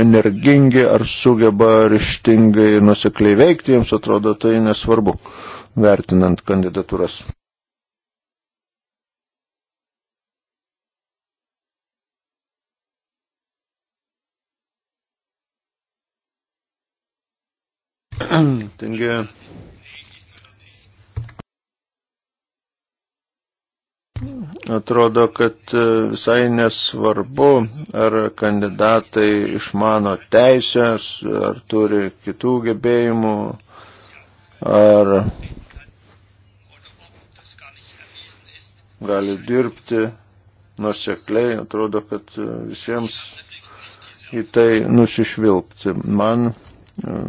energingi, ar sugeba ryštingai nusekliai veikti, jiems atrodo tai nesvarbu, vertinant kandidatūras. Taigi Atrodo, kad e, visai nesvarbu, ar kandidatai išmano teisės, ar turi kitų gebėjimų, ar gali dirbti nusekliai, atrodo, kad e, visiems į tai nusišvilpti. Man e,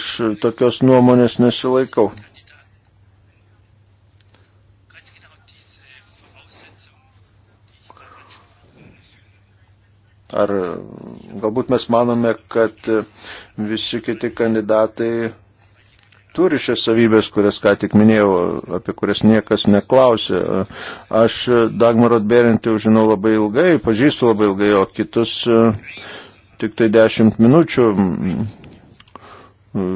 aš tokios nuomonės nesilaikau. Ar galbūt mes manome, kad visi kiti kandidatai turi šias savybės, kurias ką tik minėjau, apie kurias niekas neklausė. Aš Dagmarot Berintį žinau labai ilgai, pažįstu labai ilgai, o kitus e, tik tai dešimt minučių e,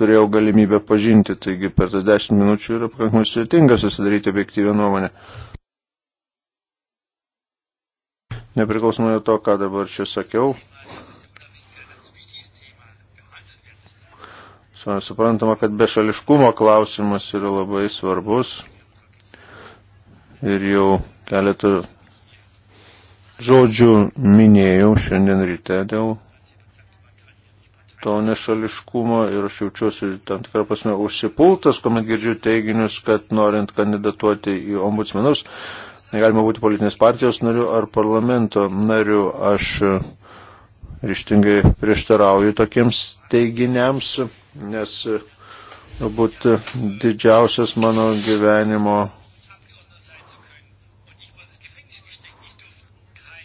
turėjau galimybę pažinti, taigi per tas dešimt minučių yra pakankamai sudėtinga susidaryti objektyvę nuomonę. Uh, Nepriklausomai nuo to, ką dabar čia sakiau, suprantama, kad bešališkumo klausimas yra labai svarbus ir jau keletą žodžių minėjau šiandien ryte dėl to nešališkumo ir aš jaučiuosi tam tikrą prasme užsipultas, kuomet girdžiu teiginius, kad norint kandidatuoti į ombudsmenus, negalima būti politinės partijos nariu ar parlamento nariu. Aš e, ryštingai prieštarauju tokiems teiginiams, nes e, galbūt e, didžiausias mano gyvenimo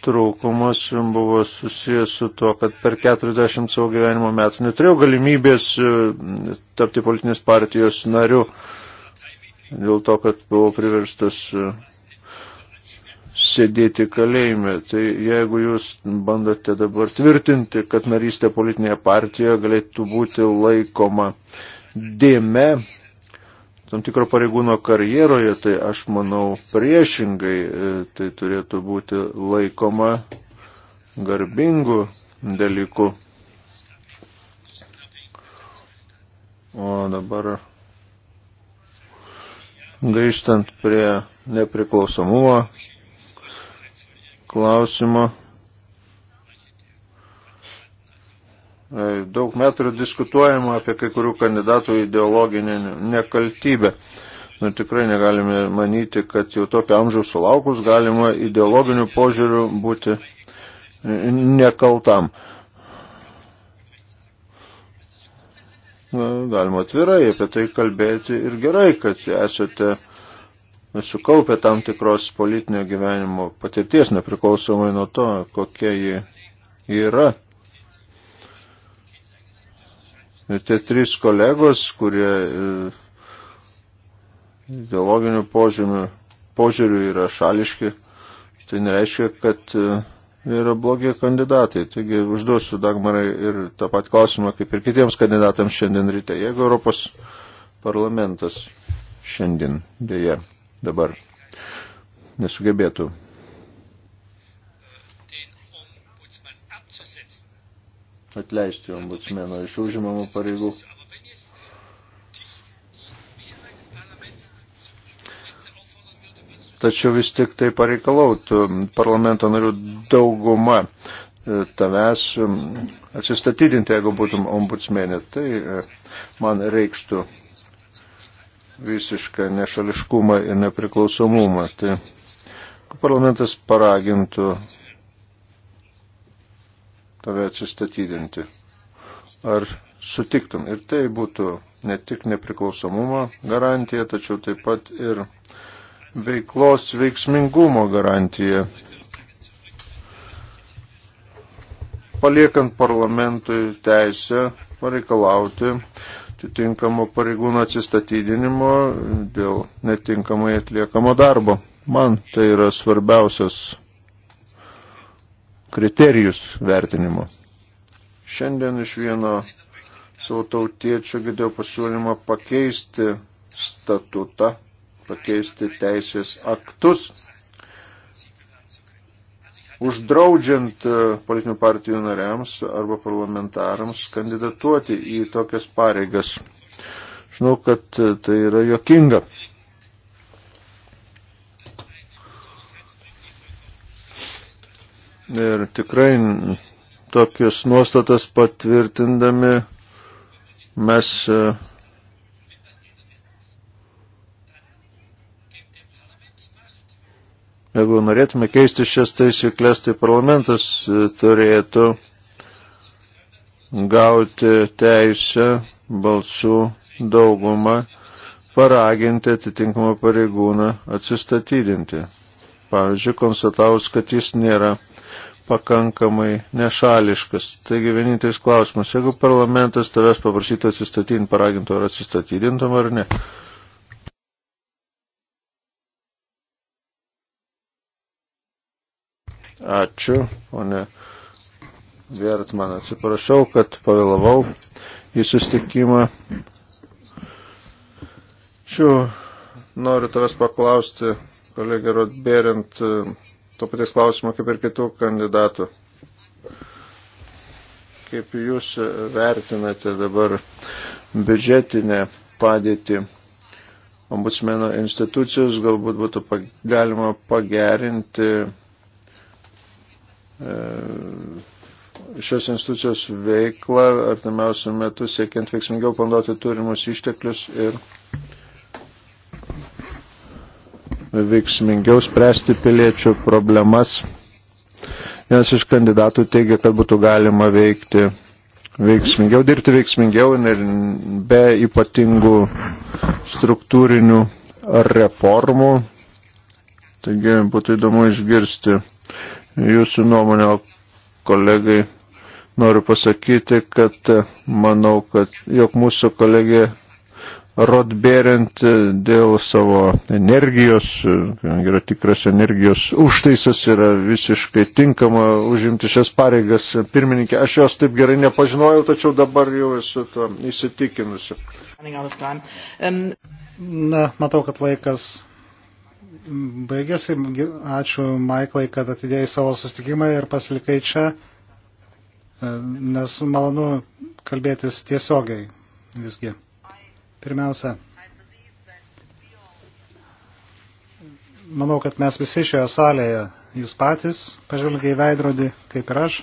trūkumas buvo susijęs su to, kad per 40 savo gyvenimo metų neturėjau galimybės tapti politinės partijos nariu, dėl to, kad buvau priverstas sėdėti kalėjime. Tai jeigu jūs bandote dabar tvirtinti, kad narystė politinėje partijoje galėtų būti laikoma dėme tam tikro pareigūno karjeroje, tai aš manau priešingai e, tai turėtų būti laikoma garbingų dalykų. O dabar grįžtant prie nepriklausomumo klausimo. E, daug metrų diskutuojama apie kai kurių kandidatų ideologinę nekaltybę. Nu, tikrai negalime manyti, kad jau tokio amžiaus sulaukus galima ideologiniu požiūriu būti nekaltam. Galima atvirai apie tai kalbėti ir gerai, kad esate sukaupę tam tikros politinio gyvenimo patirties, nepriklausomai nuo to, kokia ji yra. Ir tie trys kolegos, kurie e, ideologinių požiūrių, požiūrių yra šališki, tai nereiškia, kad e, yra blogi kandidatai. Taigi užduosiu Dagmarai ir tą pat klausimą kaip ir kitiems kandidatams šiandien ryte. Jeigu Europos parlamentas šiandien dėja dabar nesugebėtų. Atleisti ombudsmeną iš užimamų pareigų. Tačiau vis tik tai pareikalautų parlamento narių dauguma e, tavęs e, atsistatydinti, jeigu būtum ombudsmenė. Tai e, man reikštų visišką nešališkumą ir nepriklausomumą. Tai parlamentas paragintų tave atsistatydinti. Ar sutiktum? Ir tai būtų ne tik nepriklausomumo garantija, tačiau taip pat ir veiklos veiksmingumo garantija. Paliekant parlamentui teisę pareikalauti atitinkamo pareigūno atsistatydinimo dėl netinkamai atliekamo darbo. Man tai yra svarbiausias kriterijus vertinimo. Šiandien iš vieno savo tautiečio girdėjau pasiūlymą pakeisti statutą, pakeisti teisės aktus uždraudžiant e, politinių partijų nariams arba parlamentarams kandidatuoti į tokias pareigas. Žinau, kad e, tai yra jokinga. Ir tikrai tokius nuostatas patvirtindami mes e, Jeigu norėtume keisti šias taisyklės, tai parlamentas e, turėtų gauti teisę balsų daugumą, paraginti atitinkamą pareigūną atsistatydinti. Pavyzdžiui, konstatavus, kad jis nėra pakankamai nešališkas. Taigi vienintelis klausimas, jeigu parlamentas tavęs paprašytų atsistatydinti, paragintų ar atsistatydintum ar ne. Ačiū, ponė Vėrat, man atsiprašau, kad pavėlavau į sustikimą. Ačiū, noriu tavęs paklausti, kolegė Rodberint, to paties klausimo kaip ir kitų kandidatų. Kaip jūs vertinate dabar biudžetinę padėtį ombudsmeno institucijos, galbūt būtų galima pagerinti E, šios institucijos veiklą artimiausių metų siekiant veiksmingiau panaudoti turimus išteklius ir veiksmingiau spręsti piliečių problemas. Vienas iš kandidatų teigia, kad būtų galima veikti veiksmingiau, dirbti veiksmingiau ir be ypatingų struktūrinių reformų. Taigi būtų įdomu išgirsti jūsų nuomonę, kolegai, noriu pasakyti, kad e, manau, kad jog mūsų kolegė Rodberint e, dėl savo energijos, e, yra tikras energijos užtaisas, yra visiškai tinkama užimti šias pareigas. Pirmininkė, aš jos taip gerai nepažinojau, tačiau dabar jau esu to įsitikinusi. Um, Na, matau, kad laikas baigėsi. Ačiū, Maiklai, kad atidėjai savo sustikimą ir pasilikai čia, e, nes malonu kalbėtis tiesiogiai visgi. Pirmiausia, manau, kad mes visi šioje salėje, jūs patys, pažvelgiai veidrodį, kaip ir aš,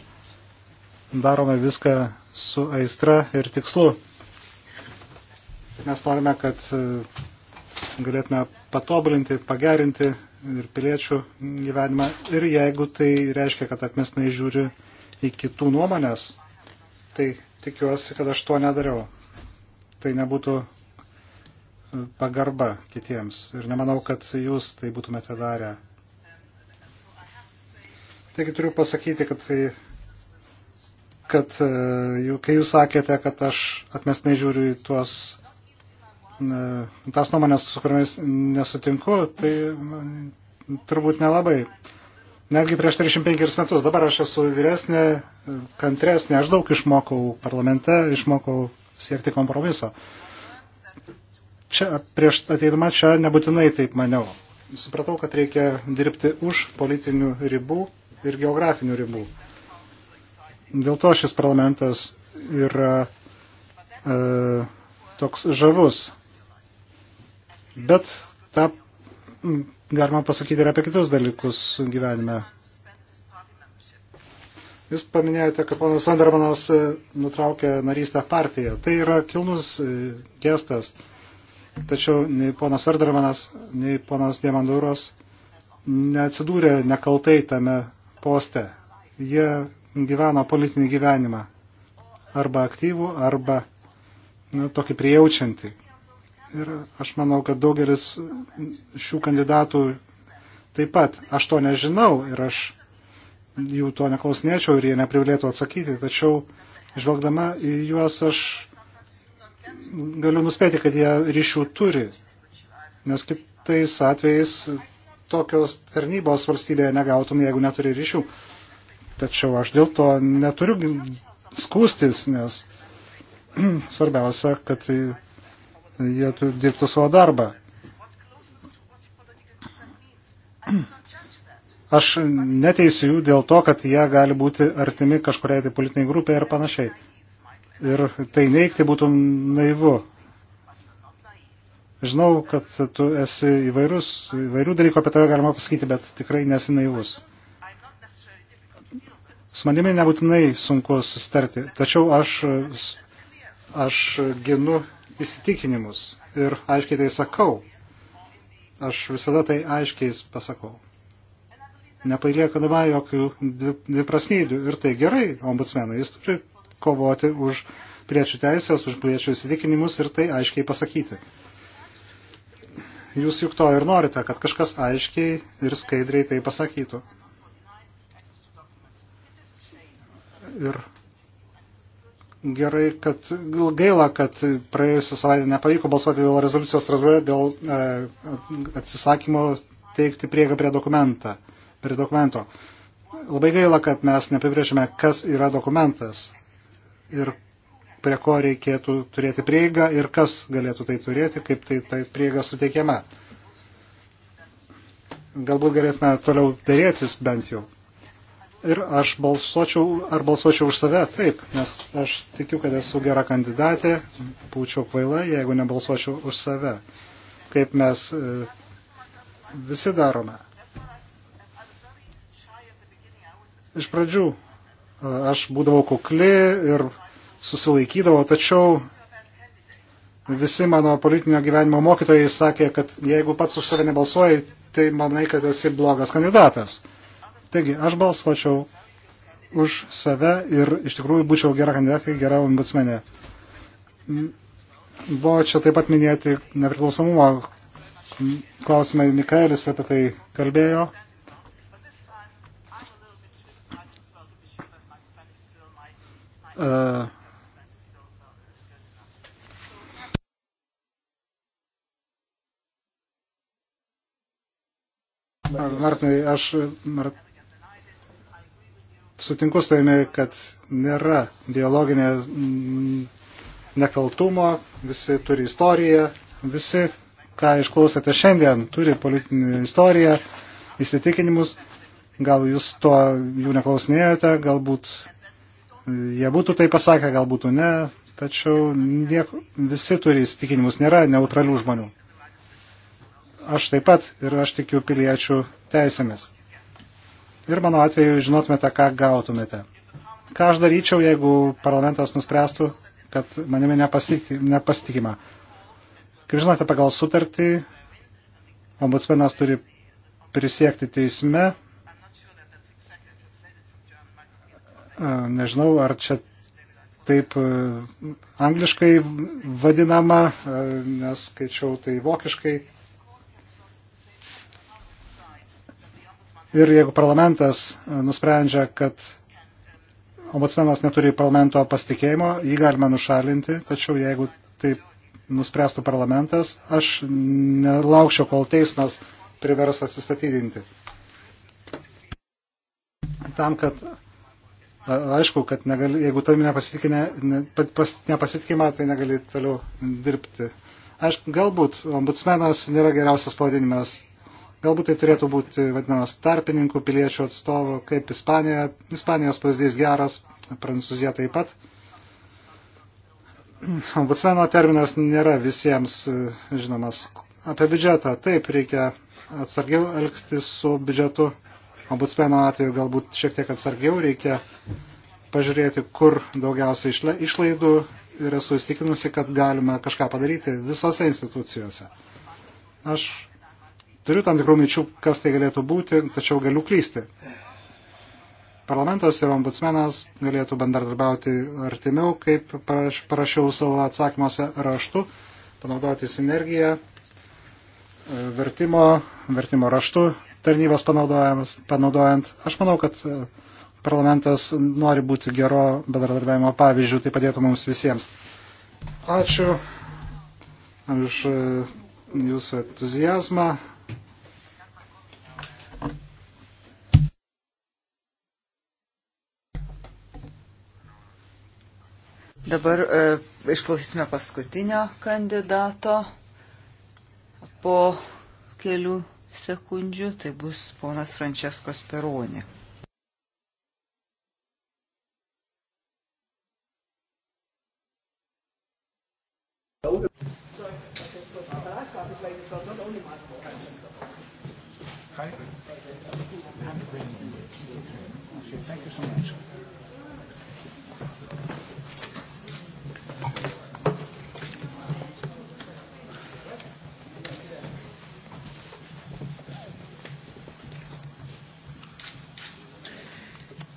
darome viską su aistra ir tikslu. Mes norime, kad e, galėtume patobulinti, pagerinti ir piliečių gyvenimą. Ir jeigu tai reiškia, kad atmesnai žiūri į kitų nuomonės, tai tikiuosi, kad aš to nedariau. Tai nebūtų e, pagarba kitiems. Ir nemanau, kad jūs tai būtumėte darę. Taigi turiu pasakyti, kad, tai, kad e, kai jūs sakėte, kad aš atmesnai žiūriu į tuos tas nuomonės, su kuriamis nesutinku, tai turbūt nelabai. Netgi prieš 35 metus, dabar aš esu vyresnė, kantresnė, aš daug išmokau parlamente, išmokau siekti kompromiso. Čia, prieš ateidama čia nebūtinai taip maniau. Supratau, kad reikia dirbti už politinių ribų ir geografinių ribų. Dėl to šis parlamentas yra e, toks žavus. Bet tą galima pasakyti ir apie kitus dalykus gyvenime. Jūs paminėjote, kad ponas Sandermanas e, nutraukė narystę partiją. Tai yra kilnus e, gestas. Tačiau nei ponas Sandermanas, nei ponas Diamanduros neatsidūrė nekaltai tame poste. Jie gyveno politinį gyvenimą. Arba aktyvų, arba na, tokį prijaučiantį. Ir aš manau, kad daugelis šių kandidatų taip pat. Aš to nežinau ir aš jų to neklausinėčiau ir jie neprivilėtų atsakyti. Tačiau žvelgdama į juos aš galiu nuspėti, kad jie ryšių turi. Nes kitais atvejais tokios tarnybos valstybėje negautum, jeigu neturi ryšių. Tačiau aš dėl to neturiu skūstis, nes svarbiausia, kad jie dirbtų savo darbą. Aš neteisiu jų dėl to, kad jie gali būti artimi kažkuriai tai politiniai grupiai ir panašiai. Ir tai neikti būtų naivu. Žinau, kad tu esi įvairus, įvairių dalykų apie tave galima pasakyti, bet tikrai nesi naivus. Su manimi nebūtinai sunku susitarti, tačiau aš, aš ginu įsitikinimus ir aiškiai tai sakau. Aš visada tai aiškiai pasakau. Nepaliekama jokių dviprasmybių. Ir tai gerai, ombudsmenai, jis turi kovoti už priečių teisės, už priečių įsitikinimus ir tai aiškiai pasakyti. Jūs juk to ir norite, kad kažkas aiškiai ir skaidriai tai pasakytų. Ir gerai, kad gaila, kad praėjusią savaitę nepavyko balsuoti dėl rezoliucijos Strasbūrė dėl e, atsisakymo teikti prieigą prie, dokumentą, prie dokumento. Labai gaila, kad mes neapibrėžime, kas yra dokumentas ir prie ko reikėtų turėti prieigą ir kas galėtų tai turėti, kaip tai, tai prieiga suteikiama. Galbūt galėtume toliau dėrėtis bent jau. Ir aš balsuočiau, ar balsuočiau už save, taip, nes aš tikiu, kad esu gera kandidatė, būčiau kvaila, jeigu nebalsuočiau už save, kaip mes e, visi darome. Iš pradžių e, aš būdavau kukli ir susilaikydavau, tačiau visi mano politinio gyvenimo mokytojai sakė, kad jeigu pats už save nebalsuoji, tai manai, kad esi blogas kandidatas. Taigi, aš balsuočiau už save ir iš tikrųjų būčiau gera kandidatė, gera ombudsmenė. Buvo čia taip pat minėti nepriklausomumo klausimai, Mikaelis apie tai kalbėjo. Uh, Martinai, aš Mart, sutinku su tavimi, kad nėra biologinė mm, nekaltumo, visi turi istoriją, visi, ką išklausėte šiandien, turi politinį istoriją, įsitikinimus, gal jūs to jų neklausinėjote, galbūt e, jie būtų tai pasakę, galbūt ne, tačiau niek, visi turi įsitikinimus, nėra neutralių žmonių. Aš taip pat ir aš tikiu piliečių teisėmis ir mano atveju žinotumėte, ką gautumėte. Ką aš daryčiau, jeigu parlamentas nuspręstų, kad manimi nepasitikima. Kaip žinote, pagal sutartį ombudsmenas turi prisiekti teisme. Nežinau, ar čia taip angliškai vadinama, nes skaičiau tai vokiškai. Ir jeigu parlamentas nusprendžia, kad ombudsmenas neturi parlamento pasitikėjimo, jį galima nušalinti, tačiau jeigu taip nuspręstų parlamentas, aš nelaukščiau, kol teismas privers atsistatydinti. Tam, kad aišku, kad negali, jeigu tavimi nepasitikima, tai negali toliau dirbti. Aišku, galbūt ombudsmenas nėra geriausias pavadinimas Galbūt tai turėtų būti vadinamas tarpininkų piliečių atstovų, kaip Ispanija. Ispanijos pavyzdys geras, Prancūzija taip pat. Ombudsmeno terminas nėra visiems e, žinomas. Apie biudžetą taip reikia atsargiau elgtis su biudžetu. Ombudsmeno atveju galbūt šiek tiek atsargiau reikia pažiūrėti, kur daugiausiai išlaidų ir esu įstikinusi, kad galima kažką padaryti visose institucijose. Aš Turiu tam tikrų minčių, kas tai galėtų būti, tačiau galiu klysti. Parlamentas ir ombudsmenas galėtų bendradarbiauti artimiau, kaip parašiau savo atsakymuose raštu, panaudoti sinergiją e, vertimo, vertimo raštu tarnybas panaudojant. Aš manau, kad e, parlamentas nori būti gero bendradarbiavimo pavyzdžių, tai padėtų mums visiems. Ačiū už e, jūsų entuzijazmą. Dabar e, išklausysime paskutinio kandidato po kelių sekundžių. Tai bus ponas Francesco Speroni. Sorry,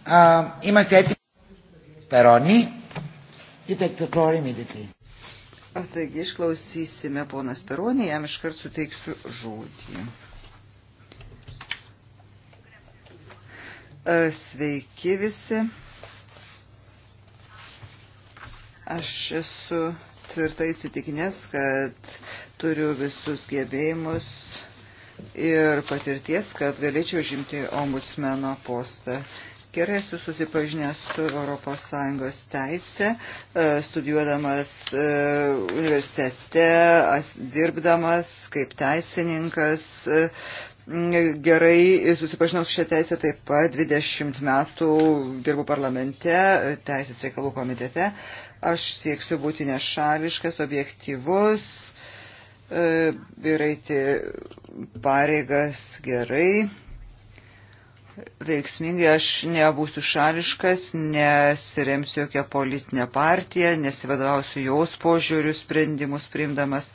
Uh, είμαστε έτοιμοι. Περώνει. You take the floor immediately. Taigi išklausysime ponas Peronį, jam iškart suteiksiu žodį. Sveiki visi. Aš esu tvirtai įsitikinęs, kad turiu visus gebėjimus ir patirties, kad galėčiau žimti ombudsmeno postą. Gerai esu susipažinęs su ES teise, e, studijuodamas e, universitete, dirbdamas kaip teisininkas. E, gerai susipažinau su šią teisę taip pat 20 metų dirbu parlamente, teisės reikalų komitete. Aš sieksiu būti nešališkas, objektivus ir eiti pareigas gerai veiksmingai, aš nebūsiu šališkas, nesiremsiu jokią politinę partiją, nesivadovausiu jos požiūrių sprendimus priimdamas.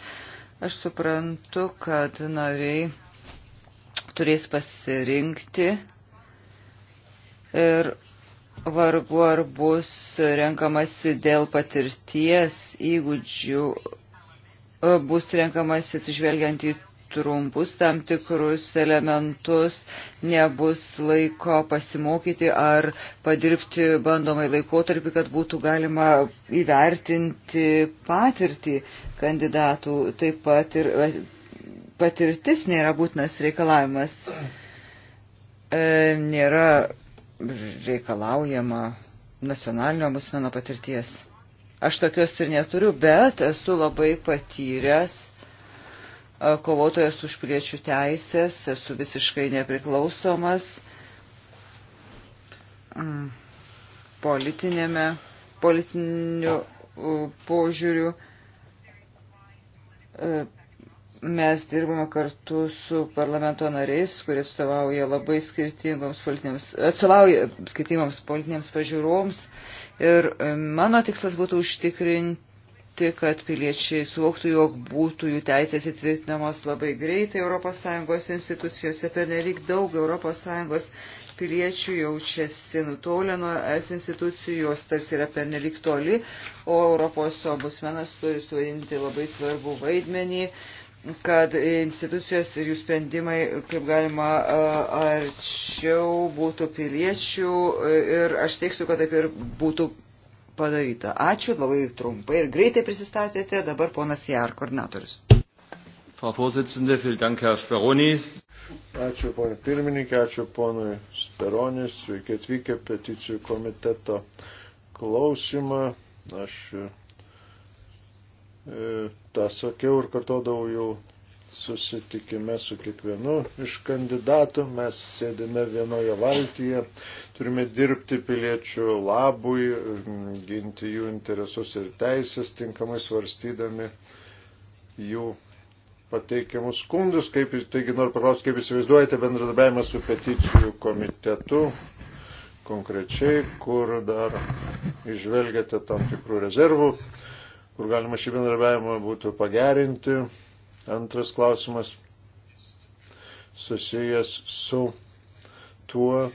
Aš suprantu, kad nariai turės pasirinkti ir vargu ar bus renkamasi dėl patirties įgūdžių, bus renkamasi atsižvelgiant į trumpus tam tikrus elementus, nebus laiko pasimokyti ar padirbti bandomai laikotarpį, kad būtų galima įvertinti patirtį kandidatų. Taip pat ir patirtis nėra būtinas reikalavimas. E, nėra reikalaujama nacionalinio musmeno patirties. Aš tokios ir neturiu, bet esu labai patyręs E, kovotojas už priečių teisės, esu visiškai nepriklausomas mm, politinėme, politiniu požiūriu. E, mes dirbame kartu su parlamento nariais, kurie atstovauja labai skirtingoms politinėms, atstovauja skirtingoms politinėms pažiūroms. Ir e, mano tikslas būtų užtikrinti siekti, kad piliečiai suvoktų, jog būtų jų teisės įtvirtinamos labai greitai ES institucijose. Per nelik daug ES piliečių jaučiasi nutolę nuo es institucijos, tarsi yra per nelik toli, o Europos obusmenas turi suvaidinti labai svarbu vaidmenį kad institucijos ir jų sprendimai kaip galima arčiau būtų piliečių ir aš teiksiu, kad taip ir būtų padaryta. Ačiū, labai trumpai ir greitai prisistatėte. Dabar ponas Jar, koordinatorius. Ačiū, ponė pirmininkė, ačiū ponui Speronis, sveiki atvykę peticijų komiteto klausimą. Aš e, tą sakiau ir kartodavau jau susitikime su kiekvienu iš kandidatų. Mes sėdime vienoje valtyje, turime dirbti piliečių labui, ginti jų interesus ir teisės, tinkamai svarstydami jų pateikiamus skundus. Kaip, taigi noriu paklausti, kaip įsivaizduojate bendradarbiavimą su peticijų komitetu konkrečiai, kur dar išvelgiate tam tikrų rezervų, kur galima šį bendradarbiavimą būtų pagerinti. Antras klausimas susijęs su tuo,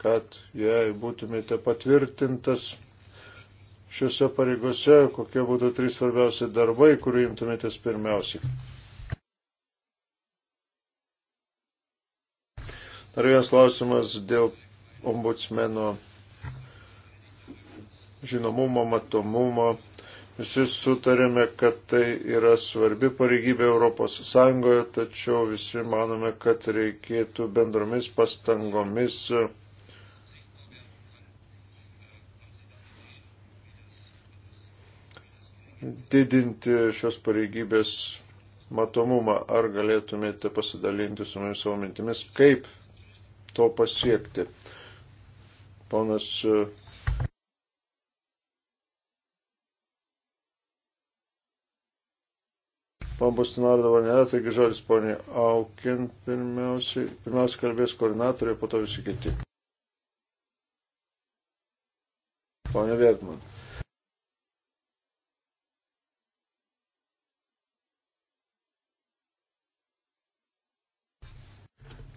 kad jei būtumėte patvirtintas šiuose pareigose, kokie būtų trys svarbiausi darbai, kurių imtumėtės pirmiausiai. Dar vienas klausimas dėl ombudsmeno žinomumo, matomumo Visi sutarėme, kad tai yra svarbi pareigybė Europos Sąjungoje, tačiau visi manome, kad reikėtų bendromis pastangomis didinti šios pareigybės matomumą. Ar galėtumėte pasidalinti su mumis savo mintimis, kaip to pasiekti? Ponas Pan Bustinaru dabar nėra, taigi žodis poniai Aukin pirmiausiai. Pirmiausia kalbės koordinatoriai, po to visi kiti. Pane Vėtman.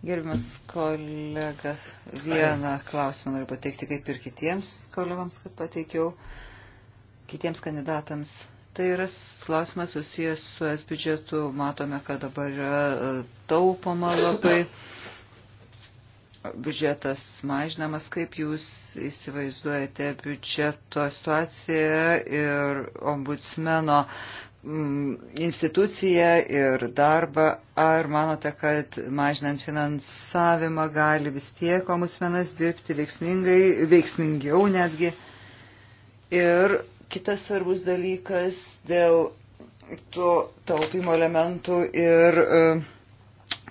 Gerbimas kolega, vieną klausimą noriu pateikti kaip ir kitiems kolegams, kad pateikiau kitiems kandidatams Tai yra klausimas susijęs su es biudžetu. Matome, kad dabar yra e, taupoma labai. Biudžetas mažinamas, kaip jūs įsivaizduojate biudžeto situaciją ir ombudsmeno instituciją ir darbą. Ar manote, kad mažinant finansavimą gali vis tiek ombudsmenas dirbti veiksmingai, veiksmingiau netgi? Ir Kitas svarbus dalykas dėl tų taupimo elementų ir e,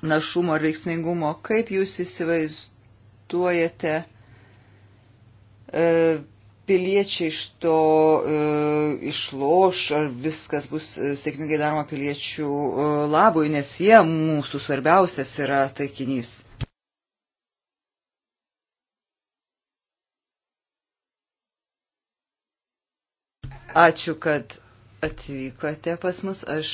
našumo ir veiksmingumo. Kaip jūs įsivaizduojate e, piliečiai iš to e, išloš, ar viskas bus sėkmingai daroma piliečių labui, nes jie mūsų svarbiausias yra taikinys? Ačiū, kad atvykote pas mus. Aš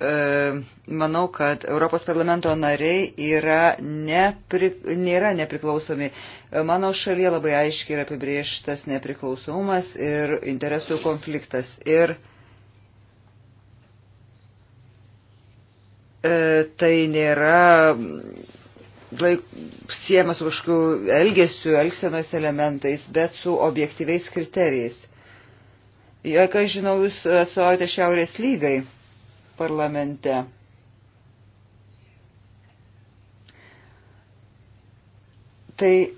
e, manau, kad Europos parlamento nariai yra nepri, nėra nepriklausomi. Mano šalyje labai aiškiai yra apibrieštas nepriklausomumas ir interesų konfliktas. Ir e, tai nėra laik, siema su kažkokiu elgesiu, elgsenos elementais, bet su objektyviais kriterijais Ja, kai žinau, jūs atstovaujate Šiaurės lygai parlamente. Tai e,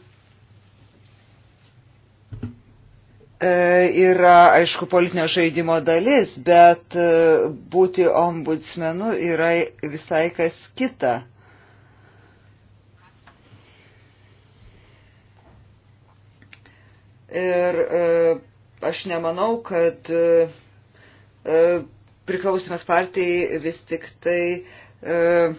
yra, aišku, politinio žaidimo dalis, bet e, būti ombudsmenu yra visai kas kita. Ir e, Aš nemanau, kad e, e, priklausimas partijai vis tik tai e,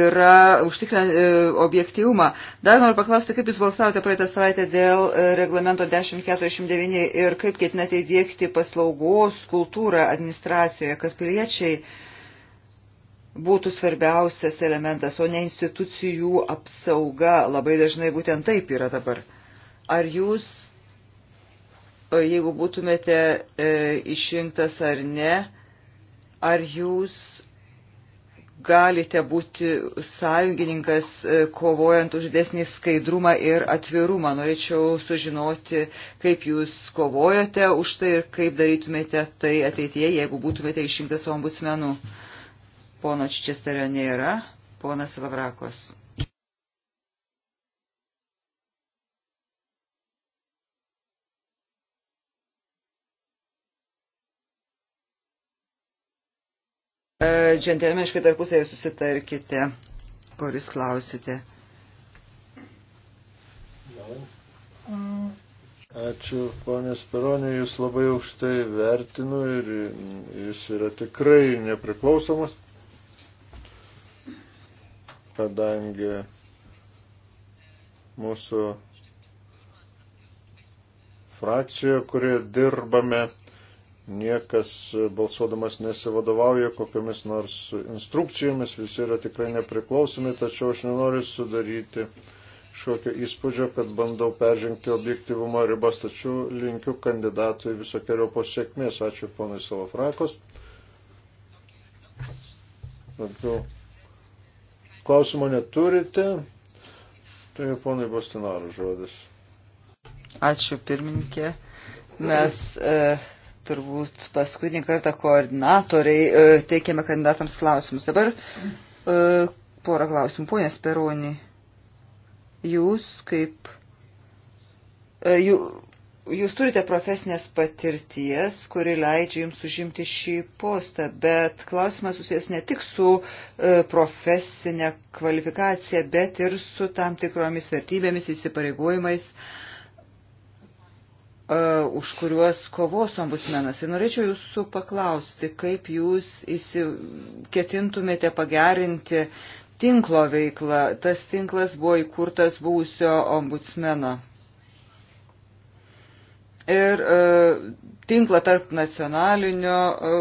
yra užtikrina objektyvumą. Dar noriu paklausti, kaip Jūs balsavote praeitą savaitę dėl reglamento 1049 ir kaip ketinate įdėkti paslaugos kultūrą administracijoje, kad piliečiai būtų svarbiausias elementas, o ne institucijų apsauga. Labai dažnai būtent taip yra dabar. Ar Jūs jeigu būtumėte e, išrinktas ar ne, ar jūs galite būti sąjungininkas e, kovojant už didesnį skaidrumą ir atvirumą. Norėčiau sužinoti, kaip jūs kovojate už tai ir kaip darytumėte tai ateityje, jeigu būtumėte išrinktas ombudsmenu. Pono Čičesterio nėra, ponas Lavrakos. E, džentelmeniškai tarpusėje susitarkite, kuris klausite. Ačiū, ponės Peronė, jūs labai aukštai vertinu ir jis yra tikrai nepriklausomas, kadangi mūsų frakcijoje, kurioje dirbame, niekas e, balsuodamas nesivadovauja kokiamis nors instrukcijomis, visi yra tikrai nepriklausomi, tačiau aš nenoriu sudaryti kažkokio įspūdžio, kad bandau peržengti objektivumo ribas, tačiau linkiu kandidatui visokiojo pasiekmės. Ačiū ponai Salafrakos. Daugiau klausimo neturite. Tai ponai Bostinarų žodis. Ačiū pirmininkė. Mes. E turbūt paskutinį kartą koordinatoriai e, teikėme kandidatams klausimus. Dabar e, porą klausimų. Pone Speroni, jūs kaip. E, Jų, jūs turite profesinės patirties, kuri leidžia jums užimti šį postą, bet klausimas susijęs ne tik su profesinė kvalifikacija, bet ir su tam tikromis vertybėmis, įsipareigojimais. Uh, E, už kuriuos kovos ombusmenas. Ir norėčiau jūsų paklausti, kaip jūs ketintumėte pagerinti tinklo veiklą. Tas tinklas buvo įkurtas buvusio ombudsmeno. Ir e, tinklą tarp nacionalinio, e,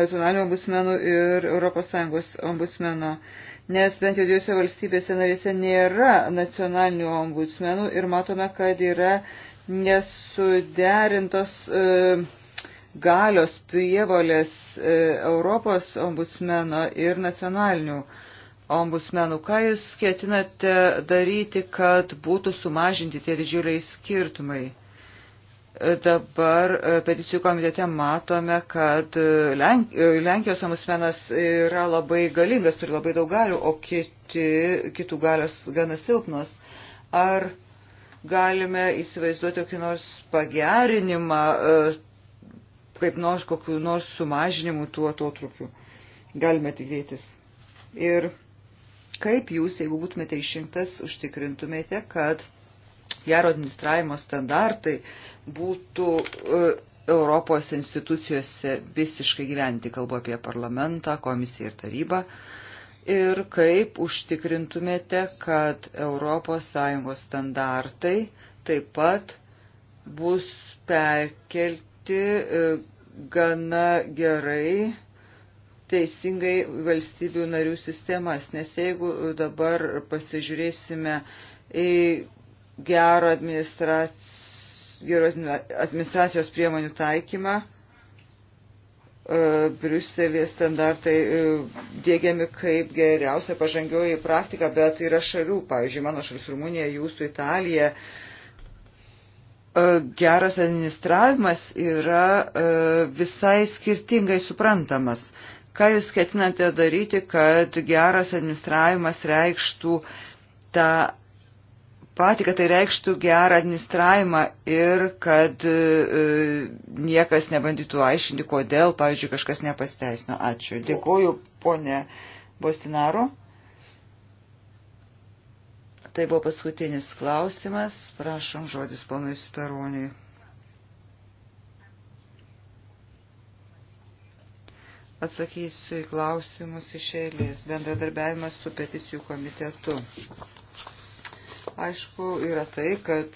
nacionalinio ombudsmenų ir ES ombudsmeno. Nes bent jau dviejose valstybėse narėse nėra nacionalinių ombudsmenų ir matome, kad yra nesuderintos e, galios prievolės e, Europos ombudsmeno ir nacionalinių ombudsmenų. Ką jūs ketinate daryti, kad būtų sumažinti tie didžiuliai skirtumai? E, dabar peticijų komitete matome, kad Lenk Lenkijos ombudsmenas yra labai galingas, turi labai daug galių, o kiti, kitų galios gana silpnos. Ar galime įsivaizduoti kokį nors pagerinimą, e, kaip nors kokiu nors sumažinimu tuo atotrukiu. Galime tikėtis. Ir kaip jūs, jeigu būtumėte išrinktas, užtikrintumėte, kad gero administravimo standartai būtų e, Europos institucijose visiškai gyventi, kalbu apie parlamentą, komisiją ir tarybą. Uh, ir kaip užtikrintumėte, kad ES standartai taip pat bus perkelti e, gana gerai teisingai valstybių narių sistemas, nes jeigu dabar pasižiūrėsime į gero administracijos, gero administracijos priemonių taikymą, E, Briuselėje standartai e, dėgiami kaip geriausia pažangioji praktika, bet yra šalių, pavyzdžiui, mano šalis Rumunija, jūsų Italija. E, geras administravimas yra visai skirtingai suprantamas. Ką jūs ketinate daryti, kad geras administravimas reikštų tą patį, kad tai reikštų gerą administravimą ir kad e, niekas nebandytų aiškinti, kodėl, pavyzdžiui, kažkas nepasteisino. Ačiū. Dėkuoju, ponė Bostinaro. Tai buvo paskutinis klausimas. Prašom žodis ponui Speroniui. Atsakysiu į klausimus iš eilės. Bendradarbiavimas su peticijų komitetu aišku, yra tai, kad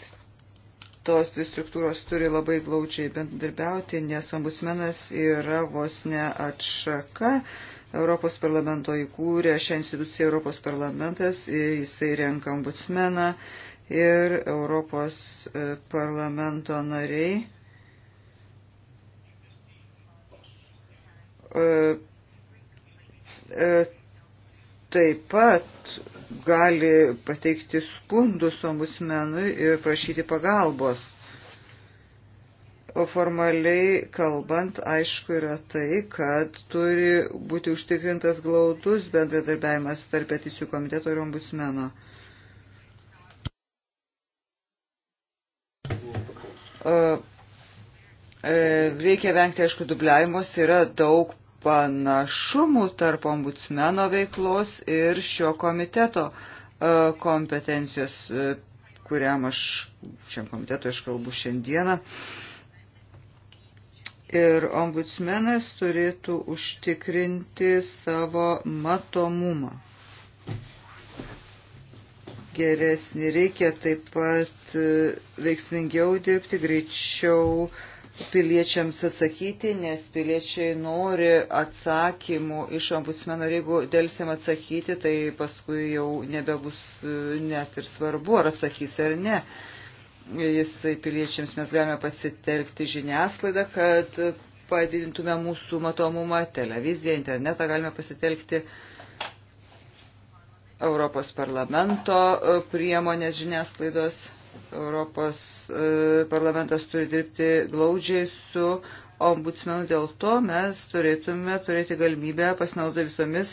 tos dvi struktūros turi labai glaučiai bendarbiauti, nes ombudsmenas yra vos ne atšaka. Europos parlamento įkūrė šią instituciją Europos parlamentas, jisai renka ombudsmeną ir Europos e, parlamento nariai e, e, taip pat gali pateikti skundus ombudsmenui ir prašyti pagalbos. O formaliai kalbant, aišku, yra tai, kad turi būti užtikrintas glaudus bendradarbiavimas tarp peticijų komiteto ir ombudsmeno. E, reikia vengti, aišku, dubliavimus, yra daug panašumų tarp ombudsmeno veiklos ir šio komiteto e, kompetencijos, e, kuriam aš šiam komitetui aš kalbu šiandieną. Ir ombudsmenas turėtų užtikrinti savo matomumą geresnį, reikia taip pat e, veiksmingiau dirbti, greičiau piliečiams atsakyti, nes piliečiai nori atsakymų iš ombudsmeno ir jeigu dėlsiam atsakyti, tai paskui jau nebebus e, net ir svarbu, ar atsakys ar ne. Jisai piliečiams mes galime pasitelkti žiniasklaidą, kad padidintume mūsų matomumą, televiziją, internetą galime pasitelkti. Europos parlamento e, priemonės žiniasklaidos Europos e, parlamentas turi dirbti glaudžiai su ombudsmenu, dėl to mes turėtume turėti galimybę pasinaudoti visomis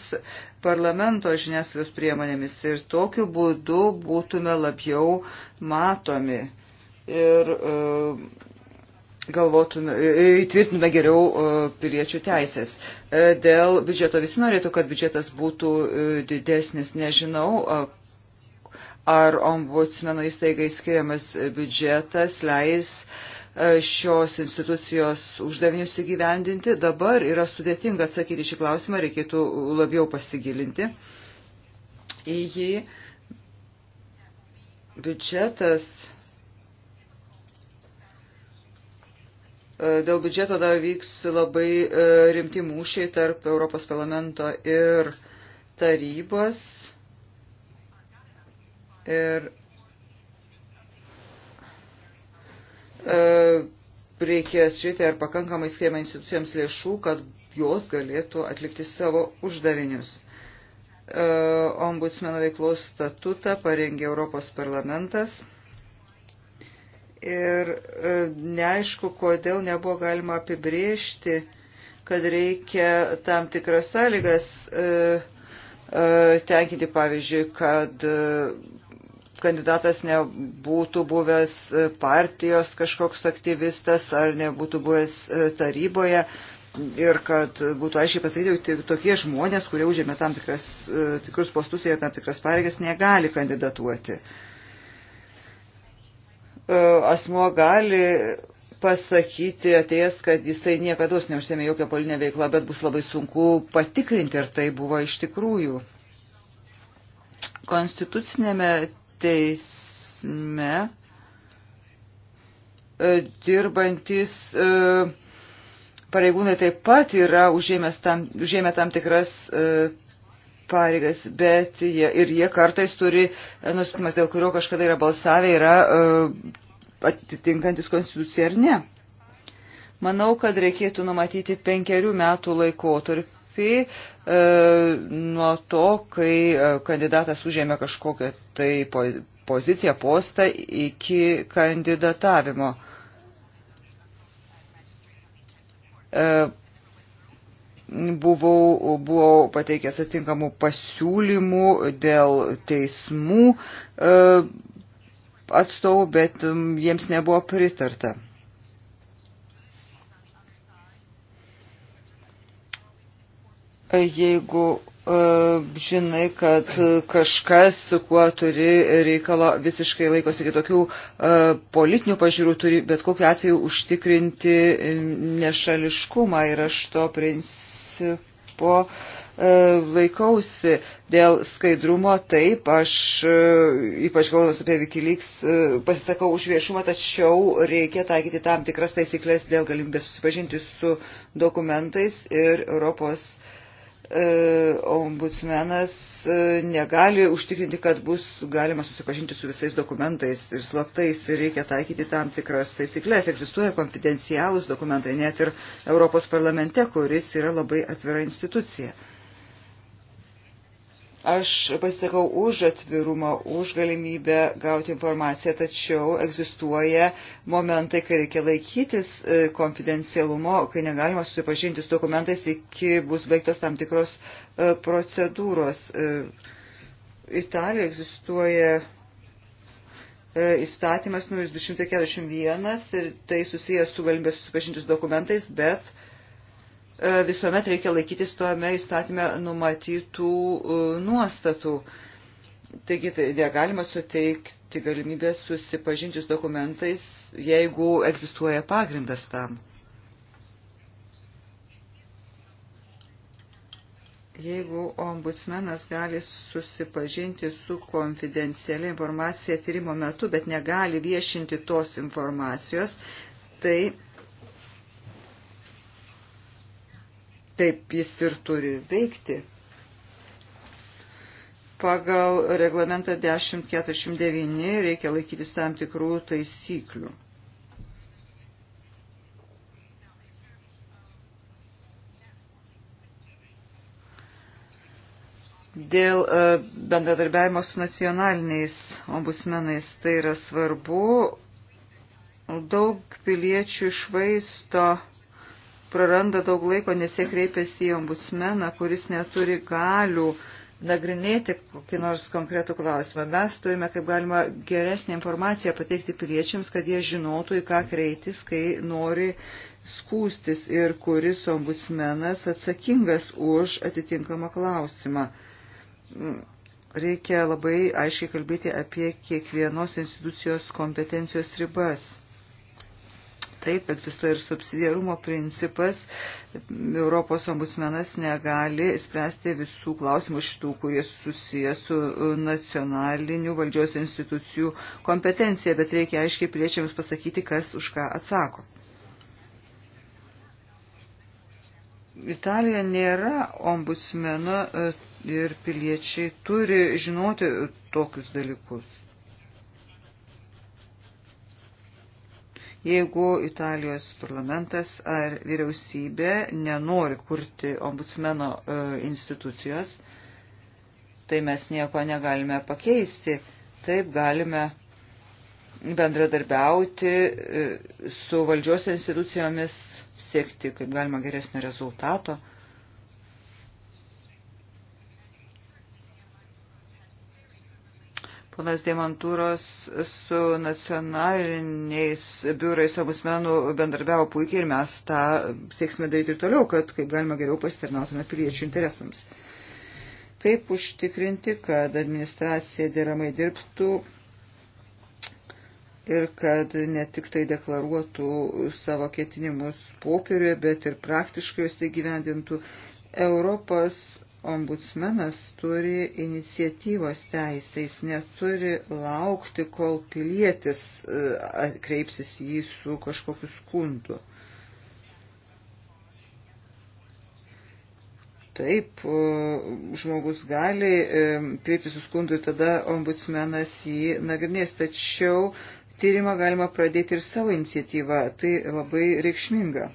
parlamento žiniasklaidos priemonėmis ir tokiu būdu būtume labiau matomi ir e, galvotume, e, įtvirtinume geriau piliečių teisės. Dėl biudžeto visi norėtų, kad biudžetas būtų didesnis, nežinau, ar ombudsmeno įstaigai skiriamas biudžetas leis e, šios institucijos uždavinius įgyvendinti. Dabar yra sudėtinga atsakyti šį klausimą, reikėtų labiau pasigilinti į jį. Biudžetas. E, dėl biudžeto dar vyks labai e, rimti mūšiai tarp Europos parlamento ir tarybos Ir e, reikės žiūrėti, ar pakankamai skiriama institucijoms lėšų, kad jos galėtų atlikti savo uždavinius. E, ombudsmeno veiklos statutą parengė Europos parlamentas ir e, neaišku, kodėl nebuvo galima apibriežti, kad reikia tam tikras sąlygas e, e, tenkinti, pavyzdžiui, kad kandidatas nebūtų buvęs e, partijos kažkoks aktyvistas ar nebūtų buvęs e, taryboje ir kad būtų aiškiai pasakyti, tokie žmonės, kurie užėmė tam tikras, e, tikrus postus ir tam tikras pareigas, negali kandidatuoti. Asmuo gali pasakyti atėjęs, kad jisai niekada neužsėmė jokią politinę veiklą, bet bus labai sunku patikrinti, ar tai buvo iš tikrųjų. Konstitucinėme teisme e, dirbantis e, pareigūnai taip pat yra tam, užėmę tam tikras e, pareigas, bet jie, ir jie kartais turi nusipimas, dėl kurio kažkada yra balsavę, yra atitinkantis konstituciją ar ne. Manau, kad reikėtų numatyti penkerių metų laikotarpį opi e, nuo to, kai e, kandidatas užėmė kažkokią tai poziciją, postą iki kandidatavimo. E, buvau, buvau pateikęs atinkamų pasiūlymų dėl teismų atstovų, bet jiems nebuvo pritarta. jeigu e, žinai, kad kažkas, su kuo turi reikalo, visiškai laikosi kitokių e, politinių pažiūrų, turi bet kokiu atveju užtikrinti nešališkumą ir aš to principo e, laikausi dėl skaidrumo, taip, aš ypač galvodamas apie Wikileaks pasisakau už viešumą, tačiau reikia taikyti tam tikras taisyklės dėl galimybės susipažinti su dokumentais ir Europos uh, E, ombudsmenas e, negali užtikrinti, kad bus galima susipažinti su visais dokumentais ir slaptais ir reikia taikyti tam tikras taisyklės. Egzistuoja konfidencialūs dokumentai net ir Europos parlamente, kuris yra labai atvira institucija. Aš pasisakau už atvirumą, už galimybę gauti informaciją, tačiau egzistuoja momentai, kai reikia laikytis e, konfidencialumo, kai negalima susipažinti su dokumentais, iki bus baigtos tam tikros e, procedūros. E, Italijoje egzistuoja įstatymas 0241 ir tai susijęs su galimybė susipažinti su dokumentais, bet E, visuomet reikia laikytis tuome įstatymę numatytų e, nuostatų. Taigi tai negalima suteikti galimybės susipažinti su dokumentais, jeigu egzistuoja pagrindas tam. Jeigu ombudsmenas gali susipažinti su konfidencialia informacija tyrimo metu, bet negali viešinti tos informacijos, tai taip jis ir turi veikti. Pagal reglamentą 1049 reikia laikytis tam tikrų taisyklių. Dėl e, bendradarbiavimo su nacionaliniais ombusmenais tai yra svarbu. Daug piliečių išvaisto praranda daug laiko, nes jie kreipiasi į ombudsmeną, kuris neturi galių nagrinėti kokį nors konkretų klausimą. Mes turime kaip galima geresnį informaciją pateikti piliečiams, kad jie žinotų, į ką kreitis, kai nori skūstis ir kuris ombudsmenas atsakingas už atitinkamą klausimą. Reikia labai aiškiai kalbėti apie kiekvienos institucijos kompetencijos ribas. Taip, egzistuoja ir subsidiarumo principas. Europos ombudsmenas negali spręsti visų klausimų šitų, kurie susiję su e, nacionaliniu valdžios institucijų kompetencija, bet reikia aiškiai piliečiams pasakyti, kas už ką atsako. Italija nėra ombudsmeno e, ir piliečiai turi žinoti tokius dalykus. Jeigu Italijos parlamentas ar vyriausybė nenori kurti ombudsmeno e, institucijos, tai mes nieko negalime pakeisti. Taip galime bendradarbiauti e, su valdžios institucijomis, siekti kaip galima geresnio rezultato. ponas Diamantūros su nacionaliniais biurais obusmenų bendarbiavo puikiai ir mes tą sieksime daryti ir toliau, kad kaip galima geriau pasitarnautume piliečių interesams. Kaip užtikrinti, kad administracija deramai dirbtų ir kad ne tik tai deklaruotų savo ketinimus popieriuje, bet ir praktiškai juos įgyvendintų. Europos ombudsmenas turi iniciatyvos teisės, neturi laukti, kol pilietis e, kreipsis jį su kažkokiu skundu. Taip, e, žmogus gali e, kreiptis su skundu ir tada ombudsmenas jį nagrinės, tačiau tyrimą galima pradėti ir savo iniciatyvą. Tai labai reikšminga.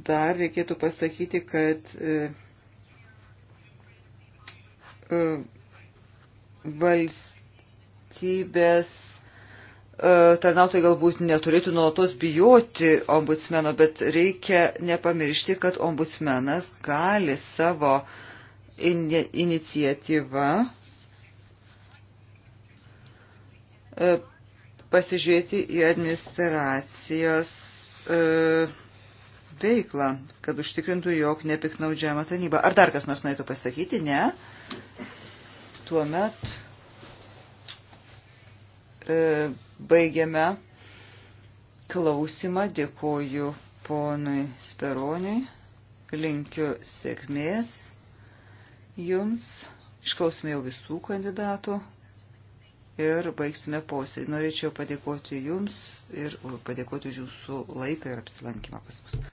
Dar reikėtų pasakyti, kad e, e, valstybės e, tarnautojai galbūt neturėtų nuolatos bijoti ombudsmeno, bet reikia nepamiršti, kad ombudsmenas gali savo in iniciatyvą pasižiūrėti į administracijos veiklą, kad užtikrintų, jog nepiknaudžiama tarnyba. Ar dar kas nors norėtų pasakyti? Ne. Tuomet e, baigiame klausimą. Dėkoju ponui Speroniui. Linkiu sėkmės jums. Išklausime jau visų kandidatų ir baigsime posėdį. Norėčiau padėkoti Jums ir padėkoti už Jūsų laiką ir apsilankymą pas mus.